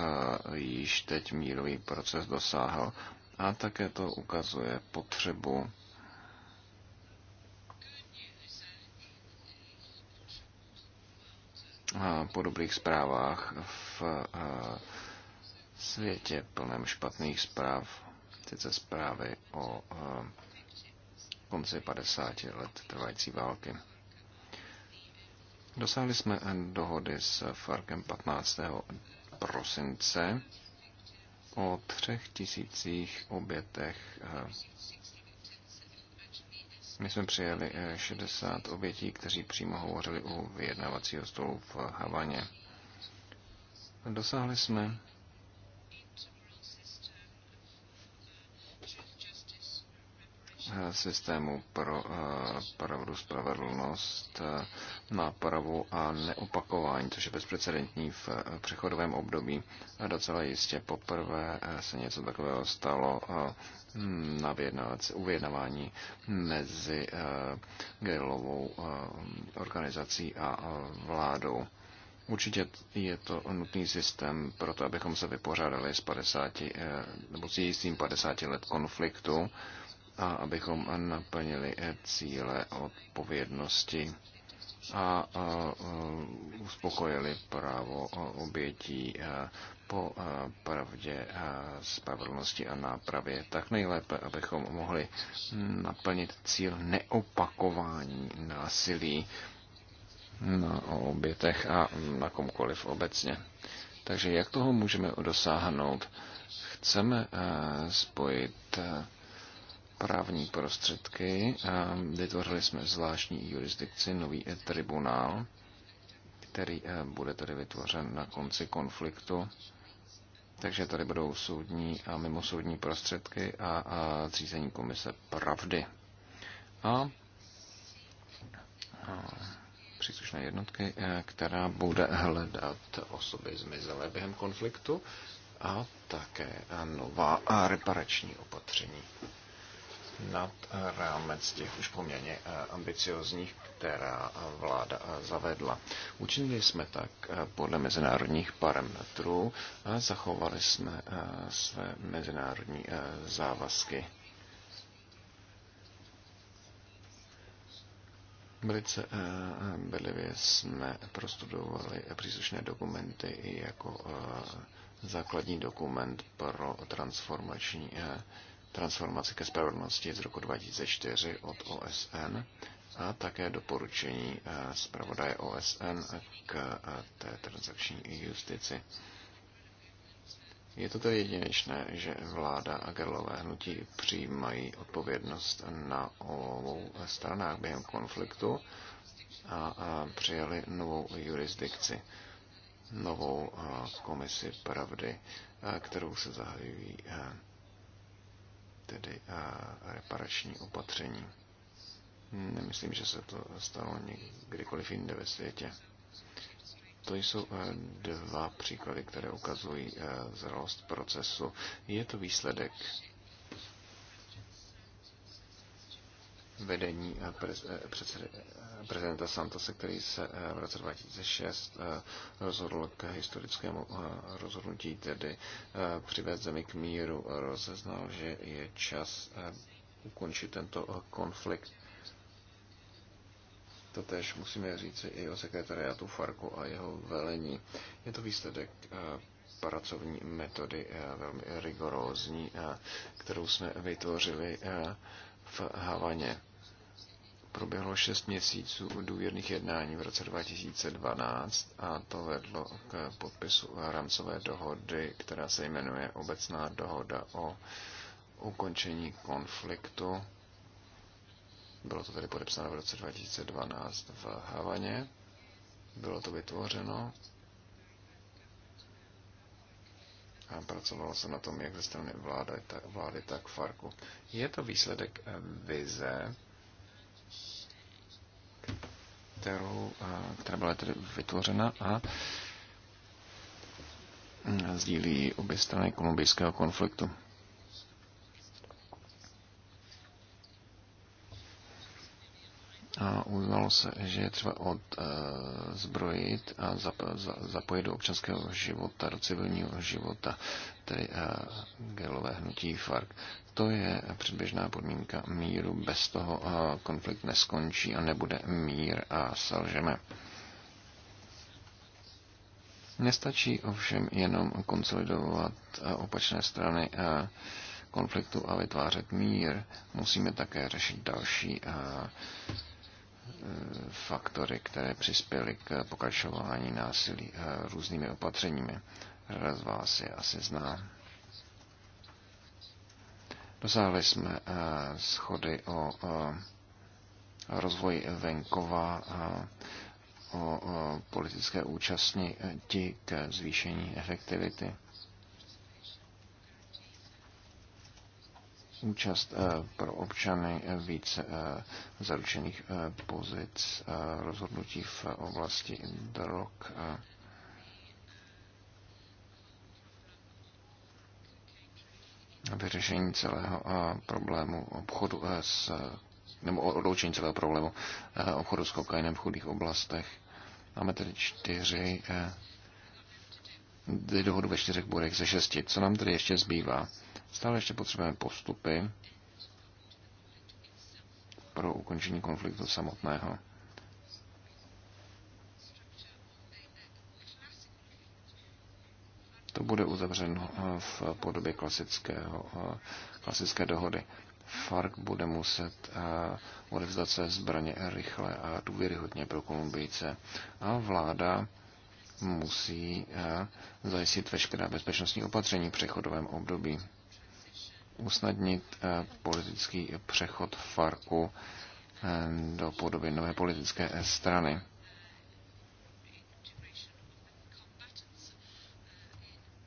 již teď mírový proces dosáhl a také to ukazuje potřebu po dobrých zprávách v světě plném špatných zpráv, sice zprávy o konci 50 let trvající války. Dosáhli jsme dohody s Farkem 15. prosince o třech tisících obětech my jsme přijeli 60 eh, obětí, kteří přímo hovořili u vyjednávacího stolu v Havaně. Dosáhli jsme systému pro eh, pravdu, spravedlnost eh, nápravu a neopakování, což je bezprecedentní v eh, přechodovém období. A docela jistě poprvé se něco takového stalo na uvědnávání mezi Gerlovou organizací a vládou. Určitě je to nutný systém pro to, abychom se vypořádali s 50, nebo s jistým 50 let konfliktu a abychom naplnili eh, cíle odpovědnosti a eh, eh, uspokojili právo obětí po pravdě, spravedlnosti a nápravě, tak nejlépe, abychom mohli naplnit cíl neopakování násilí na obětech a na komkoliv obecně. Takže jak toho můžeme dosáhnout? Chceme spojit právní prostředky. Vytvořili jsme zvláštní jurisdikci, nový tribunál, který eh, bude tedy vytvořen na konci konfliktu. Takže tady budou soudní a mimosoudní prostředky a, zřízení komise pravdy. A, a příslušné jednotky, eh, která bude hledat osoby zmizelé během konfliktu a také nová reparační opatření nad rámec těch už poměrně eh, ambiciozních, která eh, vláda eh, zavedla. Učinili jsme tak podle mezinárodních parametrů a zachovali jsme své mezinárodní závazky. Velice bylivě jsme prostudovali příslušné dokumenty i jako základní dokument pro transformační transformaci ke spravedlnosti z roku 2004 od OSN a také doporučení eh, zpravodaje OSN k eh, té transakční justici. Je to tedy jedinečné, že vláda a gerlové hnutí přijímají odpovědnost na obou stranách během konfliktu a, a přijali novou jurisdikci, novou eh, komisi pravdy, kterou se zahajují tedy a reparační opatření. Nemyslím, že se to stalo někdykoliv jinde ve světě. To jsou e, dva příklady, které ukazují e, zralost procesu. Je to výsledek vedení prezidenta e, prezidenta Santose, který se eh, v roce 2006 eh, rozhodl k historickému eh, rozhodnutí, tedy přivést zemi k míru, rozeznal, že je čas ukončit tento konflikt. Totež musíme říci i o sekretariátu Farku a jeho velení. Je to výsledek pracovní metody velmi rigorózní, kterou jsme vytvořili v Havaně proběhlo 6 měsíců důvěrných jednání v roce 2012 a to vedlo k podpisu rámcové dohody, která se jmenuje Obecná dohoda o ukončení konfliktu. Bylo to tedy podepsáno v roce 2012 v Havaně. Bylo to vytvořeno a pracovalo se na tom jak ze strany vlády, tak, vlády, tak Farku. Je to výsledek vize, kterou, eh, která byla tedy vytvořena a mm, sdílí obě strany kolumbijského konfliktu. a uznalo se, že je třeba odzbrojit eh, a zapojit do občanského života, do civilního života, tedy eh, gelové hnutí FARC. To je předběžná podmínka míru, bez toho eh, konflikt neskončí a nebude mír a selžeme. Nestačí ovšem jenom konsolidovat opačné strany konfliktu a vytvářet mír. Musíme také řešit další faktory, které přispěly k pokračování násilí eh, různými opatřeními. Řada z vás je asi zná. Dosáhli jsme eh, schody o eh, rozvoji venkova, o politické účastní ti k zvýšení efektivity účast eh, pro občany eh, více eh, zaručených pozic, rozhodnutí v oblasti drog. vyřešení celého problému obchodu s, nebo odloučení celého problému obchodu s kokainem v chudých oblastech. Máme tedy čtyři dohodu ve čtyřech bodech ze šesti. Co nám tedy ještě zbývá? Stále ještě potřebujeme postupy pro ukončení konfliktu samotného. To bude uzavřeno eh, v podobě klasického, eh, klasické dohody. FARC bude muset eh, odevzdat své zbraně rychle a důvěryhodně pro Kolumbijce. A vláda musí zajistit veškerá bezpečnostní opatření v přechodovém období usnadnit eh, politický přechod Farku eh, do podoby nové politické eh, strany.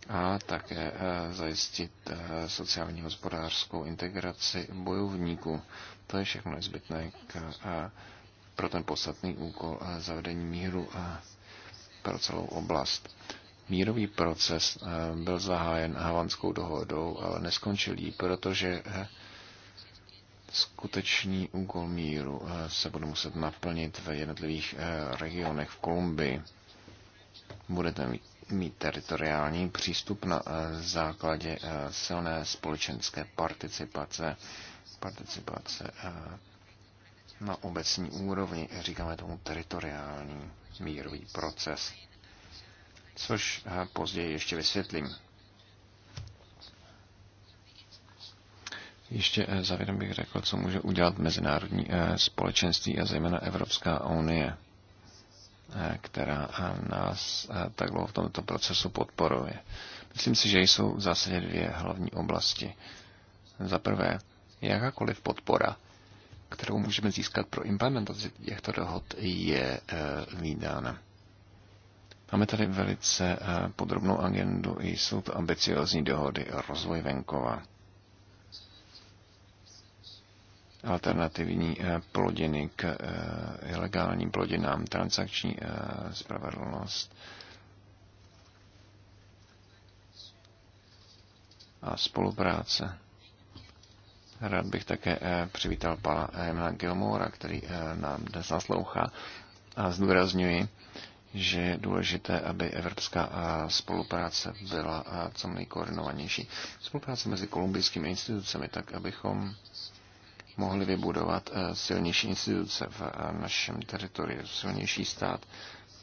a také zajistit sociální hospodářskou integraci bojovníků. To je všechno nezbytné k, pro ten podstatný úkol zavedení míru pro celou oblast. Mírový proces eh, byl zahájen havanskou dohodou, ale neskončil jí, protože eh, skutečný úkol míru eh, se bude muset naplnit ve jednotlivých regionech v Kolumbii. Budete mít, mít teritoriální přístup na základě silné společenské participace, participace na obecní úrovni, říkáme tomu teritoriální mírový proces což eh, později ještě vysvětlím. Ještě eh, závěrem bych řekl, co může udělat mezinárodní eh, společenství a zejména Evropská unie, která nás tak dlouho v tomto procesu podporuje. Myslím si, že jsou v zásadě dvě hlavní oblasti. Za prvé, jakákoliv podpora, kterou můžeme získat pro implementaci těchto dohod, je vídána. Máme tady velice eh, podrobnou agendu, jsou to ambiciozní dohody o rozvoj venkova, alternativní eh, plodiny k eh, ilegálním plodinám, transakční spravedlnost a spolupráce. Rád bych také přivítal pana Emna Gilmora, který nám dnes naslouchá a zdůrazňuji, že je důležité, aby evropská spolupráce byla co nejkoordinovanější. Spolupráce mezi kolumbijskými institucemi, tak abychom mohli vybudovat silnější instituce v našem teritoriu, silnější stát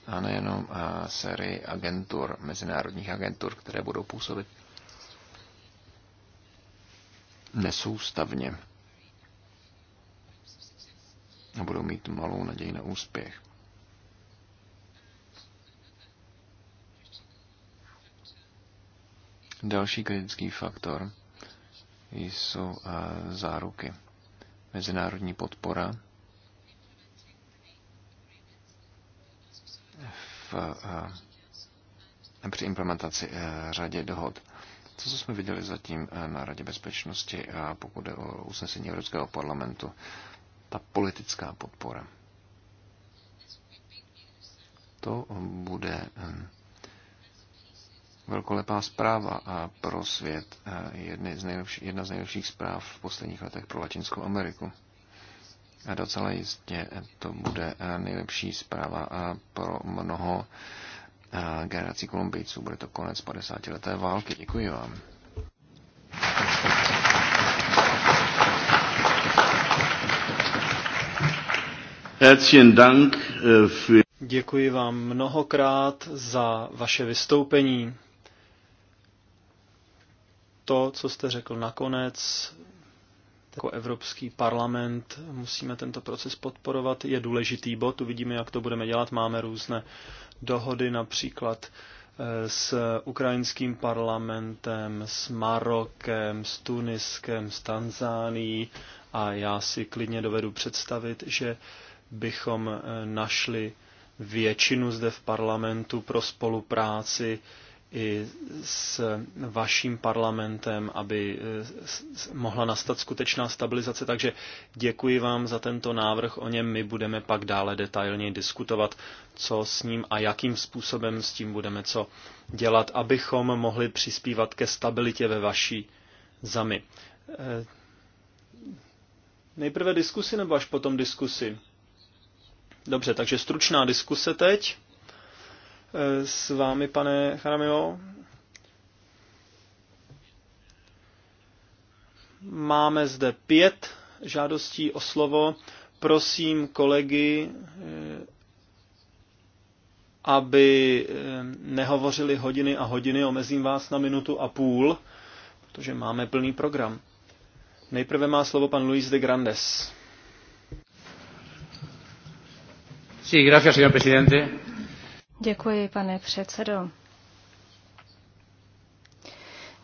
a nejenom sérii agentur, mezinárodních agentur, které budou působit nesoustavně a budou mít malou naději na úspěch. Další kritický faktor jsou eh, záruky. Mezinárodní podpora v, eh, při implementaci eh, řadě dohod. To, co jsme viděli zatím na Radě bezpečnosti a pokud je o usnesení Evropského parlamentu, ta politická podpora. To bude velkolepá zpráva a pro svět eh, jedny z jedna z nejlepších zpráv v posledních letech pro Latinskou Ameriku. A docela jistě to bude eh, nejlepší zpráva eh, pro mnoho generací Kolumbijců. Bude to konec 50. leté války. Děkuji vám. Děkuji vám mnohokrát za vaše vystoupení to, co jste řekl nakonec, jako Evropský parlament musíme tento proces podporovat. Je důležitý bod, uvidíme, jak to budeme dělat. Máme různé dohody, například eh, s ukrajinským parlamentem, s Marokem, s Tuniskem, s Tanzánií a já si klidně dovedu představit, že bychom eh, našli většinu zde v parlamentu pro spolupráci i s vaším parlamentem, aby e, mohla nastat skutečná stabilizace. Takže děkuji vám za tento návrh, o něm my budeme pak dále detailně diskutovat, co s ním a jakým způsobem s tím budeme co dělat, abychom mohli přispívat ke stabilitě ve vaší zemi. E, nejprve diskusi nebo až potom diskusi? Dobře, takže stručná diskuse teď. Eh, s vámi, pane Charamilo. Máme zde pět žádostí o slovo. Prosím kolegy, eh, aby eh, nehovořili hodiny a hodiny, omezím vás na minutu a půl, protože máme plný program. Nejprve má slovo pan Luis de Grandes. Sí, gracias, señor presidente. Děkuji, pane předsedo.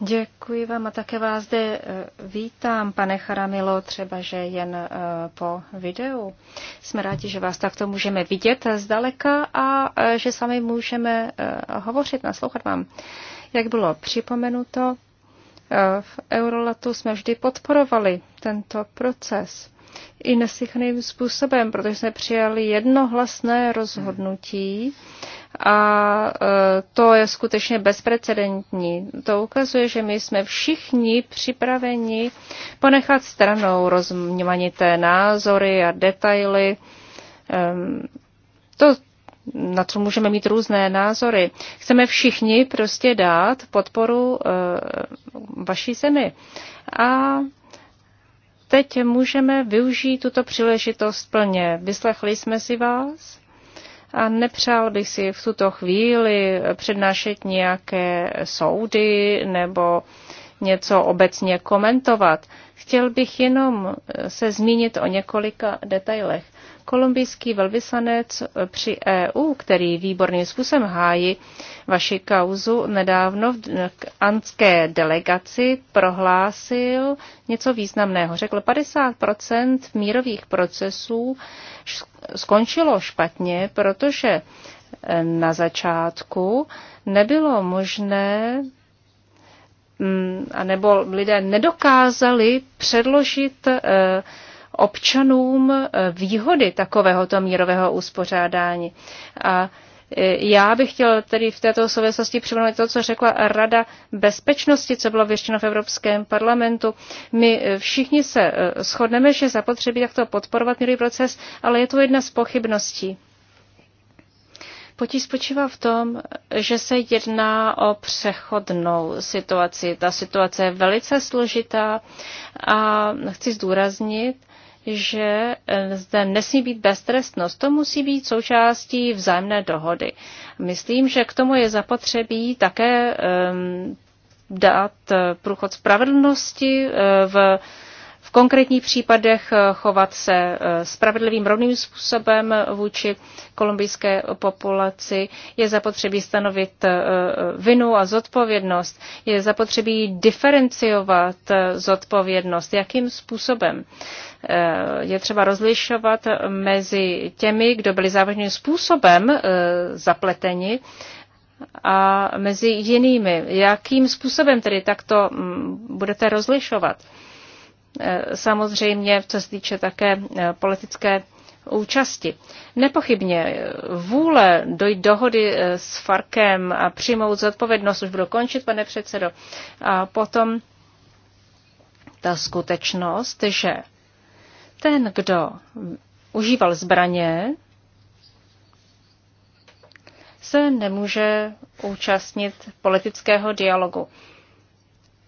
Děkuji vám a také vás zde eh, vítám, pane Charamilo, třeba že jen eh, po videu. Jsme rádi, že vás takto můžeme vidět zdaleka a eh, že sami můžeme hovořit, naslouchat vám. Jak bylo připomenuto, v Eurolatu jsme vždy podporovali tento proces i nesychným způsobem, protože jsme přijali jednohlasné rozhodnutí a e, to je skutečně bezprecedentní. To ukazuje, že my jsme všichni připraveni ponechat stranou rozmanité názory a detaily. To, na co můžeme mít různé názory. Chceme všichni prostě dát podporu e, vaší zemi. A teď můžeme využít tuto příležitost plně. Vyslechli jsme si vás a nepřál bych si v tuto chvíli přednášet nějaké soudy nebo něco obecně komentovat. Chtěl bych jenom se zmínit o několika detailech. Kolumbijský velvyslanec eh, při EU, který výborným způsobem hájí vaši kauzu, nedávno v anské delegaci prohlásil něco významného. Řekl, 50 mírových procesů skončilo špatně, protože eh, na začátku nebylo možné mm, a nebo lidé nedokázali předložit eh, občanům eh, výhody takovéhoto mírového uspořádání. A eh, já bych chtěl tedy v této souvislosti připomenout to, co řekla Rada bezpečnosti, co bylo věštěno v Evropském parlamentu. My eh, všichni se shodneme, že zapotřebí takto podporovat mírový proces, ale je to jedna z pochybností. Potí spočívá v tom, že se jedná o přechodnou situaci. Ta situace je velice složitá a chci zdůraznit, že eh, zde nesmí být beztrestnost. To musí být součástí vzájemné dohody. Myslím, že k tomu je zapotřebí také um, dát eh, průchod spravedlnosti eh, v v konkrétních případech eh, chovat se eh, spravedlivým rovným způsobem vůči kolumbijské populaci. Je zapotřebí stanovit eh, vinu a zodpovědnost. Je zapotřebí diferenciovat zodpovědnost. Jakým způsobem? Je třeba rozlišovat mezi těmi, kdo byli závažným způsobem zapleteni, a mezi jinými. Jakým způsobem tedy takto mm, budete rozlišovat? Eh, samozřejmě, co se týče také eh, politické účasti. Nepochybně eh, vůle dojít dohody s Farkem a přijmout zodpovědnost, už budu končit, pane předsedo, a potom ta skutečnost, že ten, kdo užíval zbraně, se nemůže účastnit politického dialogu.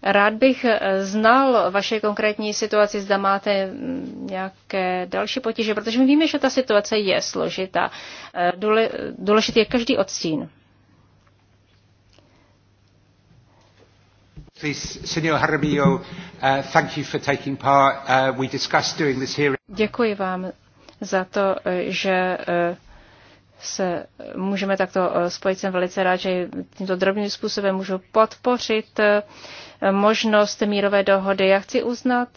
Rád bych eh, znal vaše konkrétní situaci, zda máte mm, nějaké další potíže, protože my víme, že ta situace je složitá. Eh, důležitý je každý odstín. Uh, uh, Děkuji vám za to, eh, že se můžeme takto spojit. Jsem velice rád, že tímto drobným způsobem můžu podpořit uh, možnost mírové dohody. Já chci uznat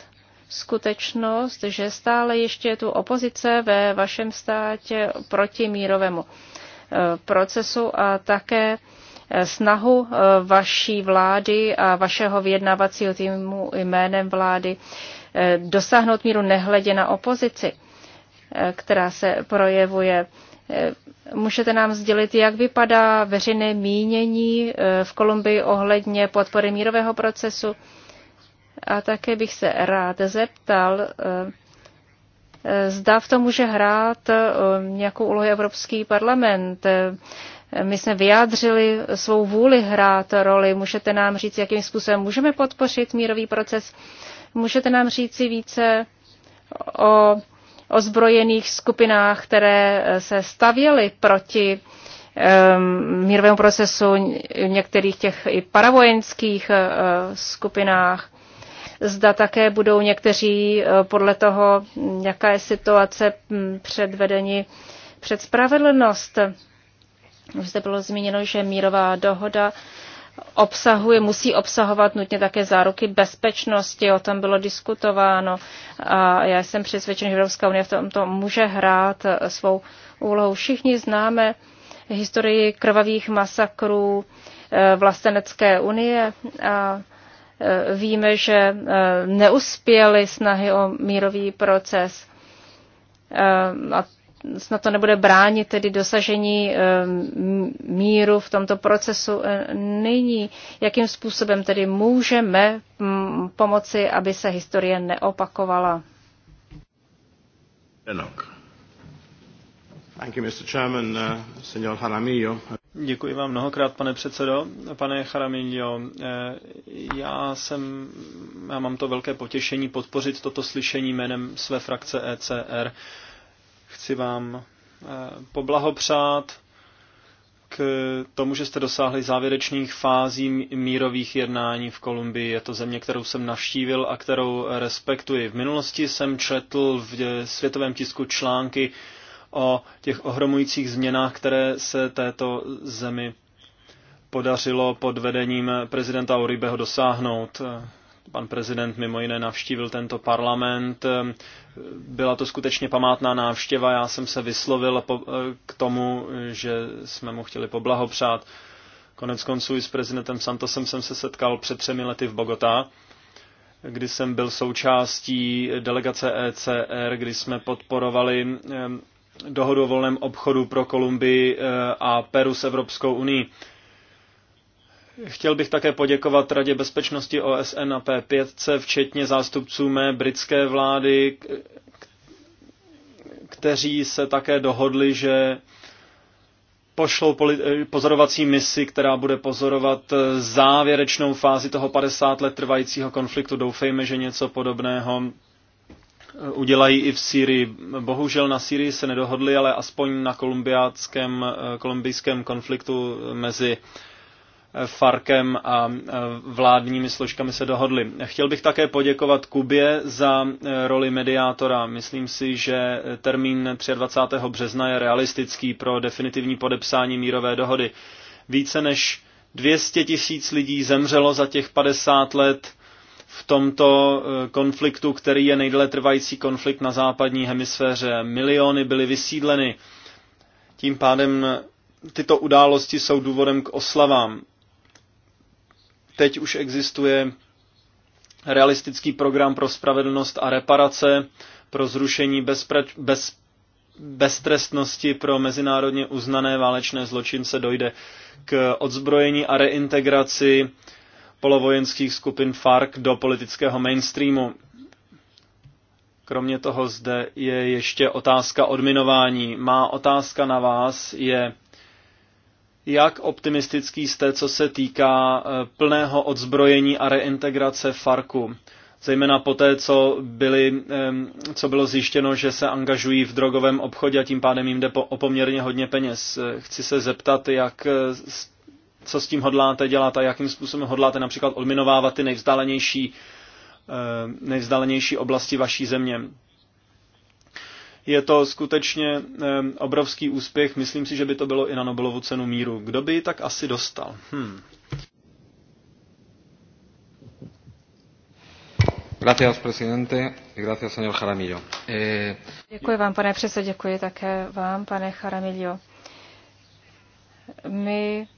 skutečnost, že stále ještě je tu opozice ve vašem státě proti mírovému eh, procesu a také eh, snahu eh, vaší vlády a vašeho vyjednávacího týmu jménem vlády dosáhnout míru nehledě na opozici, která se projevuje Eh, můžete nám sdělit, jak vypadá veřejné mínění eh, v Kolumbii ohledně podpory mírového procesu? A také bych se rád zeptal, eh, zda v tom může hrát nějakou úlohu Evropský parlament. My jsme vyjádřili svou vůli hrát roli. Můžete nám říct, jakým způsobem můžeme podpořit mírový proces? Můžete nám říct si více o ozbrojených skupinách, které eh, se stavěly proti ehm, mírovému procesu v některých těch i paravojenských eh, skupinách. Zda také budou někteří eh, podle toho, jaká je situace hm, předvedeni před spravedlnost. Už zde bylo zmíněno, že mírová dohoda obsahuje, musí obsahovat nutně také záruky bezpečnosti, o tom bylo diskutováno. A já jsem přesvědčen, že Evropská unie v tomto může hrát svou úlohu. Všichni známe historii krvavých masakrů eh, vlastenecké unie a eh, víme, že eh, neuspěly snahy o mírový proces. A snad to nebude bránit tedy dosažení eh, míru v tomto procesu eh, nyní. Jakým způsobem tedy můžeme pomoci, aby se historie neopakovala? Uh, Děkuji vám mnohokrát, pane předsedo. Pane Charamillo, eh, já, jsem, já mám to velké potěšení podpořit toto slyšení jménem své frakce ECR Chci vám eh, poblahopřát k tomu, že jste dosáhli závěrečných fází mírových jednání v Kolumbii. Je to země, kterou jsem navštívil a kterou respektuji. V minulosti jsem četl v světovém tisku články o těch ohromujících změnách, které se této zemi podařilo pod vedením prezidenta Uribeho dosáhnout. Pan prezident mimo jiné navštívil tento parlament. Byla to skutečně památná návštěva. Já jsem se vyslovil k tomu, že jsme mu chtěli poblahopřát. Konec konců i s prezidentem Santosem jsem se setkal před třemi lety v Bogotá, kdy jsem byl součástí delegace ECR, kdy jsme podporovali eh, dohodu o volném obchodu pro Kolumbii eh, a Peru s Evropskou unii. Chtěl bych také poděkovat Radě bezpečnosti OSN a P5, včetně zástupců mé britské vlády, kteří se také dohodli, že pošlou pozorovací misi, která bude pozorovat závěrečnou fázi toho 50 let trvajícího konfliktu. Doufejme, že něco podobného udělají i v Sýrii. Bohužel na Sýrii se nedohodli, ale aspoň na eh, kolumbijském konfliktu mezi Farkem a e, vládními složkami se dohodli. Chtěl bych také poděkovat Kubě za e, roli mediátora. Myslím si, že termín 23. března je realistický pro definitivní podepsání mírové dohody. Více než 200 tisíc lidí zemřelo za těch 50 let v tomto e, konfliktu, který je nejdéle trvající konflikt na západní hemisféře. Miliony byly vysídleny. Tím pádem tyto události jsou důvodem k oslavám. Teď už existuje realistický program pro spravedlnost a reparace, pro zrušení bezpra- bez- beztrestnosti pro mezinárodně uznané válečné zločince dojde k odzbrojení a reintegraci polovojenských skupin FARC do politického mainstreamu. Kromě toho zde je ještě otázka odminování. Má otázka na vás je, jak optimistický jste, co se týká eh, plného odzbrojení a reintegrace Farku? Zejména poté, co, byly, co bylo zjištěno, že se angažují v drogovém obchodě a tím pádem jim jde o poměrně hodně peněz. Eh, chci se zeptat, jak, eh, co s tím hodláte dělat a jakým způsobem hodláte například odminovávat ty nejvzdálenější, nejvzdálenější oblasti vaší země. Je to skutečně obrovský úspěch. Myslím si, že by to bylo i na Nobelovu cenu míru. Kdo by ji tak asi dostal? Hmm. Děkuji vám, pane předsedo, děkuji také vám, pane Jaramillo. My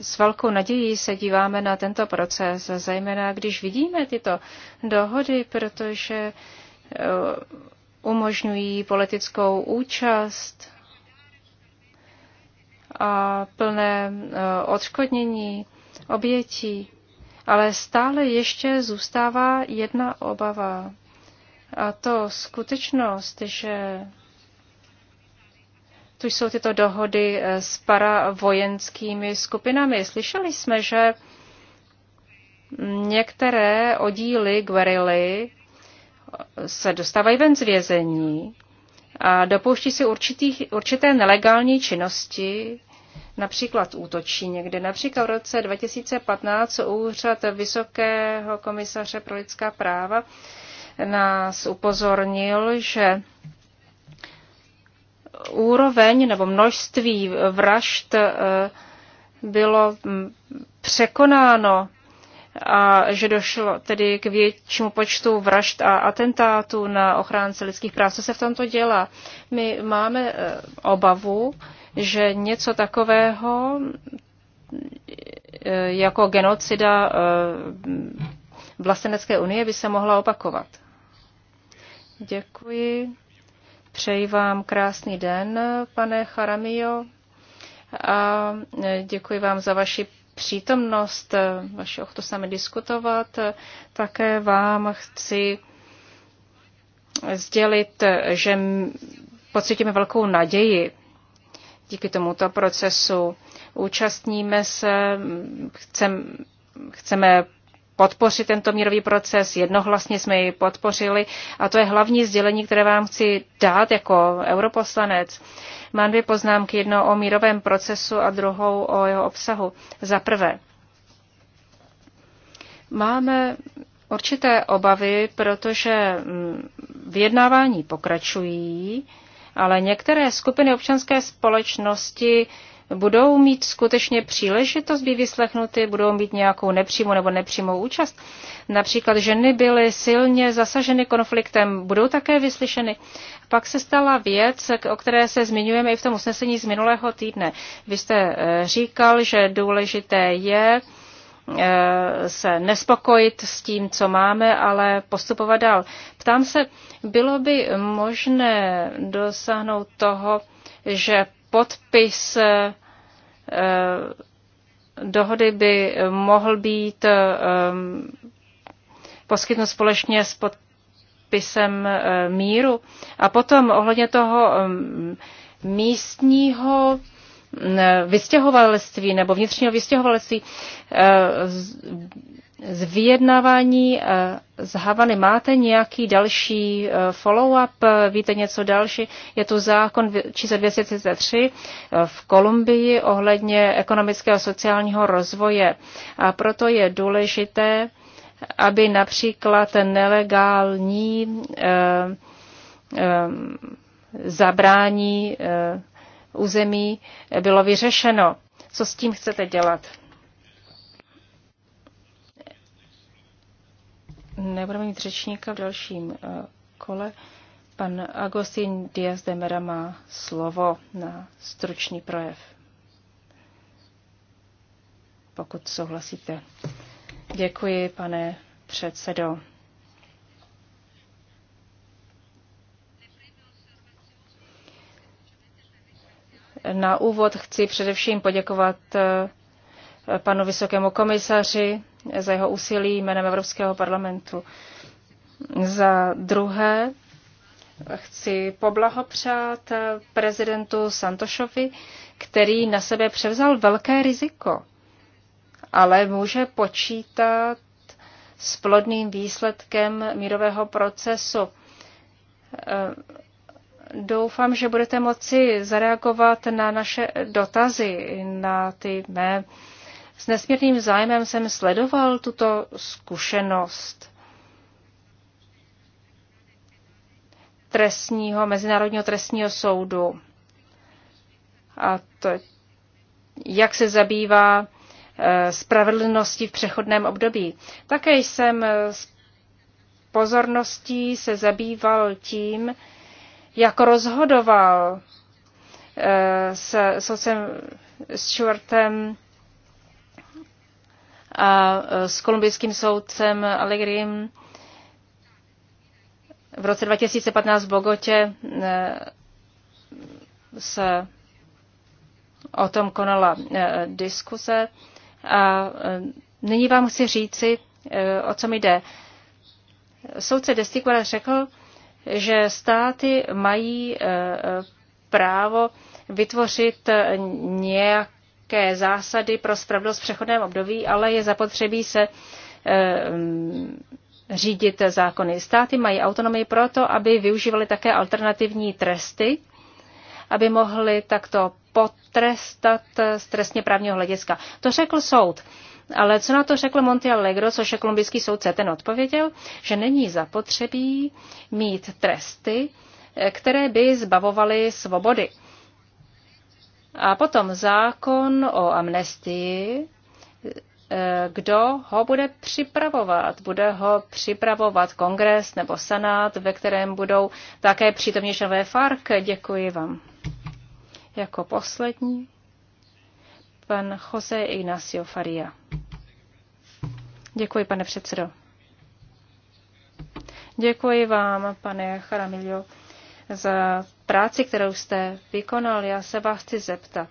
s velkou nadějí se díváme na tento proces, zejména když vidíme tyto dohody, protože umožňují politickou účast a plné e, odškodnění obětí. Ale stále ještě zůstává jedna obava. A to skutečnost, že tu jsou tyto dohody e, s paravojenskými skupinami. Slyšeli jsme, že některé oddíly guerily se dostávají ven z vězení a dopouští se určitých, určité nelegální činnosti, například útočí někde. Například v roce 2015 úřad Vysokého komisaře pro lidská práva nás upozornil, že úroveň nebo množství vražd eh, bylo mm, překonáno a že došlo tedy k většímu počtu vražd a atentátů na ochránce lidských práv. Co se v tomto dělá? My máme eh, obavu, že něco takového eh, jako genocida eh, vlastenecké unie by se mohla opakovat. Děkuji. Přeji vám krásný den, pane Charamio. A děkuji vám za vaši přítomnost, eh, vašeho chtu s diskutovat. Eh, Také vám chci sdělit, eh, že pocítíme velkou naději díky tomuto procesu. Účastníme se, chcem, chceme podpořit tento mírový proces, jednohlasně jsme ji podpořili a to je hlavní sdělení, které vám chci dát jako europoslanec. Mám dvě poznámky, jedno o mírovém procesu a druhou o jeho obsahu. Za prvé, máme určité obavy, protože mm, vyjednávání pokračují, ale některé skupiny občanské společnosti budou mít skutečně příležitost být vyslechnuty, budou mít nějakou nepřímou nebo nepřímou účast. Například ženy byly silně zasaženy konfliktem, budou také vyslyšeny. Pak se stala věc, o které se zmiňujeme i v tom usnesení z minulého týdne. Vy jste eh, říkal, že důležité je, eh, se nespokojit s tím, co máme, ale postupovat dál. Ptám se, bylo by možné dosáhnout toho, že podpis eh, eh, dohody by mohl být eh, poskytnut společně s podpisem míru. A potom ohledně toho místního vystěhovalectví nebo vnitřního vystěhovalectví z vyjednávání eh, z Havany máte nějaký další eh, follow-up? Víte něco další? Je tu zákon číslo 233 eh, v Kolumbii ohledně ekonomického a sociálního rozvoje. A proto je důležité, aby například nelegální zabrání území bylo vyřešeno. Co s tím chcete dělat? nebudeme mít řečníka v dalším eh, kole. Pan Agostín Díaz de Mera má slovo na stručný projev. Pokud souhlasíte. Děkuji, pane předsedo. Na úvod chci především poděkovat eh, panu vysokému komisaři za jeho úsilí jménem Evropského parlamentu. Za druhé chci poblahopřát prezidentu Santošovi, který na sebe převzal velké riziko, ale může počítat s plodným výsledkem mírového procesu. Doufám, že budete moci zareagovat na naše dotazy, na ty mé s nesmírným zájmem jsem sledoval tuto zkušenost trestního, Mezinárodního trestního soudu. A to, jak se zabývá eh, spravedlnosti v přechodném období. Také jsem eh, s pozorností se zabýval tím, jak rozhodoval eh, s soudcem Stuartem a e, s kolumbijským soudcem Allegrim v roce 2015 v Bogotě e, se o tom konala e, diskuse. A nyní vám chci říci, o co mi jde. Soudce Destikula řekl, že státy mají právo vytvořit nějak nějaké zásady pro spravedlnost v přechodném období, ale je zapotřebí se eh, řídit zákony. Státy mají autonomii proto, aby využívali také alternativní tresty, aby mohli takto potrestat eh, z trestně právního hlediska. To řekl soud. Ale co na to řekl Monte Allegro, což je kolumbijský soudce, ten odpověděl, že není zapotřebí mít tresty, eh, které by zbavovaly svobody. A potom zákon o amnestii, e, kdo ho bude připravovat. Bude ho připravovat kongres nebo senát, ve kterém budou také přítomní členové FARC. Děkuji vám. Jako poslední pan Jose Ignacio Faria. Děkuji, pane předsedo. Děkuji vám, pane Charamilio, za práci, kterou jste vykonal. Já se vás chci zeptat.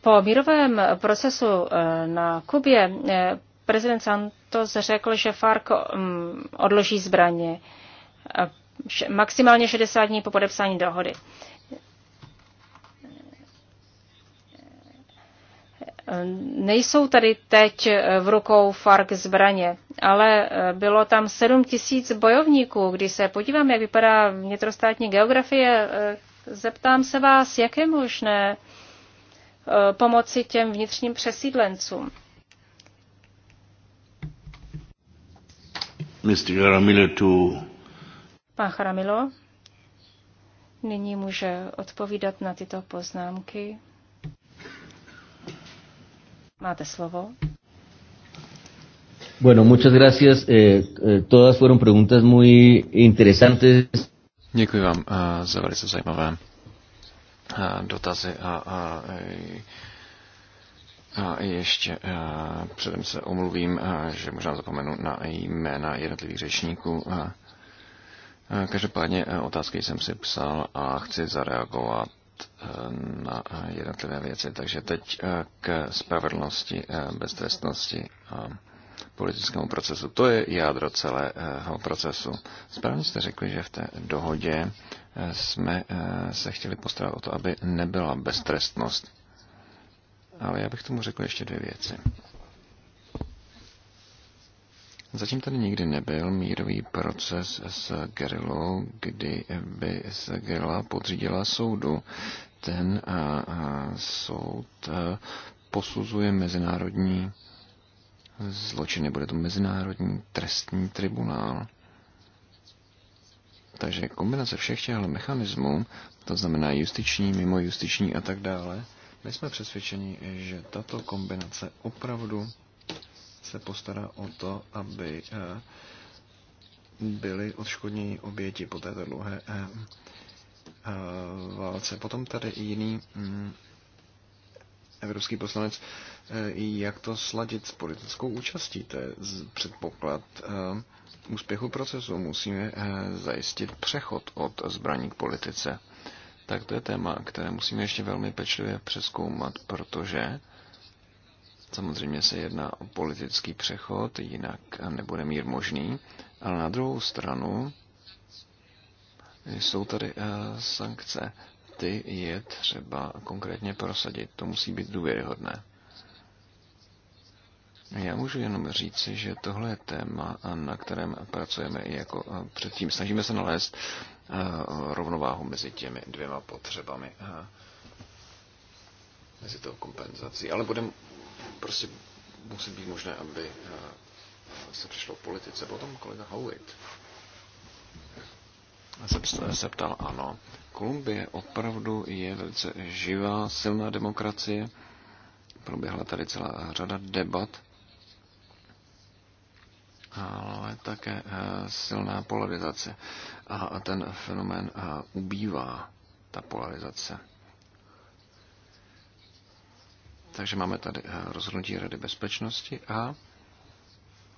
Po mírovém procesu eh, na Kubě eh, prezident Santos řekl, že FARC mm, odloží zbraně eh, maximálně 60 dní po podepsání dohody. Nejsou tady teď eh, v rukou FARC zbraně, ale eh, bylo tam 7 tisíc bojovníků. Když se podívám, jak vypadá vnitrostátní geografie, eh, zeptám se vás, jak je možné pomoci těm vnitřním přesídlencům. Pán Charamilo, nyní může odpovídat na tyto poznámky. Máte slovo. Bueno, muchas gracias. Eh, eh, todas fueron preguntas muy interesantes. Děkuji vám uh, za velice zajímavé uh, dotazy a, a, eh, a ještě uh, předem se omluvím, uh, že možná zapomenu na jména jednotlivých řečníků. Uh, uh, Každopádně uh, otázky jsem si psal a chci zareagovat na eh, jednotlivé věci. Takže teď eh, k spravedlnosti, eh, beztrestnosti a politickému procesu. To je jádro celého procesu. Správně jste řekli, že v té dohodě jsme se chtěli postarat o to, aby nebyla beztrestnost. Ale já bych tomu řekl ještě dvě věci. Zatím tady nikdy nebyl mírový proces s gerilou, kdy by se gerila podřídila soudu. Ten a, a soud a, posuzuje mezinárodní zločiny, bude to mezinárodní trestní tribunál. Takže kombinace všech těchto mechanismů, to znamená justiční, mimo justiční a tak dále, my jsme přesvědčeni, že tato kombinace opravdu se postará o to, aby eh, byly odškodnění oběti po této dlouhé eh, eh, válce. Potom tady jiný mm, evropský poslanec, jak to sladit s politickou účastí. To je předpoklad úspěchu procesu. Musíme zajistit přechod od zbraní k politice. Tak to je téma, které musíme ještě velmi pečlivě přeskoumat, protože Samozřejmě se jedná o politický přechod, jinak nebude mír možný, ale na druhou stranu jsou tady eh, sankce. Ty je třeba konkrétně prosadit. To musí být důvěryhodné. Já můžu jenom říci, že tohle je téma, eh, na kterém pracujeme i jako eh, předtím. Snažíme se nalézt rovnováhu mezi těmi dvěma potřebami, mezi tou kompenzací. Ale budeme prostě musí být možné, aby eh, se přišlo v politice. Potom kolega Howitt se, se ptal, ano, Kolumbie opravdu je velice živá, silná demokracie. Proběhla tady celá řada debat, ale také eh, silná polarizace. A ten fenomén eh, ubývá, ta polarizace. Takže máme tady eh, rozhodnutí Rady bezpečnosti a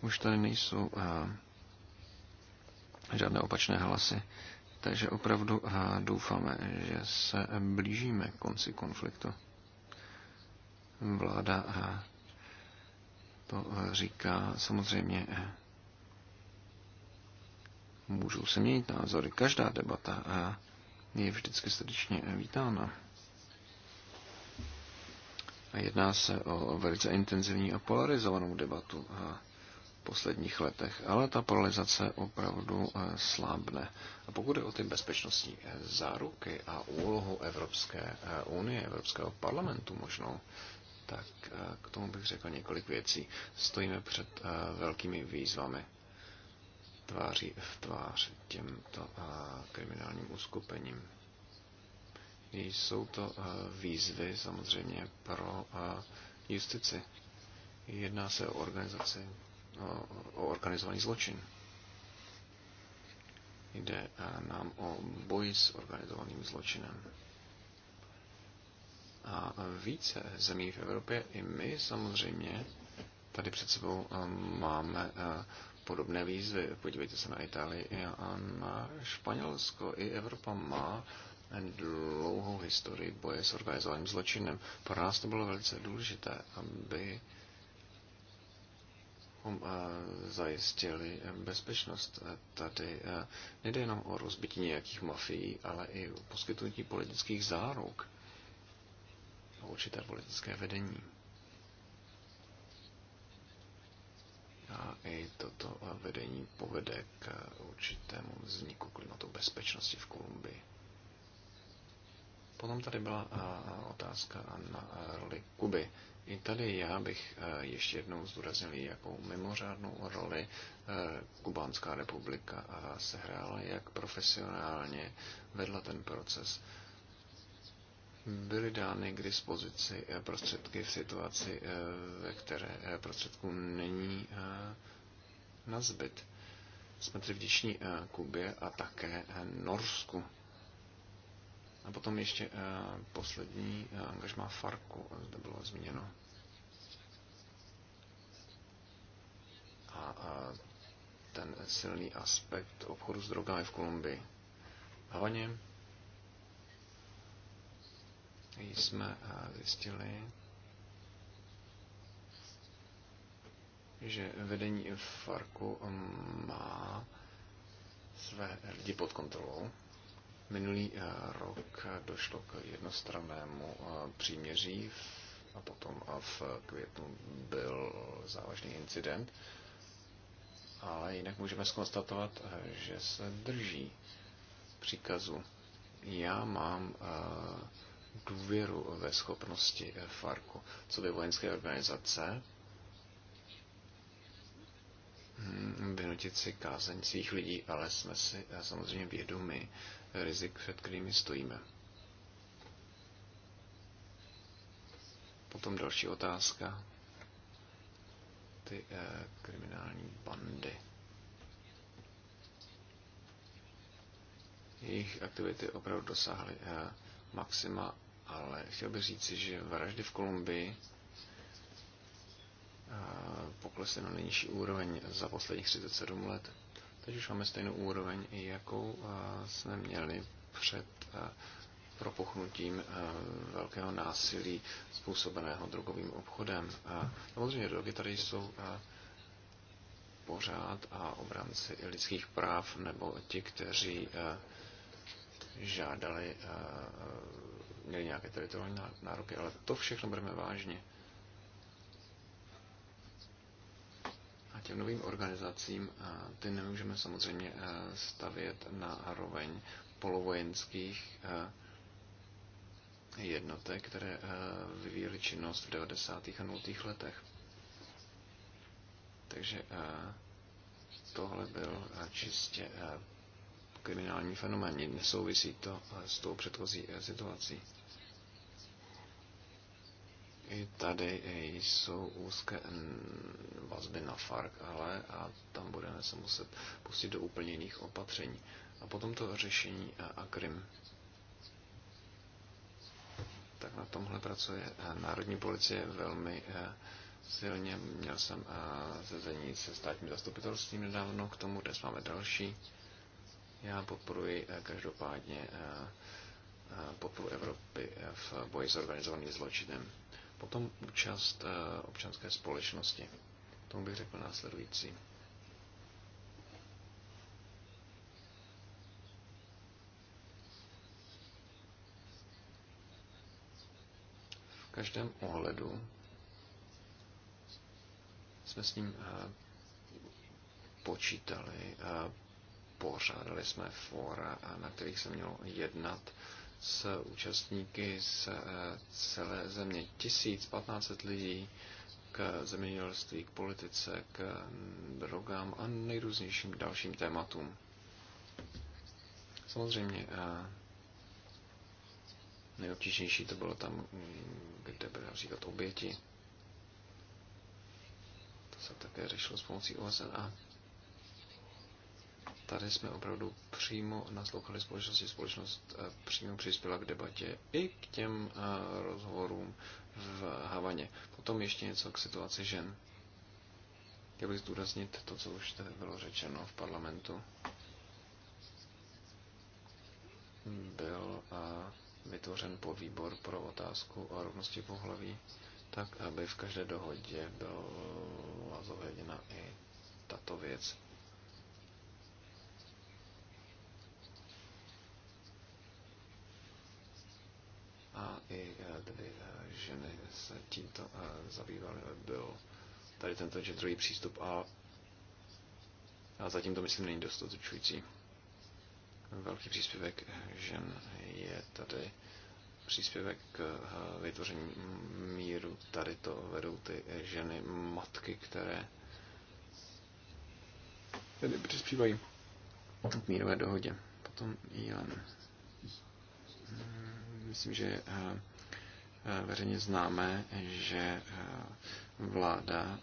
už tady nejsou eh, žádné opačné hlasy. Takže opravdu eh, doufáme, že se blížíme konci konfliktu. Vláda to říká samozřejmě. Můžou se měnit názory. Každá debata je vždycky srdečně vítána. Jedná se o velice intenzivní a polarizovanou debatu v posledních letech, ale ta polarizace opravdu eh, slábne. A pokud je o ty bezpečnostní eh, záruky a úlohu Evropské eh, unie, Evropského parlamentu možnou, tak k tomu bych řekl několik věcí. Stojíme před velkými výzvami tváří v tvář těmto kriminálním uskupením. Jsou to eh, výzvy samozřejmě pro eh, justici. Jedná se o organizaci, o organizovaný zločin. Jde eh, nám o boj s organizovaným zločinem. A více zemí v Evropě i my samozřejmě tady před sebou máme podobné výzvy. Podívejte se na Itálii a na Španělsko. I Evropa má dlouhou historii boje s organizovaným zločinem. Pro nás to bylo velice důležité, aby um, eh, zajistili eh, bezpečnost. Eh, tady nejde jenom o rozbití nějakých mafií, ale i o poskytnutí politických záruk a určité politické vedení. A i toto vedení povede k určitému vzniku klimatu bezpečnosti v Kolumbii. Potom tady byla otázka na roli Kuby. I tady já bych ještě jednou zdůraznil, jakou mimořádnou roli Kubánská republika sehrála, jak profesionálně vedla ten proces. Byly dány k dispozici e, prostředky v situaci, e, ve které e, prostředků není na zbyt. Jsme tedy vděční Kubě a také Norsku a potom ještě eh, poslední eh, angažmá Farku, eh, zde bylo zmíněno. A ten silný aspekt obchodu s drogami v Kolumbii. Havaně jsme zjistili, že vedení Farku mm, má své lidi pod kontrolou. Minulý eh, rok eh, došlo k jednostrannému eh, příměří a potom a v květnu byl závažný incident. Ale jinak můžeme skonstatovat, že se drží příkazu. Já mám důvěru ve schopnosti Farku. Co by vojenské organizace hmm, vynutit si kázeň svých lidí, ale jsme si samozřejmě vědomi, rizik, před kterými stojíme. Potom další otázka. Ty eh, kriminální bandy. Jejich aktivity opravdu dosáhly eh, maxima, ale chtěl bych říci, že vraždy v Kolumbii eh, poklesly na nejnižší úroveň za posledních 37 let. Teď už máme stejnou úroveň, jakou eh, jsme měli před eh, propuchnutím eh, velkého násilí způsobeného drogovým obchodem. Samozřejmě drogy tady jsou pořád a obránci lidských práv nebo ti, kteří žádali, měli nějaké teritoriální nároky, ale to všechno bereme vážně. těm novým organizacím, ty nemůžeme samozřejmě e, stavět na roveň polovojenských e, jednotek, které e, vyvíjely činnost v 90. a 0. letech. Takže tohle byl čistě kriminální fenomén. Nesouvisí to s tou předchozí situací. I tady jsou úzké vazby na FARC, ale a tam budeme se muset pustit do úplně jiných opatření. A potom to řešení a Krym. Tak na tomhle pracuje Národní policie velmi silně. Měl jsem sezení se státním zastupitelstvím nedávno k tomu, dnes máme další. Já podporuji každopádně podporu Evropy v boji s organizovaným zločinem. Potom účast eh, občanské společnosti. Tomu bych řekl následující. V každém ohledu jsme s ním eh, počítali, eh, pořádali jsme fora, na kterých se mělo jednat s účastníky z eh, celé země. 1500 lidí k zemědělství, k politice, k drogám a nejrůznějším dalším tématům. Samozřejmě eh, nejobtížnější to bylo tam, kde byly například oběti. To se také řešilo s pomocí OSN a tady jsme opravdu přímo naslouchali společnosti. Společnost eh, přímo přispěla k debatě i k těm eh, rozhovorům v Havaně. Potom ještě něco k situaci žen. Chtěl bych zdůraznit to, co už tady bylo řečeno v parlamentu. Byl eh, vytvořen podvýbor pro otázku o rovnosti pohlaví, tak aby v každé dohodě byla zohledněna i tato věc a i e, tedy e, ženy se tímto e, zabývaly. Byl tady tento genderový přístup a, a zatím to myslím není dostatečující. Velký příspěvek žen je tady příspěvek k vytvoření míru. Tady to vedou ty ženy, matky, které tedy přispívají k mírové dohodě. Potom Jan. Hmm. Myslím, že eh, eh, veřejně známé, že eh, vláda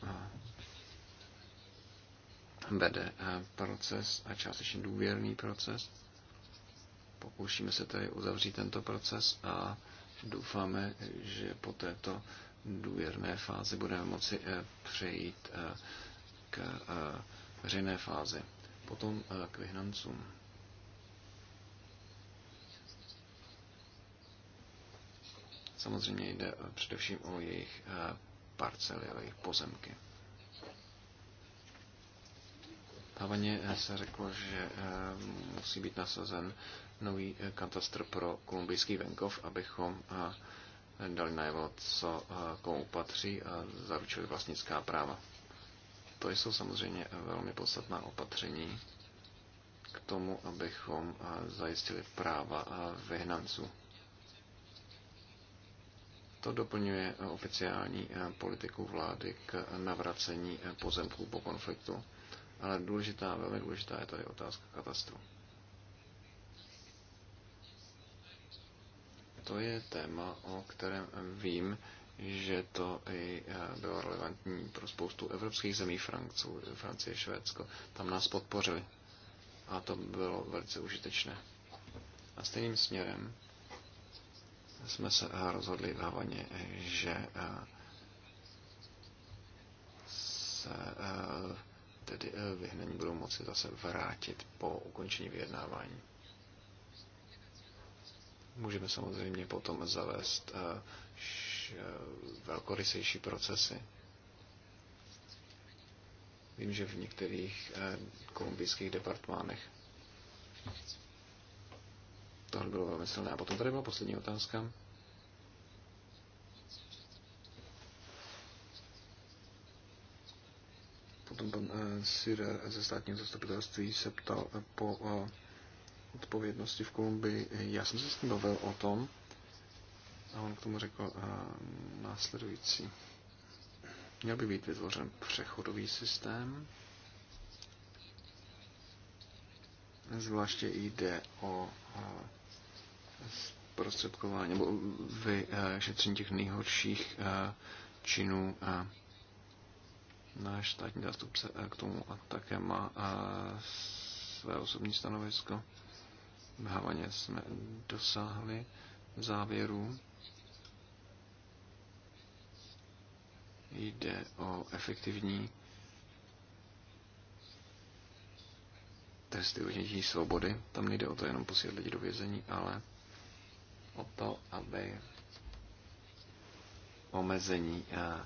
vede proces a částečně důvěrný proces. Pokoušíme se tedy uzavřít tento proces a doufáme, že po této důvěrné fázi budeme moci přejít k veřejné fázi, potom k vyhnancům. samozřejmě jde eh, především o jejich eh, parcely, o jejich pozemky. Havaně eh, se řeklo, že musí být nasazen nový katastr pro kolumbijský venkov, abychom dali najevo, co komu patří a zaručili vlastnická práva. To jsou samozřejmě velmi podstatná opatření k tomu, abychom zajistili práva vyhnanců. To doplňuje oficiální eh, politiku vlády k navracení eh, pozemků po konfliktu. Ale důležitá, velmi důležitá je tady otázka katastru. To je téma, o kterém vím, že to i eh, bylo relevantní pro spoustu evropských zemí, Franců, Francie, Švédsko. Tam nás podpořili. A to bylo velice užitečné. A stejným směrem jsme se eh, rozhodli v že eh, se eh, tedy vyhnaní budou moci zase vrátit po ukončení vyjednávání. Můžeme samozřejmě potom zavést velkorysejší procesy. Vím, že v některých kolumbijských departmánech tohle bylo velmi silné. A potom tady byla poslední otázka. Potom pan eh, Sir ze státního zastupitelství se ptal eh, po eh, odpovědnosti v Kolumbii. Já jsem se s ním bavil o tom a on k tomu řekl následující. Měl by být vytvořen přechodový systém, zvláště jde o zprostředkování nebo vyšetření těch nejhorších eh, činů. Eh, náš státní zástupce eh, k tomu a také má své osobní stanovisko. V Havaně jsme dosáhli závěru. Jde o efektivní testy odnětí svobody. Tam nejde o to jenom posílat lidi do vězení, ale o to, aby omezení eh,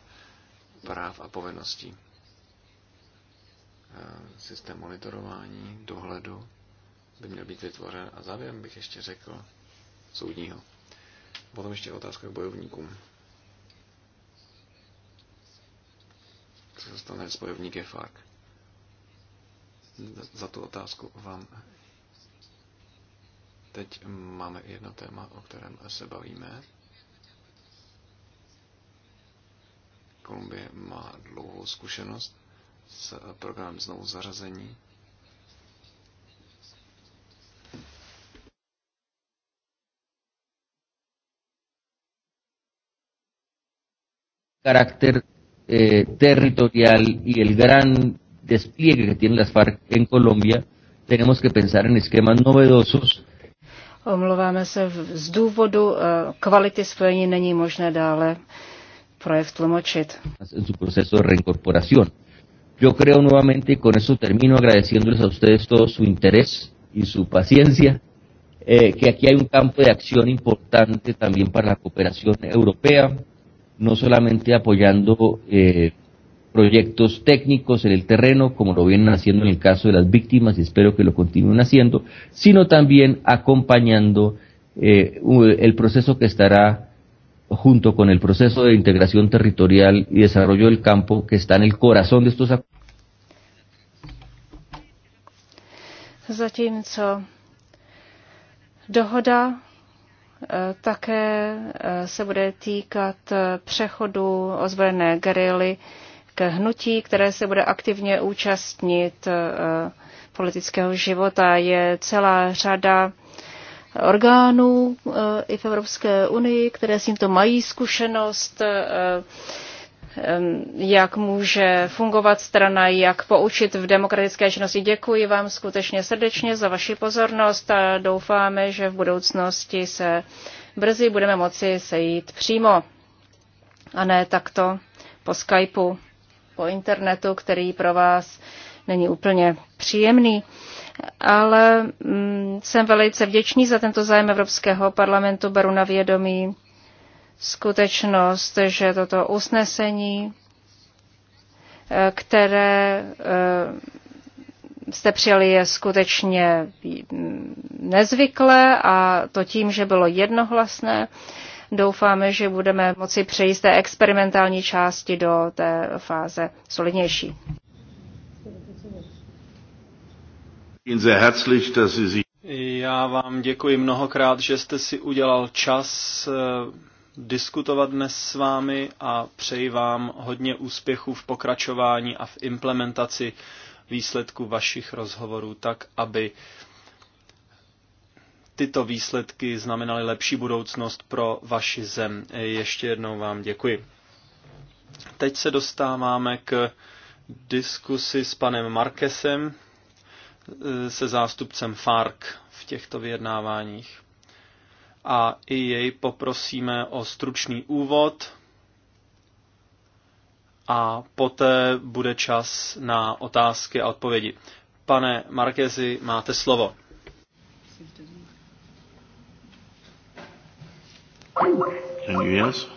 práv a povinností, eh, systém monitorování, dohledu by měl být vytvořen. A závěrem bych ještě řekl soudního. Potom ještě otázka k bojovníkům. Co se stane s bojovníky FARC? Za tu otázku vám Teď máme jedno téma, o kterém se bavíme. Kolumbie má dlouhou zkušenost s programem znovu zařazení. Charakter eh, territorial y el gran despliegue que tienen las FARC en Colombia, tenemos que pensar en esquemas novedosos Omlouváme se z důvodu eh, kvality spojení není možné dále projev tlumočit. En su proceso de reincorporación. Yo creo nuevamente, con eso termino agradeciéndoles a ustedes todo su interés y su paciencia, eh, que aquí hay un campo de acción importante también para la cooperación europea, no solamente apoyando eh, proyectos técnicos en el terreno, como lo vienen haciendo en el caso de las víctimas, y espero que lo continúen haciendo, sino también acompañando eh, el proceso que estará junto con el proceso de integración territorial y desarrollo del campo que está en el corazón de estos acuerdos. Zatímco dohoda eh, také eh, se bude týkat eh, přechodu ozbrojené gerily ke hnutí, které se bude aktivně účastnit eh, politického života. Je celá řada orgánů eh, i v Evropské unii, které s tímto mají zkušenost, eh, jak může fungovat strana, jak poučit v demokratické činnosti. Děkuji vám skutečně srdečně za vaši pozornost a doufáme, že v budoucnosti se brzy budeme moci sejít přímo a ne takto po Skypeu po internetu, který pro vás není úplně příjemný. Ale mm, jsem velice vděčný za tento zájem Evropského parlamentu, beru na vědomí skutečnost, že toto usnesení, eh, které eh, jste přijali, je skutečně mm, nezvyklé a to tím, že bylo jednohlasné. Doufáme, že budeme moci přejít z té experimentální části do té fáze solidnější. Já vám děkuji mnohokrát, že jste si udělal čas eh, diskutovat dnes s vámi a přeji vám hodně úspěchů v pokračování a v implementaci výsledku vašich rozhovorů tak, aby tyto výsledky znamenaly lepší budoucnost pro vaši zem. Ještě jednou vám děkuji. Teď se dostáváme k diskusi s panem Markesem, se zástupcem FARC v těchto vyjednáváních. A i jej poprosíme o stručný úvod a poté bude čas na otázky a odpovědi. Pane Markezi, máte slovo. Thank you. Can you hear us?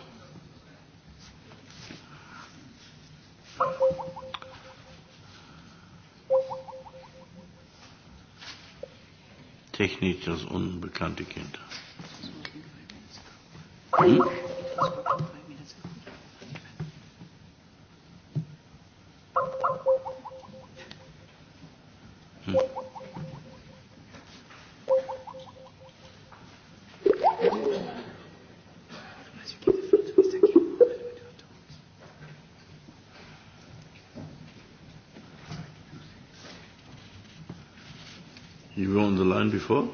Technik das unbekannte Kind. Hm? Hm. You were on the line before?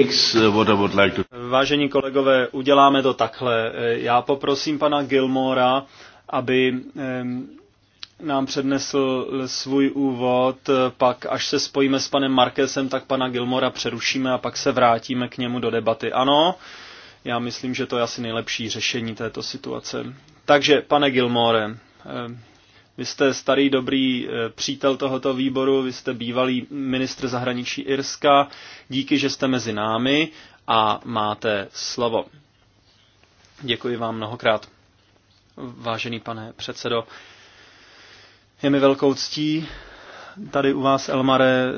Uh, Vážení kolegové, uděláme to takhle. Eh, já poprosím pana Gilmora, aby nám přednesl svůj úvod, eh, pak až se spojíme s panem Markesem, tak pana Gilmora přerušíme a pak se vrátíme k němu do debaty. Ano, já myslím, že to je asi nejlepší řešení této situace. Takže, pane Gilmore, vy jste starý dobrý eh, přítel tohoto výboru, vy jste bývalý ministr zahraničí Irska. Díky, že jste mezi námi a máte slovo. Děkuji vám mnohokrát. Vážený pane předsedo, je mi velkou ctí tady u vás, Elmare, eh,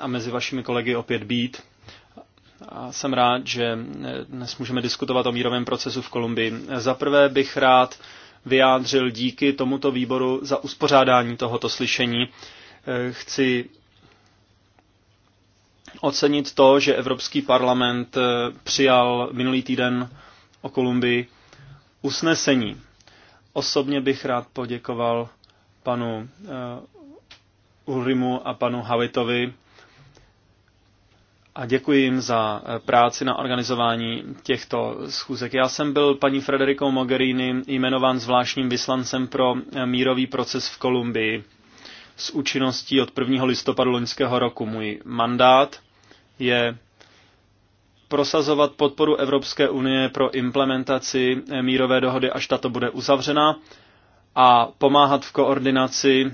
a mezi vašimi kolegy opět být. A jsem rád, že eh, dnes můžeme diskutovat o mírovém procesu v Kolumbii. Za prvé bych rád vyjádřil díky tomuto výboru za uspořádání tohoto slyšení. Eh, chci ocenit to, že Evropský parlament eh, přijal minulý týden o Kolumbii usnesení. Osobně bych rád poděkoval panu eh, Ulrimu a panu Havitovi a děkuji jim za eh, práci na organizování těchto schůzek. Já jsem byl paní Frederikou Mogherini jmenován zvláštním vyslancem pro eh, mírový proces v Kolumbii s účinností od 1. listopadu loňského roku. Můj mandát je prosazovat podporu Evropské unie pro implementaci eh, mírové dohody, až tato bude uzavřena, a pomáhat v koordinaci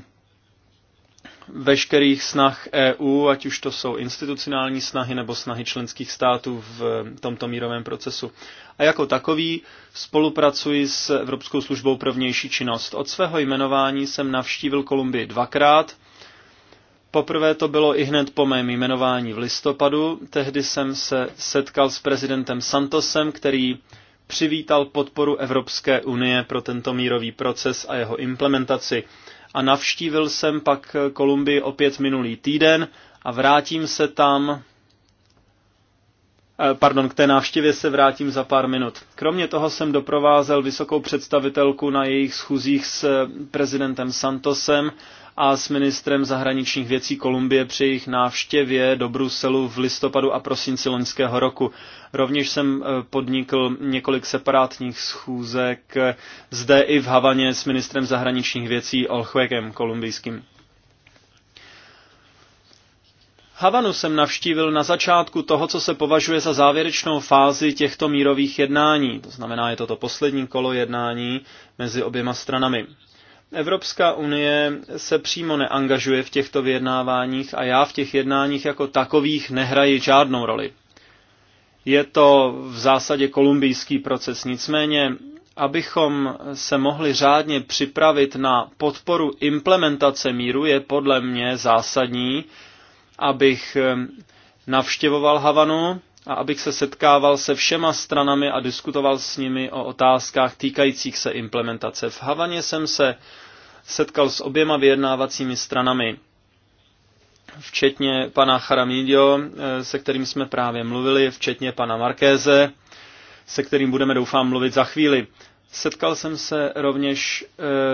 veškerých snah EU, ať už to jsou institucionální snahy nebo snahy členských států v tomto mírovém procesu. A jako takový spolupracuji s Evropskou službou pro vnější činnost. Od svého jmenování jsem navštívil Kolumbii dvakrát. Poprvé to bylo i hned po mém jmenování v listopadu. Tehdy jsem se setkal s prezidentem Santosem, který přivítal podporu Evropské unie pro tento mírový proces a jeho implementaci a navštívil jsem pak Kolumbii opět minulý týden a vrátím se tam eh, Pardon, k té návštěvě se vrátím za pár minut. Kromě toho jsem doprovázel vysokou představitelku na jejich schůzích s prezidentem Santosem a s ministrem zahraničních věcí Kolumbie při jejich návštěvě do Bruselu v listopadu a prosinci loňského roku. Rovněž jsem eh, podnikl několik separátních schůzek eh, zde i v Havaně s ministrem zahraničních věcí Olchwekem kolumbijským. Havanu jsem navštívil na začátku toho, co se považuje za závěrečnou fázi těchto mírových jednání. To znamená, je to to poslední kolo jednání mezi oběma stranami. Evropská unie se přímo neangažuje v těchto vyjednáváních a já v těch jednáních jako takových nehraji žádnou roli. Je to v zásadě kolumbijský proces, nicméně abychom se mohli řádně připravit na podporu implementace míru, je podle mě zásadní, abych eh, navštěvoval Havanu, a abych se setkával se všema stranami a diskutoval s nimi o otázkách týkajících se implementace. V Havaně jsem se setkal s oběma vyjednávacími stranami, včetně pana Charamidio, eh, se kterým jsme právě mluvili, včetně pana Markéze, se kterým budeme doufám mluvit za chvíli. Setkal jsem se rovněž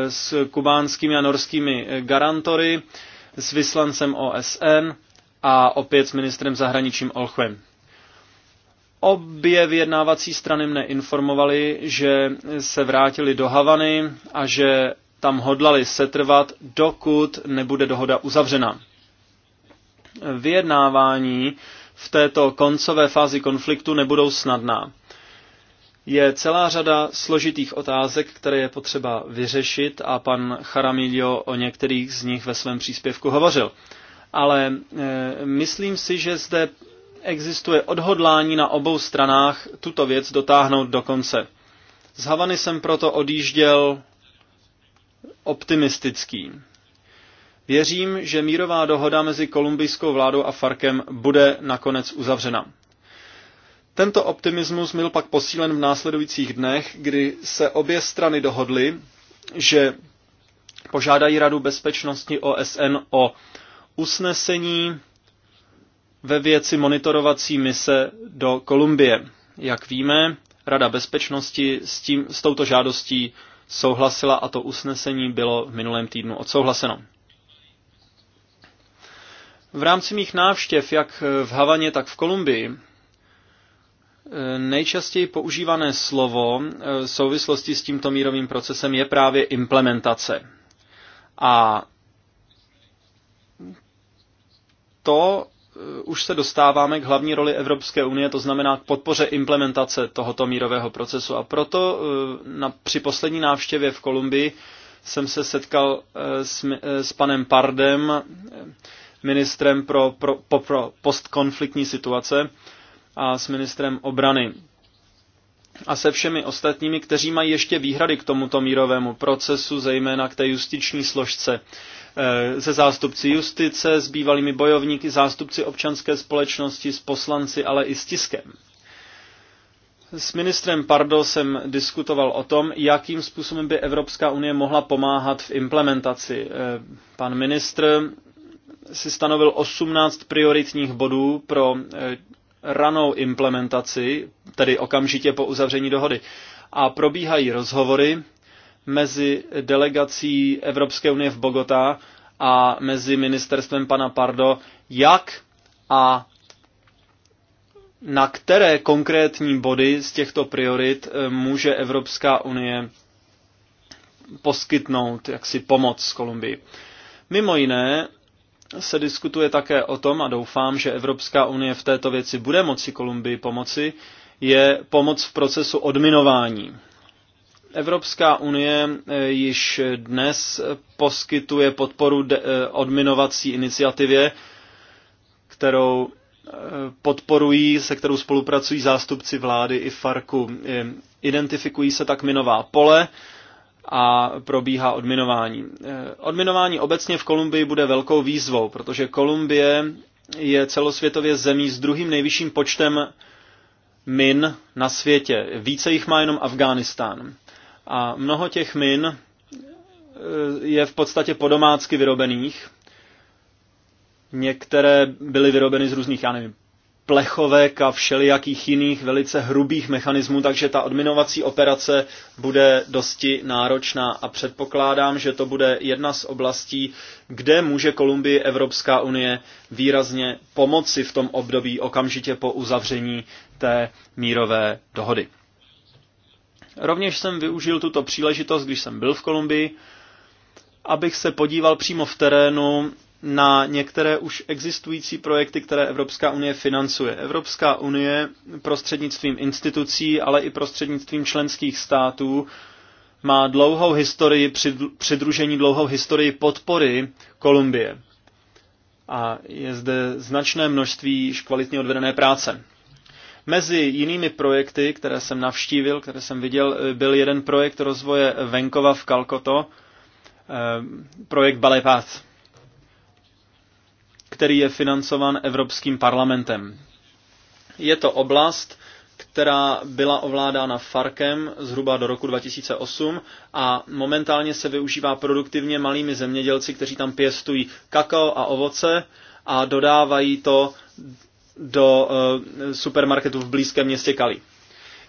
eh, s kubánskými a norskými eh, garantory, s vyslancem OSN a opět s ministrem zahraničím Olchem. Obě vyjednávací strany mne informovaly, že se vrátili do Havany a že tam hodlali setrvat, dokud nebude dohoda uzavřena. Vyjednávání v této koncové fázi konfliktu nebudou snadná. Je celá řada složitých otázek, které je potřeba vyřešit a pan Charamilio o některých z nich ve svém příspěvku hovořil. Ale e, myslím si, že zde existuje odhodlání na obou stranách tuto věc dotáhnout do konce. Z Havany jsem proto odjížděl optimistický. Věřím, že mírová dohoda mezi kolumbijskou vládou a Farkem bude nakonec uzavřena. Tento optimismus byl pak posílen v následujících dnech, kdy se obě strany dohodly, že požádají Radu bezpečnosti OSN o usnesení ve věci monitorovací mise do Kolumbie. Jak víme, Rada bezpečnosti s, tím, s touto žádostí souhlasila a to usnesení bylo v minulém týdnu odsouhlaseno. V rámci mých návštěv, jak v Havaně, tak v Kolumbii, eh, nejčastěji používané slovo eh, v souvislosti s tímto mírovým procesem je právě implementace. A to Eh, už se dostáváme k hlavní roli Evropské unie, to znamená k podpoře implementace tohoto mírového procesu. A proto eh, na, při poslední návštěvě v Kolumbii jsem se setkal eh, s, s panem Pardem, ministrem pro, pro, pro postkonfliktní situace a s ministrem obrany a se všemi ostatními, kteří mají ještě výhrady k tomuto mírovému procesu, zejména k té justiční složce. Eh, se zástupci justice, s bývalými bojovníky, zástupci občanské společnosti, s poslanci, ale i s tiskem. S ministrem Pardo jsem diskutoval o tom, jakým způsobem by Evropská unie mohla pomáhat v implementaci. Eh, pan ministr si stanovil 18 prioritních bodů pro eh, ranou implementaci, tedy okamžitě po uzavření dohody. A probíhají rozhovory mezi delegací Evropské unie v Bogotá a mezi ministerstvem pana Pardo, jak a na které konkrétní body z těchto priorit eh, může Evropská unie poskytnout jaksi pomoc Kolumbii. Mimo jiné se diskutuje také o tom, a doufám, že Evropská unie v této věci bude moci Kolumbii pomoci, je pomoc v procesu odminování. Evropská unie eh, již dnes poskytuje podporu eh, odminovací iniciativě, kterou eh, podporují, se kterou spolupracují zástupci vlády i Farku. Identifikují se tak minová pole, a probíhá odminování. Eh, odminování obecně v Kolumbii bude velkou výzvou, protože Kolumbie je celosvětově zemí s druhým nejvyšším počtem min na světě. Více jich má jenom Afghánistán. A mnoho těch min eh, je v podstatě podomácky vyrobených. Některé byly vyrobeny z různých, já nevím, plechovek a všelijakých jiných velice hrubých mechanismů, takže ta odminovací operace bude dosti náročná a předpokládám, že to bude jedna z oblastí, kde může Kolumbii Evropská unie výrazně pomoci v tom období okamžitě po uzavření té mírové dohody. Rovněž jsem využil tuto příležitost, když jsem byl v Kolumbii, abych se podíval přímo v terénu na některé už existující projekty, které Evropská unie financuje. Evropská unie prostřednictvím institucí, ale i prostřednictvím členských států má dlouhou historii, přidružení dlouhou historii podpory Kolumbie. A je zde značné množství již kvalitně odvedené práce. Mezi jinými projekty, které jsem navštívil, které jsem viděl, byl jeden projekt rozvoje venkova v Kalkoto, eh, projekt Balepath který je financován Evropským parlamentem. Je to oblast, která byla ovládána Farkem zhruba do roku 2008 a momentálně se využívá produktivně malými zemědělci, kteří tam pěstují kakao a ovoce a dodávají to do e, supermarketu v blízkém městě Kali.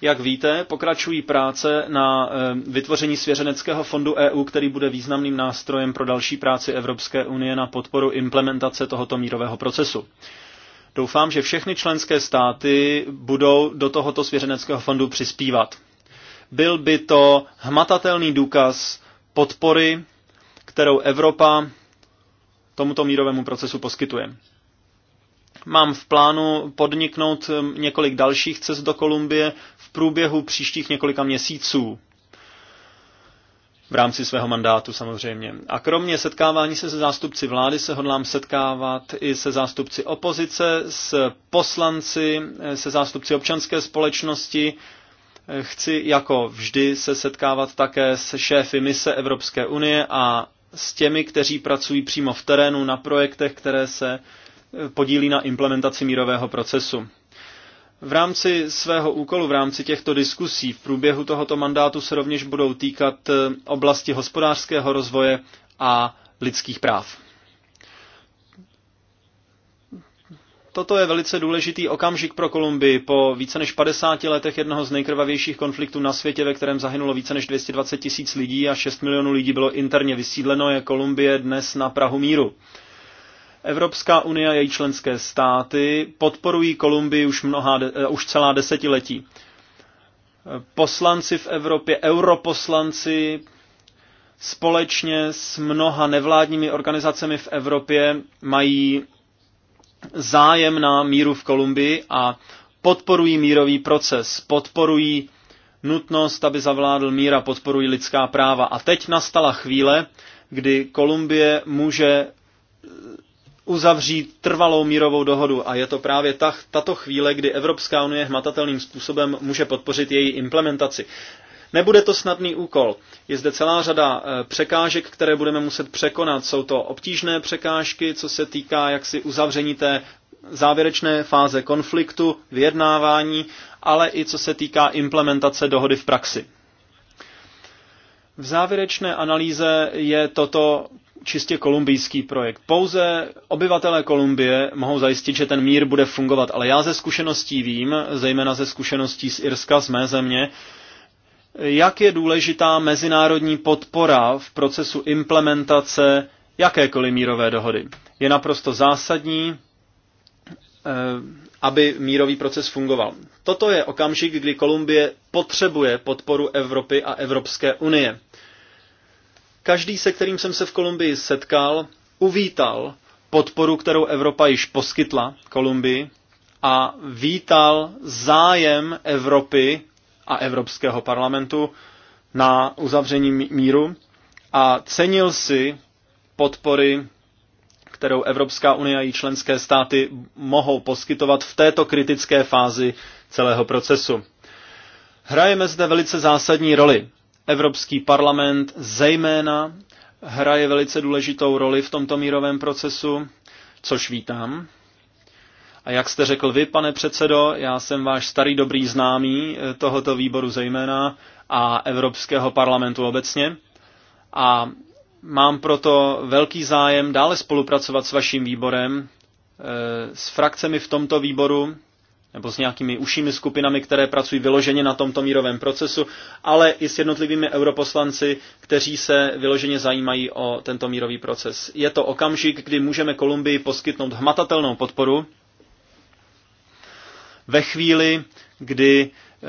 Jak víte, pokračují práce na eh, vytvoření svěřeneckého fondu EU, který bude významným nástrojem pro další práci Evropské unie na podporu implementace tohoto mírového procesu. Doufám, že všechny členské státy budou do tohoto svěřeneckého fondu přispívat. Byl by to hmatatelný důkaz podpory, kterou Evropa tomuto mírovému procesu poskytuje. Mám v plánu podniknout eh, několik dalších cest do Kolumbie v průběhu příštích několika měsíců. V rámci svého mandátu samozřejmě. A kromě setkávání se se zástupci vlády se hodlám setkávat i se zástupci opozice, s poslanci, eh, se zástupci občanské společnosti. Eh, chci jako vždy se setkávat také s šéfy mise Evropské unie a s těmi, kteří pracují přímo v terénu na projektech, které se podílí na implementaci mírového procesu. V rámci svého úkolu, v rámci těchto diskusí v průběhu tohoto mandátu se rovněž budou týkat eh, oblasti hospodářského rozvoje a lidských práv. Toto je velice důležitý okamžik pro Kolumbii po více než 50 letech jednoho z nejkrvavějších konfliktů na světě, ve kterém zahynulo více než 220 tisíc lidí a 6 milionů lidí bylo interně vysídleno, je Kolumbie dnes na Prahu míru. Evropská unie a její členské státy podporují Kolumbii už, mnoha, eh, už celá desetiletí. Poslanci v Evropě, europoslanci, společně s mnoha nevládními organizacemi v Evropě mají zájem na míru v Kolumbii a podporují mírový proces, podporují nutnost, aby zavládl mír a podporují lidská práva. A teď nastala chvíle, kdy Kolumbie může uzavřít trvalou mírovou dohodu a je to právě ta, tato chvíle, kdy Evropská unie hmatatelným způsobem může podpořit její implementaci. Nebude to snadný úkol. Je zde celá řada eh, překážek, které budeme muset překonat. Jsou to obtížné překážky, co se týká jaksi uzavření té závěrečné fáze konfliktu, vyjednávání, ale i co se týká implementace dohody v praxi. V závěrečné analýze je toto čistě kolumbijský projekt. Pouze obyvatelé Kolumbie mohou zajistit, že ten mír bude fungovat. Ale já ze zkušeností vím, zejména ze zkušeností z Irska, z mé země, jak je důležitá mezinárodní podpora v procesu implementace jakékoliv mírové dohody. Je naprosto zásadní, eh, aby mírový proces fungoval. Toto je okamžik, kdy Kolumbie potřebuje podporu Evropy a Evropské unie. Každý, se kterým jsem se v Kolumbii setkal, uvítal podporu, kterou Evropa již poskytla Kolumbii a vítal zájem Evropy a Evropského parlamentu na uzavření míru a cenil si podpory, kterou Evropská unie a její členské státy mohou poskytovat v této kritické fázi celého procesu. Hrajeme zde velice zásadní roli. Evropský parlament zejména hraje velice důležitou roli v tomto mírovém procesu, což vítám. A jak jste řekl vy, pane předsedo, já jsem váš starý dobrý známý eh, tohoto výboru zejména a Evropského parlamentu obecně. A mám proto velký zájem dále spolupracovat s vaším výborem, eh, s frakcemi v tomto výboru, nebo s nějakými užšími skupinami, které pracují vyloženě na tomto mírovém procesu, ale i s jednotlivými europoslanci, kteří se vyloženě zajímají o tento mírový proces. Je to okamžik, kdy můžeme Kolumbii poskytnout hmatatelnou podporu ve chvíli, kdy eh,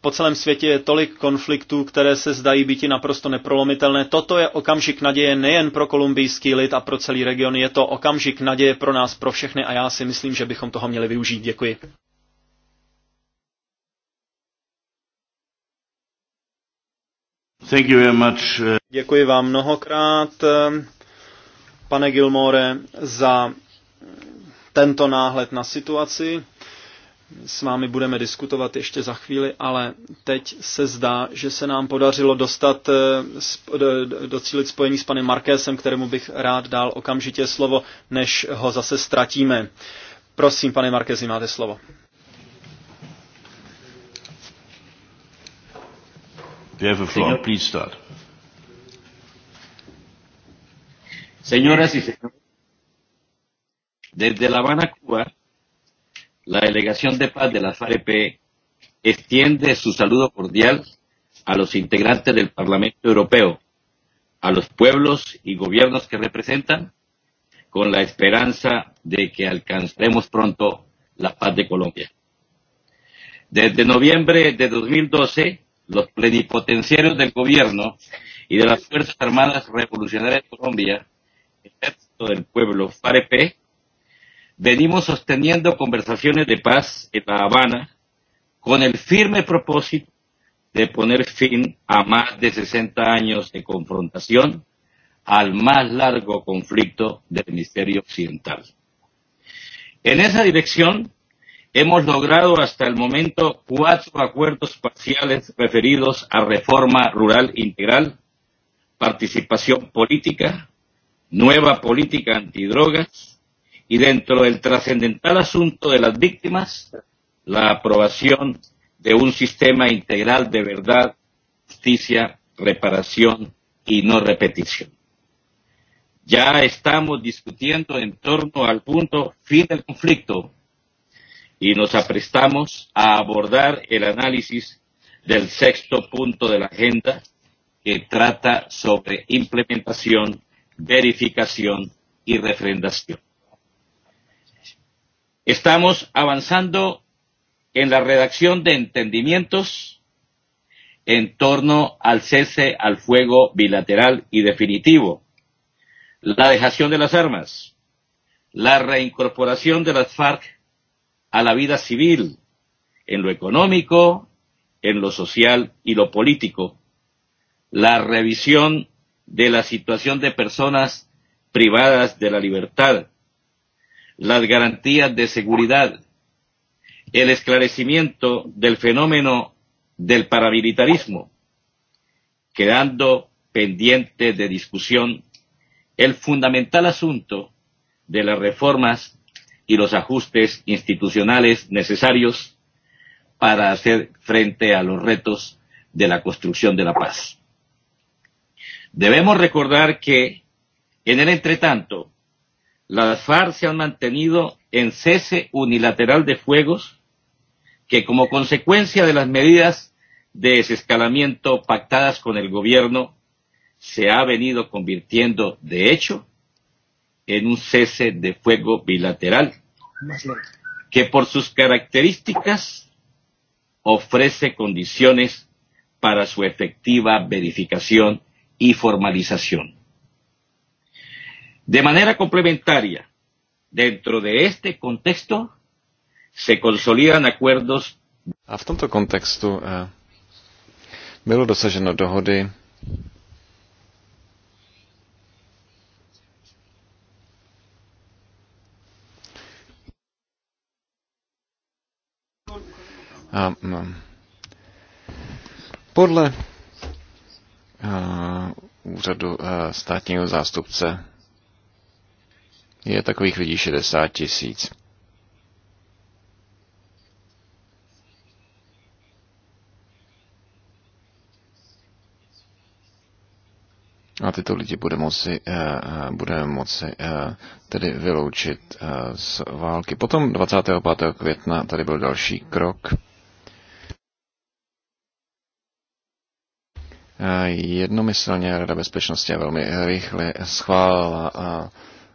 po celém světě je tolik konfliktů, které se zdají býti naprosto neprolomitelné. Toto je okamžik naděje nejen pro kolumbijský lid a pro celý region, je to okamžik naděje pro nás, pro všechny a já si myslím, že bychom toho měli využít. Děkuji. Uh, Děkuji vám mnohokrát, um, pane Gilmore, za tento náhled na situaci. S vámi budeme diskutovat ještě za chvíli, ale teď se zdá, že se nám podařilo dostat, uh, docílit spojení s panem Markésem, kterému bych rád dal okamžitě slovo, než ho zase ztratíme. Prosím, pane Markézi, máte slovo. You have floor. Señor, Please start. Señoras y señores, desde La Habana, Cuba, la Delegación de Paz de la FAREP extiende su saludo cordial a los integrantes del Parlamento Europeo, a los pueblos y gobiernos que representan, con la esperanza de que alcancemos pronto la paz de Colombia. Desde noviembre de 2012, los plenipotenciarios del gobierno y de las Fuerzas Armadas Revolucionarias de Colombia, Ejército del Pueblo, FAREP, venimos sosteniendo conversaciones de paz en La Habana con el firme propósito de poner fin a más de 60 años de confrontación al más largo conflicto del hemisferio occidental. En esa dirección, Hemos logrado hasta el momento cuatro acuerdos parciales referidos a reforma rural integral, participación política, nueva política antidrogas y dentro del trascendental asunto de las víctimas, la aprobación de un sistema integral de verdad, justicia, reparación y no repetición. Ya estamos discutiendo en torno al punto fin del conflicto y nos aprestamos a abordar el análisis del sexto punto de la agenda que trata sobre implementación, verificación y refrendación. Estamos avanzando en la redacción de entendimientos en torno al cese al fuego bilateral y definitivo, la dejación de las armas, la reincorporación de las FARC a la vida civil, en lo económico, en lo social y lo político. La revisión de la situación de personas privadas de la libertad, las garantías de seguridad, el esclarecimiento del fenómeno del paramilitarismo, quedando pendiente de discusión el fundamental asunto de las reformas y los ajustes institucionales necesarios para hacer frente a los retos de la construcción de la paz. Debemos recordar que, en el entretanto, las FARC se han mantenido en cese unilateral de fuegos que, como consecuencia de las medidas de desescalamiento pactadas con el gobierno, se ha venido convirtiendo, de hecho, en un cese de fuego bilateral, que por sus características ofrece condiciones para su efectiva verificación y formalización. De manera complementaria, dentro de este contexto se consolidan acuerdos. A v tomto kontextu uh, bylo dosaženo dohody A, no. podle a, úřadu a, státního zástupce je takových lidí 60 tisíc. A tyto lidi bude moci, budeme moci tedy vyloučit z války. Potom 25. května tady byl další krok jednomyslně Rada bezpečnosti a velmi rychle schválila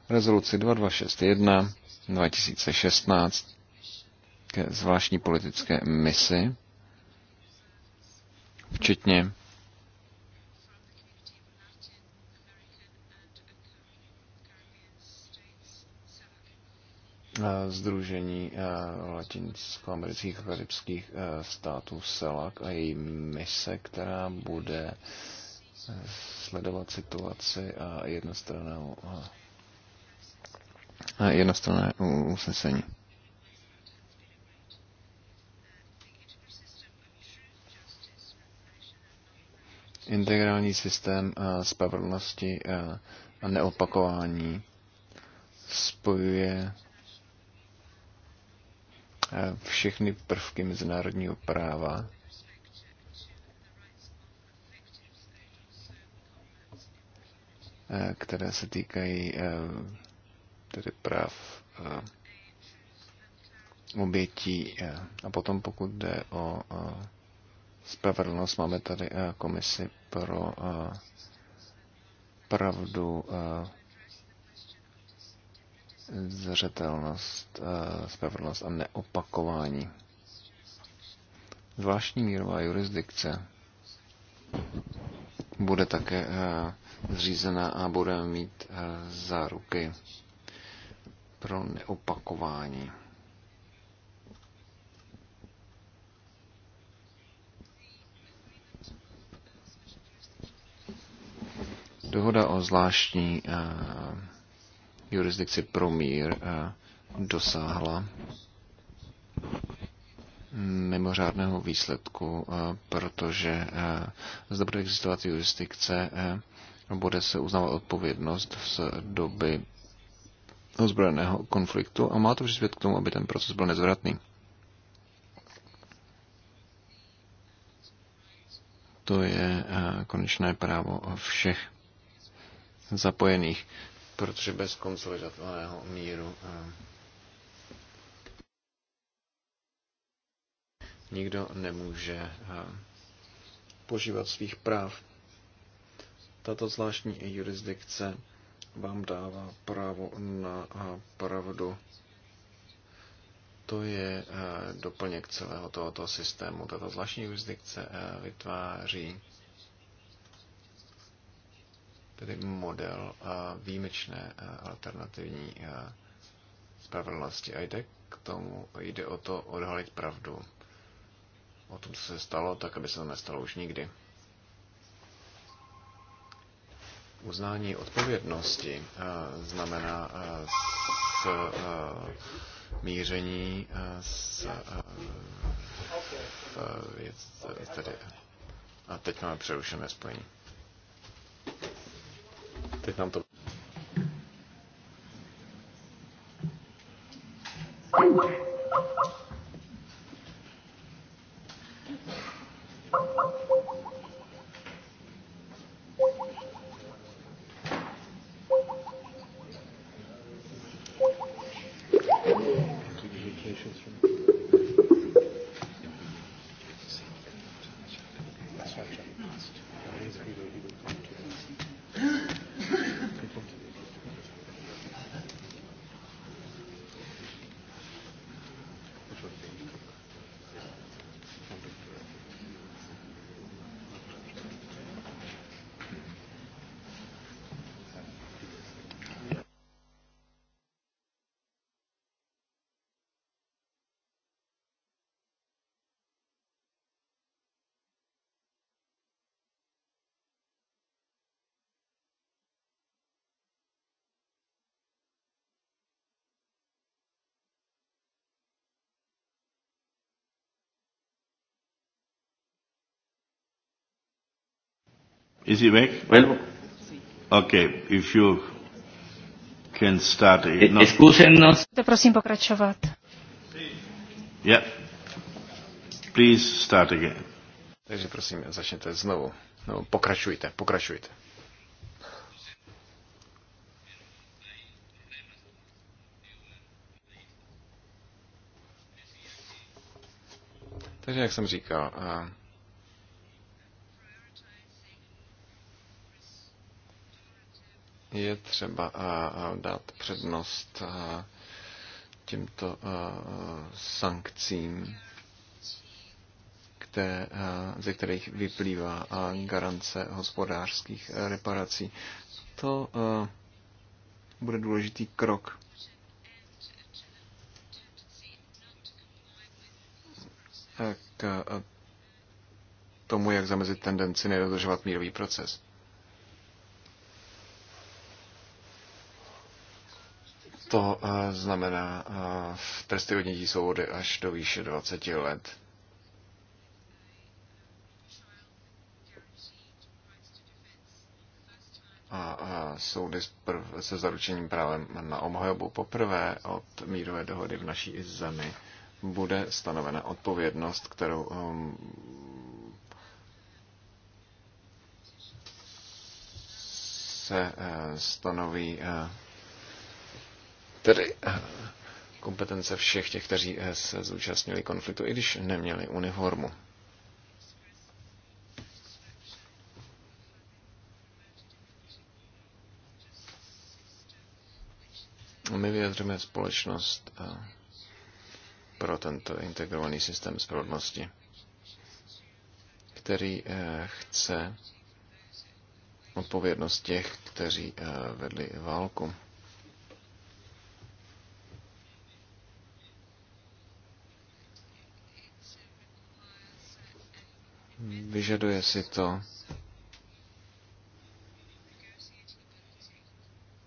rezoluci 2261 2016 ke zvláštní politické misi, včetně Eh, Združení eh, latinskoamerických a karibských eh, států SELAC a její mise, která bude sledovat situaci a jednostrannou jednostranné usnesení. Integrální systém spravedlnosti a neopakování spojuje všechny prvky mezinárodního práva které se týkají tedy práv obětí. A potom pokud jde o spravedlnost, máme tady komisi pro pravdu, zřetelnost, eh, spravedlnost a neopakování. Zvláštní mírová jurisdikce bude také eh, zřízena a bude mít eh, záruky pro neopakování. Dohoda o zvláštní jurisdikci pro mír eh, dosáhla mimořádného výsledku, eh, protože eh, zde bude existovat jurisdikce, bude se uznávat odpovědnost z doby ozbrojeného konfliktu a má to přispět k tomu, aby ten proces byl nezvratný. To je konečné právo všech zapojených protože bez konsolidovaného míru eh, nikdo nemůže eh, požívat svých práv. Tato zvláštní jurisdikce vám dává právo na eh, pravdu. To je doplněk celého tohoto systému. Tato zvláštní jurisdikce vytváří tedy model výjimečné alternativní spravedlnosti. A jde k tomu, jde o to odhalit pravdu o tom, co se stalo, tak aby se to nestalo už nikdy. Uznání odpovědnosti znamená s míření s věc, tedy, a teď máme přerušené spojení. Teď nám to... Thank you. Is he back? Well, okay, if you can start. It, e, no. Prosím pokračovat. Yeah. Please start again. Takže prosím, začněte znovu. No, pokračujte, pokračujte. Takže jak jsem říkal, je třeba dát přednost těmto sankcím, které, ze kterých vyplývá garance hospodářských reparací. To bude důležitý krok. K tomu, jak zamezit tendenci nedodržovat mírový proces. to eh, znamená eh, tresty odnětí svobody až do výše 20 let. a soudy se zaručením právem na obhajobu poprvé od mírové dohody v naší zemi bude stanovena odpovědnost, kterou ehm, se eh, stanoví Tedy eh, kompetence všech těch, kteří eh, se zúčastnili konfliktu, i když neměli uniformu. My vyjadřujeme společnost eh, pro tento integrovaný systém spravedlnosti, který chce odpovědnost těch, kteří vedli válku. Vyžaduje si to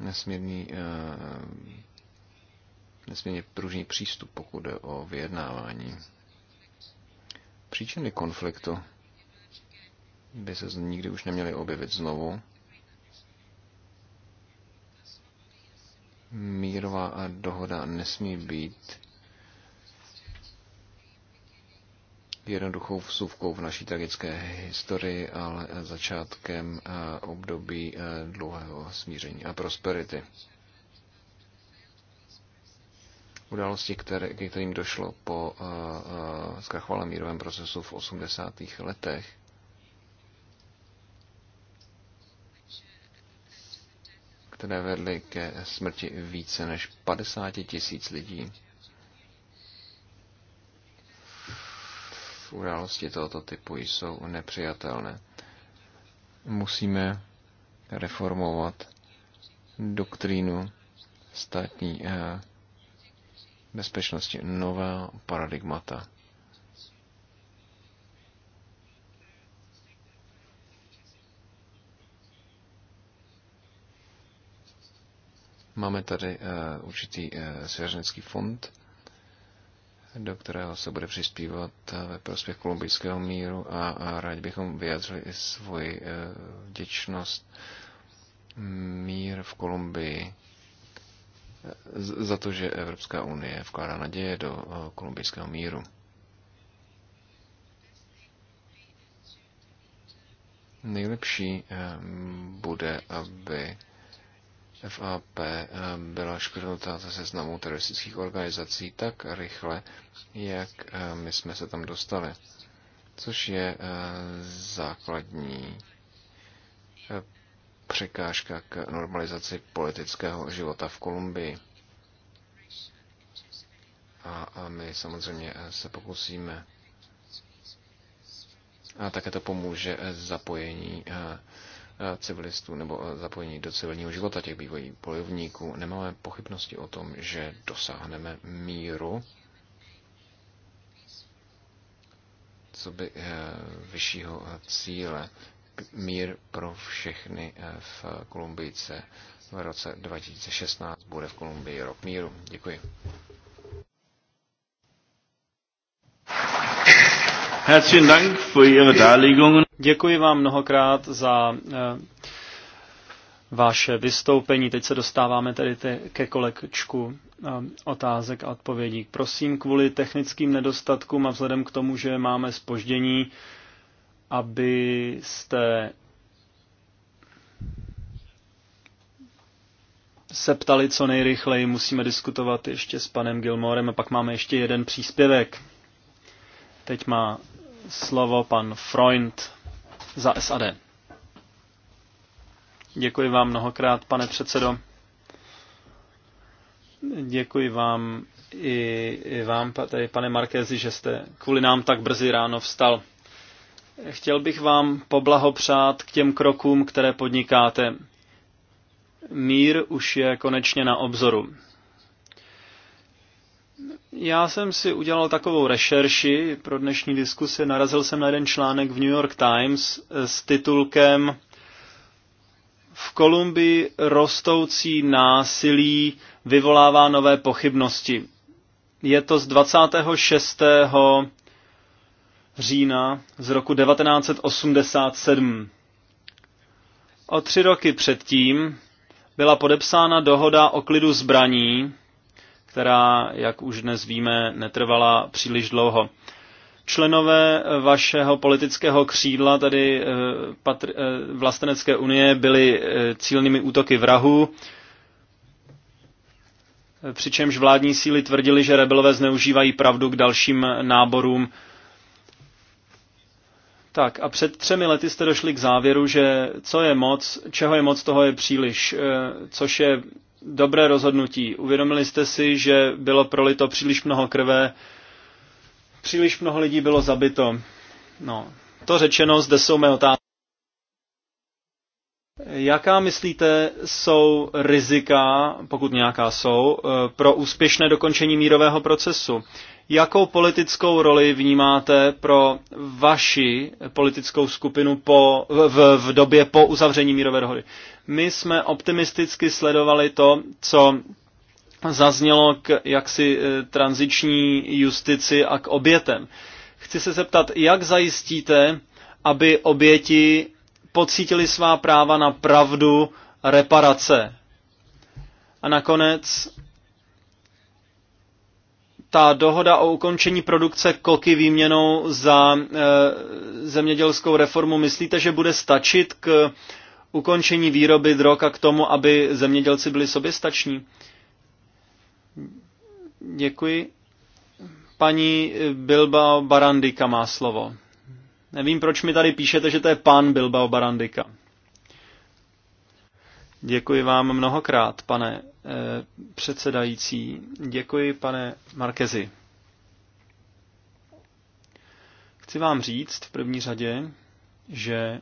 nesmírný, eh, nesmírně pružný přístup, pokud jde o vyjednávání. Příčiny konfliktu by se nikdy už neměly objevit znovu. Mírová dohoda nesmí být jednoduchou vsuvkou v naší tragické historii, ale začátkem eh, období eh, dlouhého smíření a prosperity. Události, které, ke kterým došlo po eh, zkrachovalém mírovém procesu v 80. letech, které vedly ke smrti více než 50 tisíc lidí události tohoto typu jsou nepřijatelné. Musíme reformovat doktrínu státní eh, bezpečnosti, nová paradigmata. Máme tady eh, určitý eh, svěřenecký fond, do kterého se bude přispívat eh, ve prospěch kolumbijského míru a, a rádi bychom vyjádřili i svoji eh, vděčnost. Mír v Kolumbii eh, za to, že Evropská unie vkládá naděje do kolumbijského míru. Nejlepší bude, aby FAP eh, byla škrtnutá ze seznamu teroristických organizací tak rychle, jak eh, my jsme se tam dostali. Což je eh, základní překážka k normalizaci politického života v Kolumbii. A my samozřejmě se pokusíme. A také to pomůže zapojení civilistů nebo eh, zapojení do civilního života těch bývalých bojovníků, nemáme pochybnosti o tom, že dosáhneme míru, co by eh, vyššího eh, cíle. Mír pro všechny v Kolumbijce v roce 2016 bude v Kolumbii rok míru. Děkuji. Herzlichen Dank für Ihre Darlegungen. Děkuji vám mnohokrát za eh, vaše vystoupení. Teď se dostáváme tedy te, ke kolekčku eh, otázek a odpovědí. Prosím, kvůli technickým nedostatkům a vzhledem k tomu, že máme spoždění, abyste se ptali co nejrychleji. Musíme diskutovat ještě s panem Gilmorem a pak máme ještě jeden příspěvek. Teď má slovo pan Freund za SAD. Děkuji vám mnohokrát, pane předsedo. Děkuji vám i, i vám, tady, pane Markézi, že jste kvůli nám tak brzy ráno vstal. Chtěl bych vám poblahopřát k těm krokům, které podnikáte. Mír už je konečně na obzoru. Já jsem si udělal takovou rešerši pro dnešní diskusi. Narazil jsem na jeden článek v New York Times s titulkem V Kolumbii rostoucí násilí vyvolává nové pochybnosti. Je to z 26. října z roku 1987. O tři roky předtím byla podepsána dohoda o klidu zbraní která, jak už dnes víme, netrvala příliš dlouho. Členové vašeho politického křídla, tedy eh, patr- eh, vlastenecké unie, byli eh, cílnými útoky vrahů, přičemž vládní síly tvrdili, že rebelové zneužívají pravdu k dalším náborům tak a před třemi lety jste došli k závěru, že co je moc, čeho je moc, toho je příliš, což je dobré rozhodnutí. Uvědomili jste si, že bylo prolito příliš mnoho krve, příliš mnoho lidí bylo zabito. No, to řečeno, zde jsou mé otázky. Jaká myslíte jsou rizika, pokud nějaká jsou, eh, pro úspěšné dokončení mírového procesu? Jakou politickou roli vnímáte pro vaši politickou skupinu po, v, v době po uzavření mírové dohody? My jsme optimisticky sledovali to, co zaznělo k jaksi eh, tranziční justici a k obětem. Chci se zeptat, jak zajistíte, aby oběti pocítili svá práva na pravdu reparace? A nakonec ta dohoda o ukončení produkce koky výměnou za e, zemědělskou reformu, myslíte, že bude stačit k ukončení výroby drog a k tomu, aby zemědělci byli soběstační? Děkuji. Paní Bilbao Barandika má slovo. Nevím, proč mi tady píšete, že to je pan Bilbao Barandika. Děkuji vám mnohokrát, pane Eh, předsedající. Děkuji, pane Markezi. Chci vám říct v první řadě, že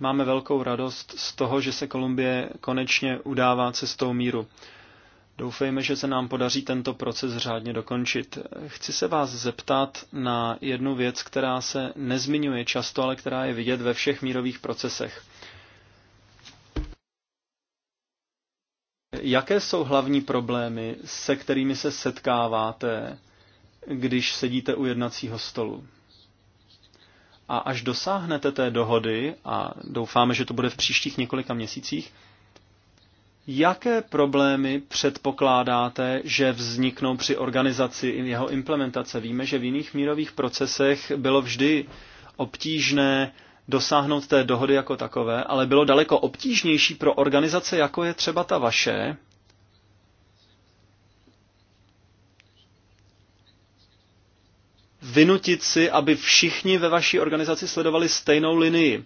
máme velkou radost z toho, že se Kolumbie konečně udává cestou míru. Doufejme, že se nám podaří tento proces řádně dokončit. Chci se vás zeptat na jednu věc, která se nezmiňuje často, ale která je vidět ve všech mírových procesech. Jaké jsou hlavní problémy, se kterými se setkáváte, když sedíte u jednacího stolu? A až dosáhnete té dohody, a doufáme, že to bude v příštích několika měsících, jaké problémy předpokládáte, že vzniknou při organizaci jeho implementace? Víme, že v jiných mírových procesech bylo vždy obtížné dosáhnout té dohody jako takové, ale bylo daleko obtížnější pro organizace, jako je třeba ta vaše, vynutit si, aby všichni ve vaší organizaci sledovali stejnou linii.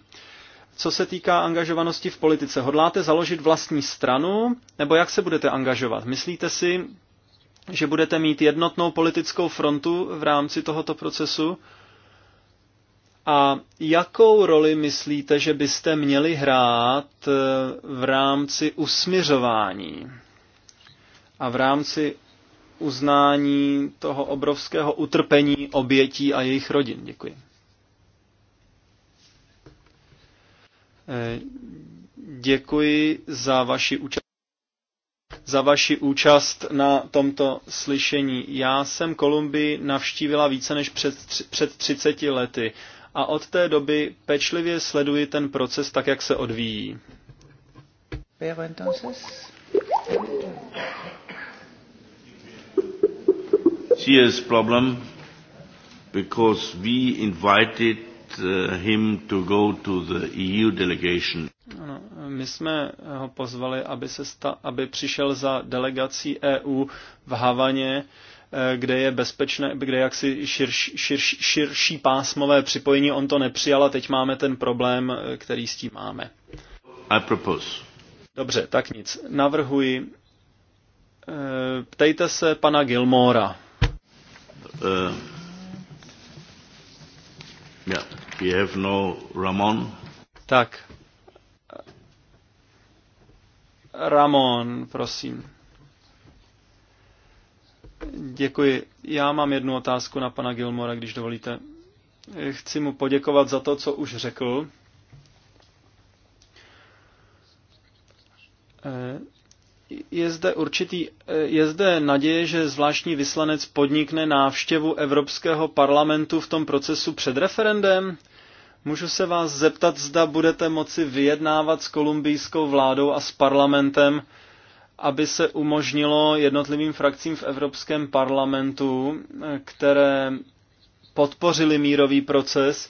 Co se týká angažovanosti v politice, hodláte založit vlastní stranu, nebo jak se budete angažovat? Myslíte si, že budete mít jednotnou politickou frontu v rámci tohoto procesu? A jakou roli myslíte, že byste měli hrát eh, v rámci usmiřování a v rámci uznání toho obrovského utrpení obětí a jejich rodin? Děkuji. Eh, děkuji za vaši účast za vaši účast na tomto slyšení. Já jsem Kolumbii navštívila více než před, před 30 lety a od té doby pečlivě sleduji ten proces tak, jak se odvíjí. Pero entonces... Serious problem because we invited uh, him to go to the EU delegation. Ano, my jsme ho pozvali, aby, se sta, aby přišel za delegací EU v Havaně Eh, kde je bezpečné, kde jaksi širš, širš, širší pásmové připojení, on to nepřijal a teď máme ten problém, eh, který s tím máme. I propose. Dobře, tak nic. Navrhuji. Eh, ptejte se pana Gilmora. Uh, yeah, we have no Ramon. Tak. Ramon, prosím. Děkuji. Já mám jednu otázku na pana Gilmora, když dovolíte. Chci mu poděkovat za to, co už řekl. Eh, je zde určitý, eh, je zde naděje, že zvláštní vyslanec podnikne návštěvu Evropského parlamentu v tom procesu před referendem? Můžu se vás zeptat, zda budete moci vyjednávat s kolumbijskou vládou a s parlamentem aby se umožnilo jednotlivým frakcím v Evropském parlamentu, které podpořili mírový proces,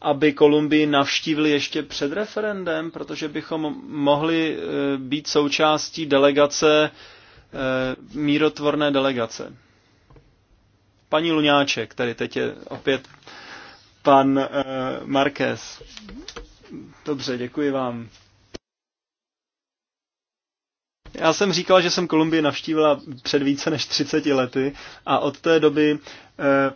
aby Kolumbii navštívili ještě před referendem, protože bychom mohli e, být součástí delegace, e, mírotvorné delegace. Paní Luňáček, tady teď je opět pan e, Marquez. Dobře, děkuji vám. Já jsem říkal, že jsem Kolumbii navštívila před více než 30 lety a od té doby eh,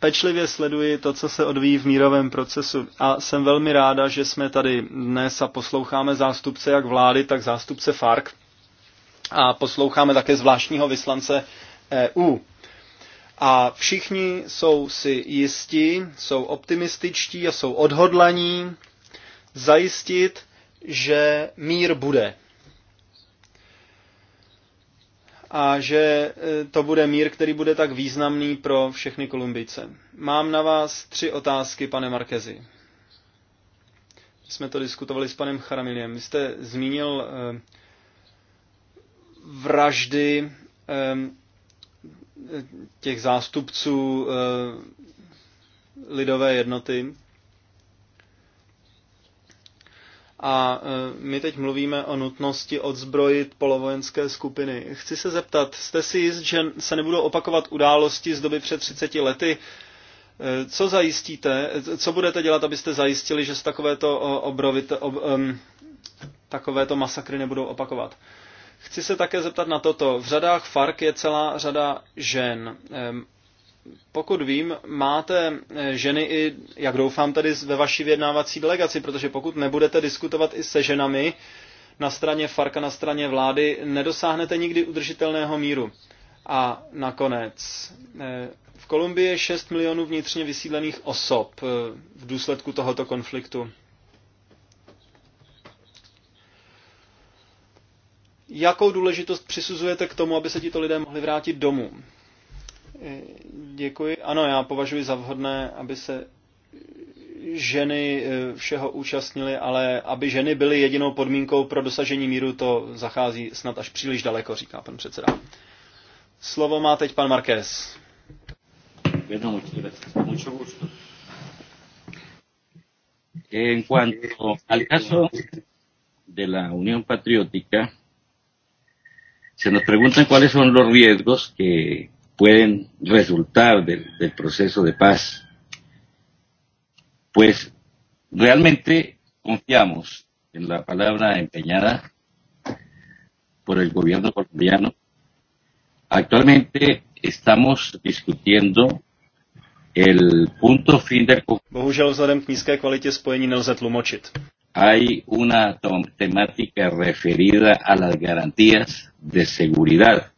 pečlivě sleduji to, co se odvíjí v mírovém procesu a jsem velmi ráda, že jsme tady dnes a posloucháme zástupce jak vlády, tak zástupce FARC a posloucháme také zvláštního vyslance EU. A všichni jsou si jistí, jsou optimističtí a jsou odhodlaní zajistit, že mír bude. a že e, to bude mír, který bude tak významný pro všechny Kolumbijce. Mám na vás tři otázky, pane Markezi. My jsme to diskutovali s panem Charamiliem. Vy jste zmínil e, vraždy e, těch zástupců lidové jednoty. a e, my teď mluvíme o nutnosti odzbrojit polovojenské skupiny. Chci se zeptat, jste si jist, že se nebudou opakovat události z doby před 30 lety? E, co zajistíte, e, co budete dělat, abyste zajistili, že se takovéto, obrovit, ob, um, takovéto masakry nebudou opakovat? Chci se také zeptat na toto. V řadách FARC je celá řada žen pokud vím, máte eh, ženy i, jak doufám, tady ve vaší vyjednávací delegaci, protože pokud nebudete diskutovat i se ženami na straně Farka, na straně vlády, nedosáhnete nikdy udržitelného míru. A nakonec, eh, v Kolumbii je 6 milionů vnitřně vysídlených osob eh, v důsledku tohoto konfliktu. Jakou důležitost přisuzujete k tomu, aby se tito lidé mohli vrátit domů? Děkuji. Ano, já považuji za vhodné, aby se ženy eh, všeho účastnily, ale aby ženy byly jedinou podmínkou pro dosažení míru, to zachází snad až příliš daleko, říká pan předseda. Slovo má teď pan Marquez. En cuanto al caso de la Unión Patriótica, se nos preguntan cuáles son los riesgos que pueden resultar del, del proceso de paz, pues realmente confiamos en la palabra empeñada por el gobierno colombiano. Actualmente estamos discutiendo el punto fin del conflicto. Hay una temática referida a las garantías de seguridad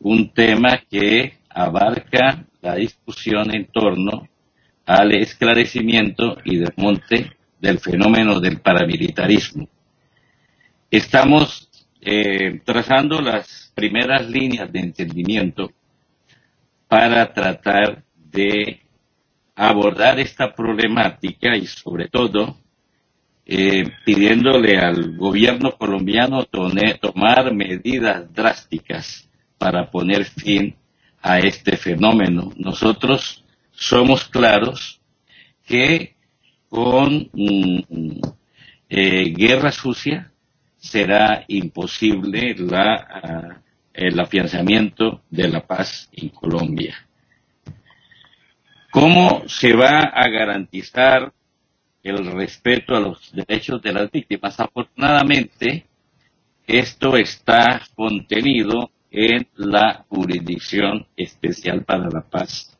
un tema que abarca la discusión en torno al esclarecimiento y desmonte del fenómeno del paramilitarismo. Estamos eh, trazando las primeras líneas de entendimiento para tratar de abordar esta problemática y sobre todo eh, pidiéndole al gobierno colombiano tome, tomar medidas drásticas para poner fin a este fenómeno. Nosotros somos claros que con mm, eh, guerra sucia será imposible la, uh, el afianzamiento de la paz en Colombia. ¿Cómo se va a garantizar el respeto a los derechos de las víctimas? Afortunadamente, esto está contenido en la Jurisdicción Especial para la Paz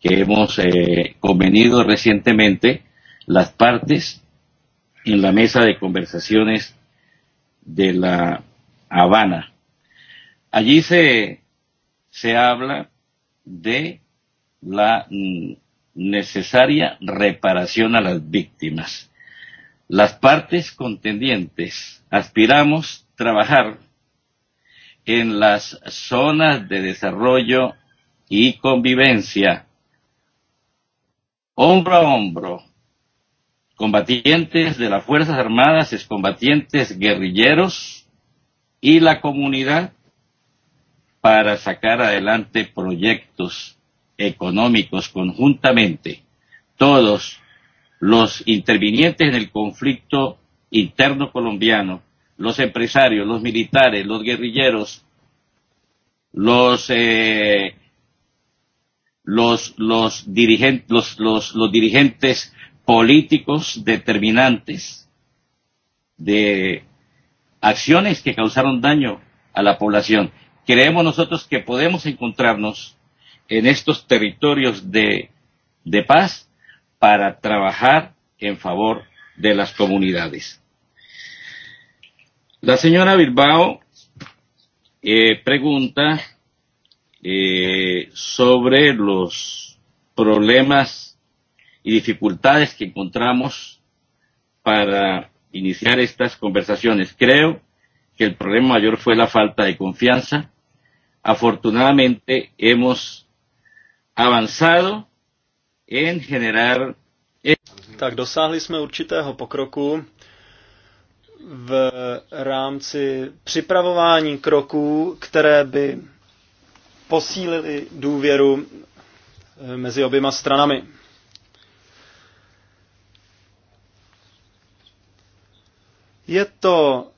que hemos eh, convenido recientemente las partes en la mesa de conversaciones de la Habana. Allí se, se habla de la mm, necesaria reparación a las víctimas. Las partes contendientes aspiramos trabajar en las zonas de desarrollo y convivencia. Hombro a hombro, combatientes de las Fuerzas Armadas, excombatientes guerrilleros y la comunidad para sacar adelante proyectos económicos conjuntamente. Todos los intervinientes en el conflicto interno colombiano los empresarios, los militares, los guerrilleros, los eh, los los dirigentes los, los, los dirigentes políticos determinantes de acciones que causaron daño a la población. Creemos nosotros que podemos encontrarnos en estos territorios de, de paz para trabajar en favor de las comunidades. La señora Bilbao eh, pregunta eh, sobre los problemas y dificultades que encontramos para iniciar estas conversaciones. Creo que el problema mayor fue la falta de confianza. Afortunadamente hemos avanzado en generar. Tak dosáhli jsme určitého pokroku v rámci připravování kroků, které by posílily důvěru eh, mezi oběma stranami. Je to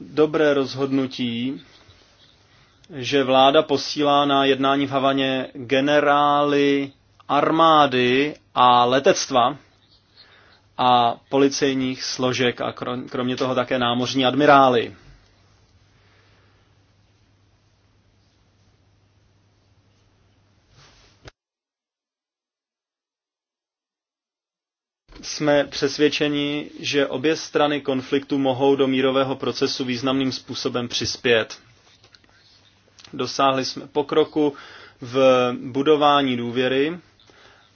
dobré rozhodnutí, že vláda posílá na jednání v Havaně generály armády a letectva, a policejních složek a kromě toho také námořní admirály. jsme přesvědčeni, že obě strany konfliktu mohou do mírového procesu významným způsobem přispět. Dosáhli jsme pokroku v budování důvěry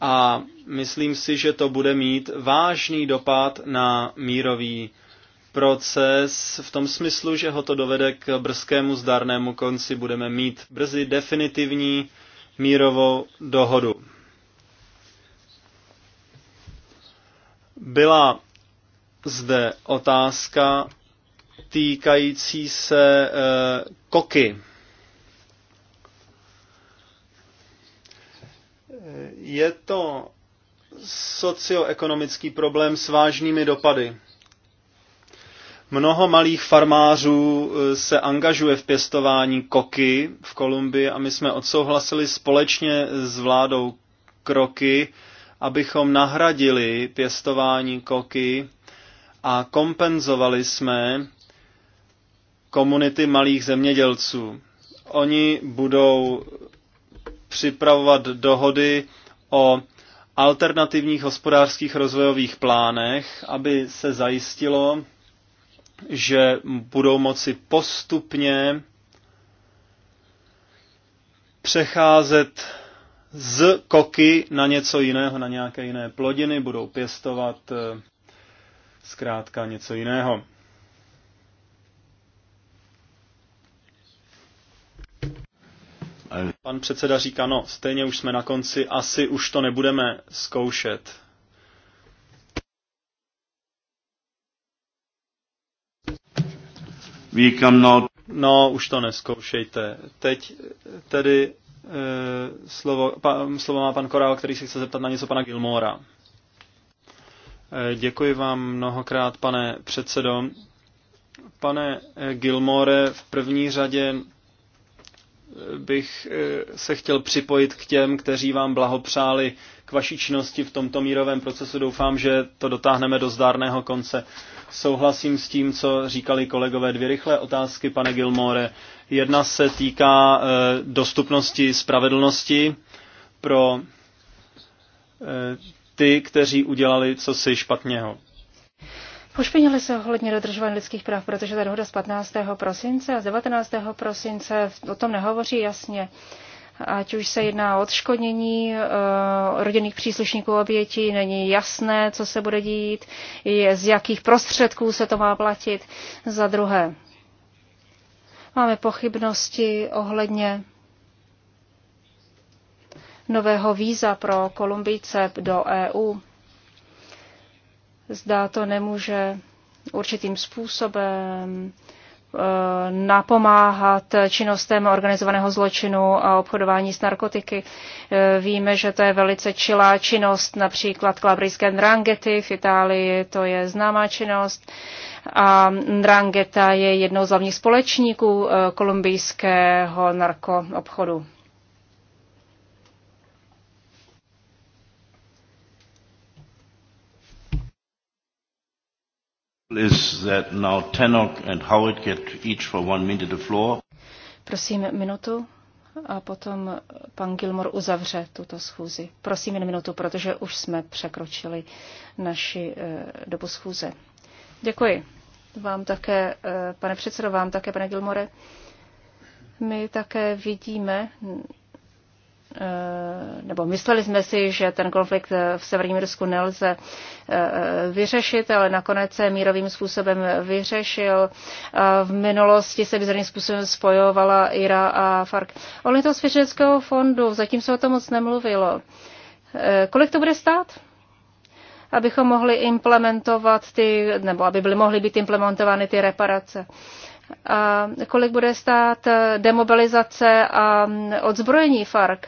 a myslím si, že to bude mít vážný dopad na mírový proces v tom smyslu, že ho to dovede k brzkému zdarnému konci. Budeme mít brzy definitivní mírovou dohodu. Byla zde otázka týkající se e, koky. Je to socioekonomický problém s vážnými dopady. Mnoho malých farmářů eh, se angažuje v pěstování koky v Kolumbii a my jsme odsouhlasili společně s vládou kroky, abychom nahradili pěstování koky a kompenzovali jsme komunity malých zemědělců. Oni budou připravovat dohody o alternativních hospodářských rozvojových plánech, aby se zajistilo, že budou moci postupně přecházet z koky na něco jiného, na nějaké jiné plodiny, budou pěstovat eh, zkrátka něco jiného. Pan předseda říká, no, stejně už jsme na konci, asi už to nebudeme zkoušet. No, už to neskoušejte. Teď tedy e, slovo, pa, slovo má pan Korál, který se chce zeptat na něco pana Gilmora. E, děkuji vám mnohokrát, pane předsedo. Pane eh, Gilmore, v první řadě bych eh, se chtěl připojit k těm, kteří vám blahopřáli k vaší činnosti v tomto mírovém procesu. Doufám, že to dotáhneme do zdárného konce. Souhlasím s tím, co říkali kolegové. Dvě rychlé otázky, pane Gilmore. Jedna se týká eh, dostupnosti spravedlnosti pro eh, ty, kteří udělali cosi špatného. Pošpinili se ohledně dodržování lidských práv, protože ta dohoda z 15. prosince a z 19. prosince o tom nehovoří jasně. Ať už se jedná o odškodnění eh, rodinných příslušníků obětí, není jasné, co se bude dít, je, z jakých prostředků se to má platit. Za druhé, máme pochybnosti ohledně nového víza pro Kolumbijce do EU zda to nemůže určitým způsobem eh, napomáhat činnostem organizovaného zločinu a obchodování s narkotiky. Eh, víme, že to je velice čilá činnost, například kalabrijské drangety v Itálii, to je známá činnost. A drangeta je jednou z hlavních společníků eh, kolumbijského narkoobchodu. Tenok Howard get each for one minute the floor. Prosím minutu a potom pan Gilmor uzavře tuto schůzi. Prosím jen minutu, protože už jsme překročili naši e, dobu schůze. Děkuji. Vám také, e, pane předsedo, vám také, pane Gilmore. My také vidíme Eh, nebo mysleli jsme si, že ten konflikt eh, v Severním Irsku nelze eh, vyřešit, ale nakonec se mírovým způsobem vyřešil. V minulosti se bizarním způsobem spojovala IRA a FARC. Oni to z Fiřeckého fondu, zatím se o tom moc nemluvilo. Kolik to bude stát? abychom mohli implementovat ty, nebo aby byly mohly být implementovány ty reparace a kolik bude stát eh, demobilizace a mm, odzbrojení FARC.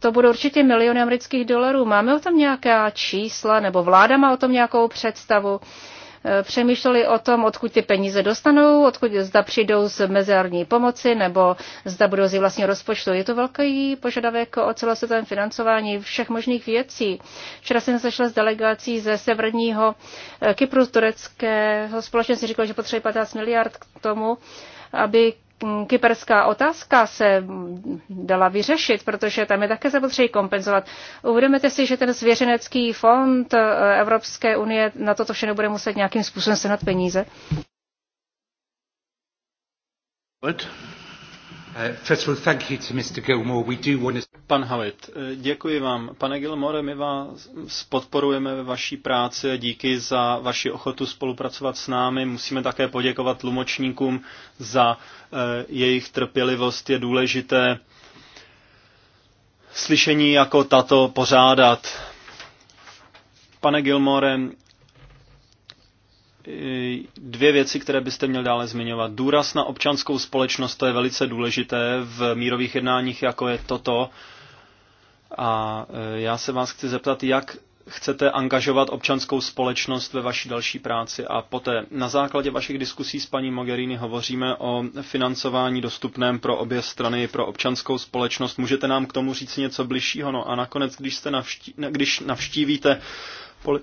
To bude určitě miliony amerických dolarů. Máme o tom nějaká čísla, nebo vláda má o tom nějakou představu? přemýšleli o tom, odkud ty peníze dostanou, odkud zda přijdou z mezinárodní pomoci nebo zda budou z vlastního rozpočtu. Je to velký požadavek o celosvětovém financování všech možných věcí. Včera jsem sešla s delegací ze severního eh, Kypru, tureckého společnosti, říkal, že potřebuje 15 miliard k tomu, aby Mm, kyperská otázka se dala vyřešit, protože tam je také zapotřebí kompenzovat. Uvědomíte si, že ten svěřenecký fond eh, Evropské unie na toto vše nebude muset nějakým způsobem sehnat peníze? Uh, Pan Havit, eh, děkuji vám. Pane Gilmore, my vás podporujeme ve vaší práci díky za vaši ochotu spolupracovat s námi. Musíme také poděkovat tlumočníkům za Eh, jejich trpělivost je důležité slyšení jako tato pořádat. Pane Gilmore, eh, dvě věci, které byste měl dále zmiňovat. Důraz na občanskou společnost, to je velice důležité v mírových jednáních, jako je toto. A eh, já se vás chci zeptat, jak chcete angažovat občanskou společnost ve vaší další práci. A poté na základě vašich diskusí s paní Mogherini hovoříme o financování dostupném pro obě strany, pro občanskou společnost. Můžete nám k tomu říct něco bližšího? No a nakonec, když, jste navští, když navštívíte poli,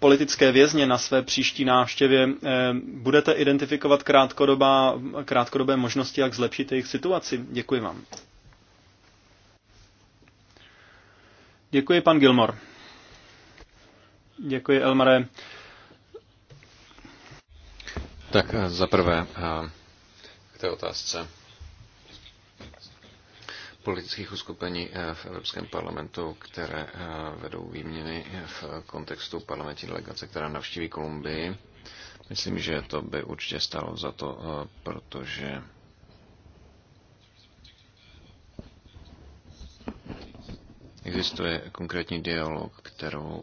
politické vězně na své příští návštěvě, eh, budete identifikovat krátkodobá, krátkodobé možnosti, jak zlepšit jejich situaci. Děkuji vám. Děkuji, pan Gilmore. Děkuji, Elmare. Tak eh, za prvé eh, k té otázce politických uskupení eh, v Evropském parlamentu, které vedou výměny v kontextu parlamentní delegace, která navštíví Kolumbii. Myslím, že to by určitě stalo za to, protože existuje konkrétní dialog, kterou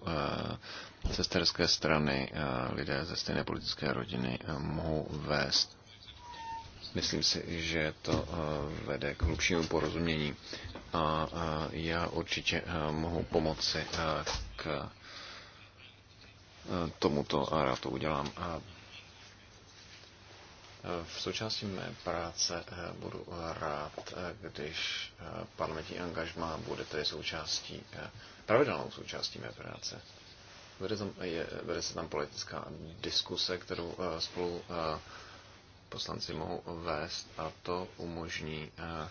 sesterské strany, eh, lidé ze stejné politické rodiny eh, mohou vést. Myslím si, že to eh, vede k hlubšímu porozumění a já určitě mohu pomoci k tomuto a rád to udělám. A v součástí mé práce budu rád, když parlamentní angažma bude tedy součástí, pravidelnou součástí mé práce. Vede, tam, je, vede se tam politická diskuse, kterou eh, spolu eh, poslanci mohou vést a to umožní eh,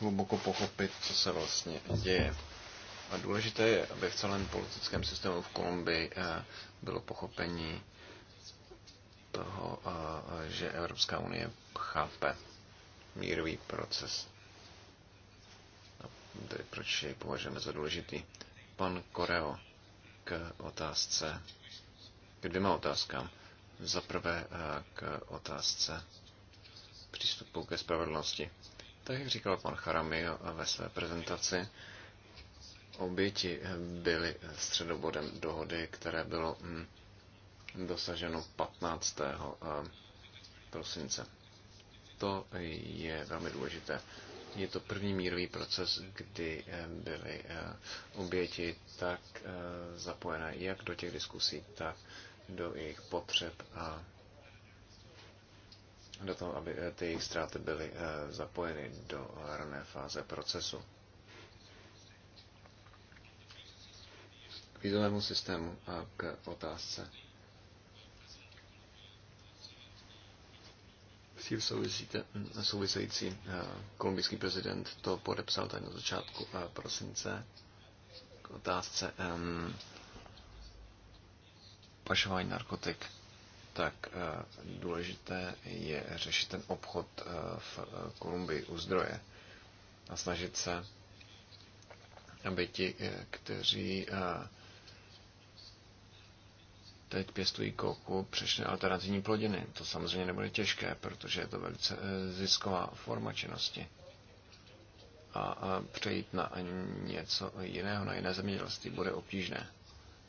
hluboko pochopit, co se vlastně děje. A důležité je, aby v celém politickém systému v Kolumbii bylo pochopení toho, že Evropská unie chápe mírový proces. A tedy proč jej považujeme za důležitý? Pan Koreo k otázce, k dvěma otázkám. Za prvé eh, k otázce přístupu ke spravedlnosti. Tak, jak říkal pan Charamio eh, ve své prezentaci, oběti eh, byly středobodem dohody, které bylo hm, dosaženo 15. prosince. To je velmi důležité. Je to první mírový proces, kdy eh, byly eh, oběti tak eh, zapojené jak do těch diskusí, tak do jejich potřeb a do toho, aby ty jejich ztráty byly zapojeny do rané fáze procesu. K systému a k otázce tím související eh, kolumbijský prezident to podepsal tady na začátku eh, prosince k otázce um, pašování narkotik, tak eh, důležité je řešit ten obchod v Kolumbii u zdroje a snažit se, aby ti, kteří teď pěstují koku, přešly alternativní plodiny. To samozřejmě nebude těžké, protože je to velice eh, zisková forma činnosti. A, a přejít na něco jiného, na jiné zemědělství, bude obtížné.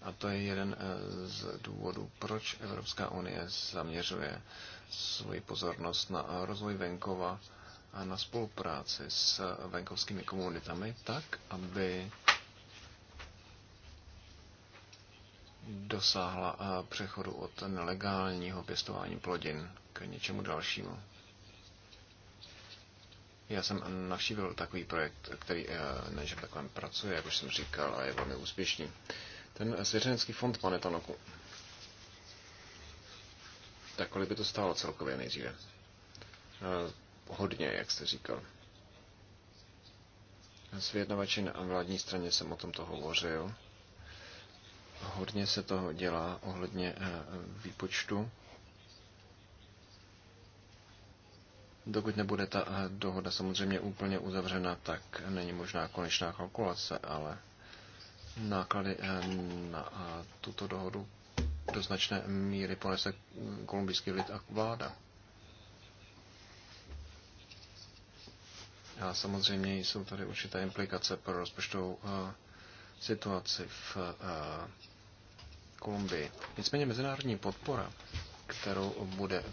A to je jeden eh, z důvodů, proč Evropská unie zaměřuje svoji pozornost na rozvoj venkova a na spolupráci s venkovskými komunitami tak, aby dosáhla eh, přechodu od nelegálního pěstování plodin k něčemu dalšímu. Já jsem navštívil takový projekt, který než že v takovém pracuje, jak už jsem říkal, a je velmi úspěšný. Ten svěřenecký fond, Panetanoku. tak kolik by to stálo celkově nejdříve? Eh, hodně, jak jste říkal. S vyjednavači na vládní straně jsem o tomto hovořil. Hodně se toho dělá ohledně eh, výpočtu. Dokud nebude ta eh, dohoda samozřejmě úplně uzavřena, tak není možná konečná kalkulace, ale náklady eh, na tuto dohodu do značné míry ponese kolumbijský lid a vláda. A samozřejmě jsou tady určité implikace pro rozpočtovou situaci v eh, Kolumbii. Nicméně mezinárodní podpora, kterou bude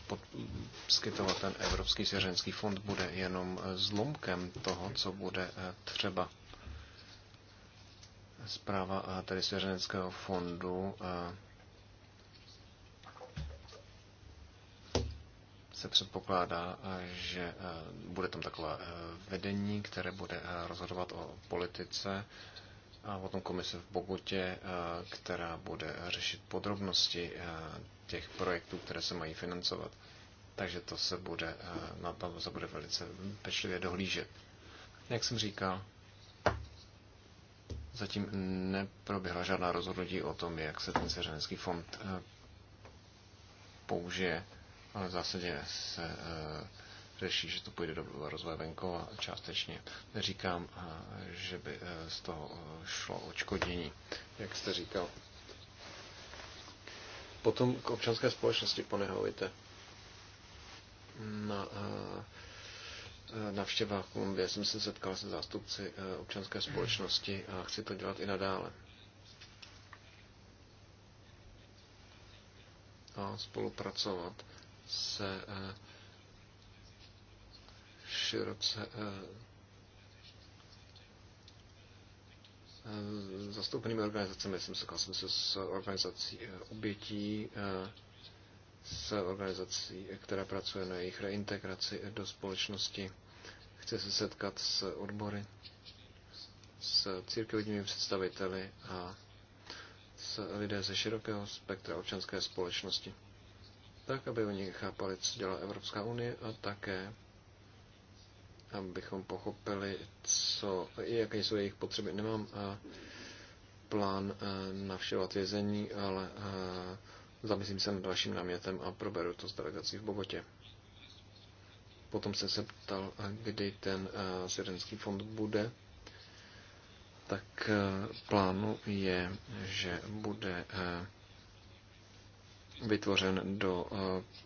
poskytovat ten Evropský svěřenský fond, bude jenom eh, zlomkem toho, co bude eh, třeba. Zpráva tedy svěřenského fondu se předpokládá, že bude tam takové vedení, které bude rozhodovat o politice a potom komise v Bogotě, eh, která bude řešit podrobnosti eh, těch projektů, které se mají financovat. Takže to se bude, eh, na to se bude velice pečlivě dohlížet. Jak jsem říkal, zatím neproběhla žádná rozhodnutí o tom, jak se ten svěřenský fond použije, ale v zásadě se řeší, že to půjde do rozvoje venkova částečně. Neříkám, eh, že by eh, z toho eh, šlo očkodění, jak jste říkal. Potom k občanské společnosti, pane Hovite. Na návštěvách Já jsem se setkal se zástupci občanské společnosti a chci to dělat i nadále. A spolupracovat se široce eh, zastoupenými organizacemi. Jsem se jsem vlastně s organizací eh, obětí, eh, s organizací, která pracuje na jejich reintegraci do společnosti. Chci se setkat s odbory, s církevními představiteli a s lidé ze širokého spektra občanské společnosti. Tak, aby oni chápali, co dělá Evropská unie a také abychom pochopili, co, jaké jsou jejich potřeby. Nemám eh, plán eh, navštěvovat vězení, ale eh, zamyslím se nad vaším námětem a proberu to s delegací v Bogotě. Potom jsem se ptal, kdy ten syrenský fond bude. Tak plánu je, že bude vytvořen do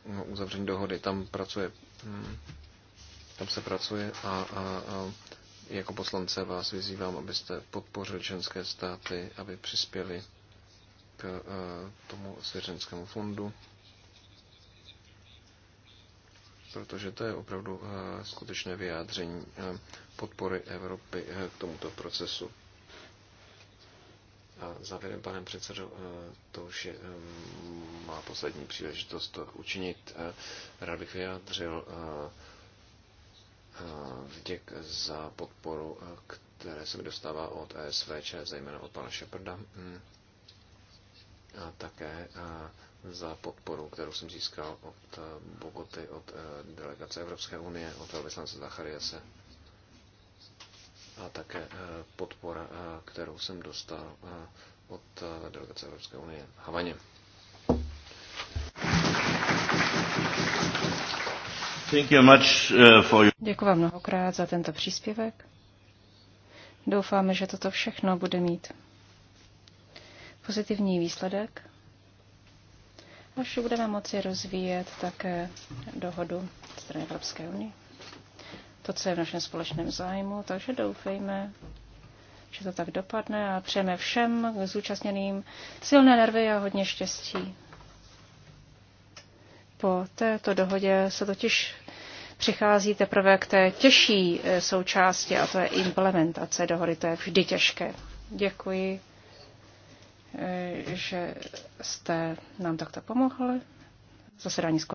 no, uzavření dohody. Tam pracuje hm, tam se pracuje a, a, a jako poslance vás vyzývám, abyste podpořili členské státy, aby přispěli k a, e, tomu svěřenskému fondu, protože to je opravdu a, e, skutečné vyjádření a, e, podpory Evropy a, k tomuto procesu. A závěrem, panem předsedo, to už je má poslední příležitost to učinit. Rád bych vyjádřil Eh, vděk za podporu, eh, které se mi dostává od ESVČ, zejména od pana Šeprda. Mm, a také eh, za podporu, kterou jsem získal od Bogoty, od delegace Evropské unie, od velvyslance Zachariase. A také podpora, kterou jsem dostal od delegace Evropské unie Havaně. Uh, Děkuji vám mnohokrát za tento příspěvek. Doufáme, že toto všechno bude mít pozitivní výsledek, až budeme moci rozvíjet také dohodu strany Evropské unie. To, co je v našem společném zájmu, takže doufejme, že to tak dopadne a přejeme všem zúčastněným silné nervy a hodně štěstí. Po této dohodě se totiž přichází teprve k té těžší eh, součásti, a to je implementace dohody. To je vždy těžké. Děkuji, eh, že jste nám takto pomohli. Zasedání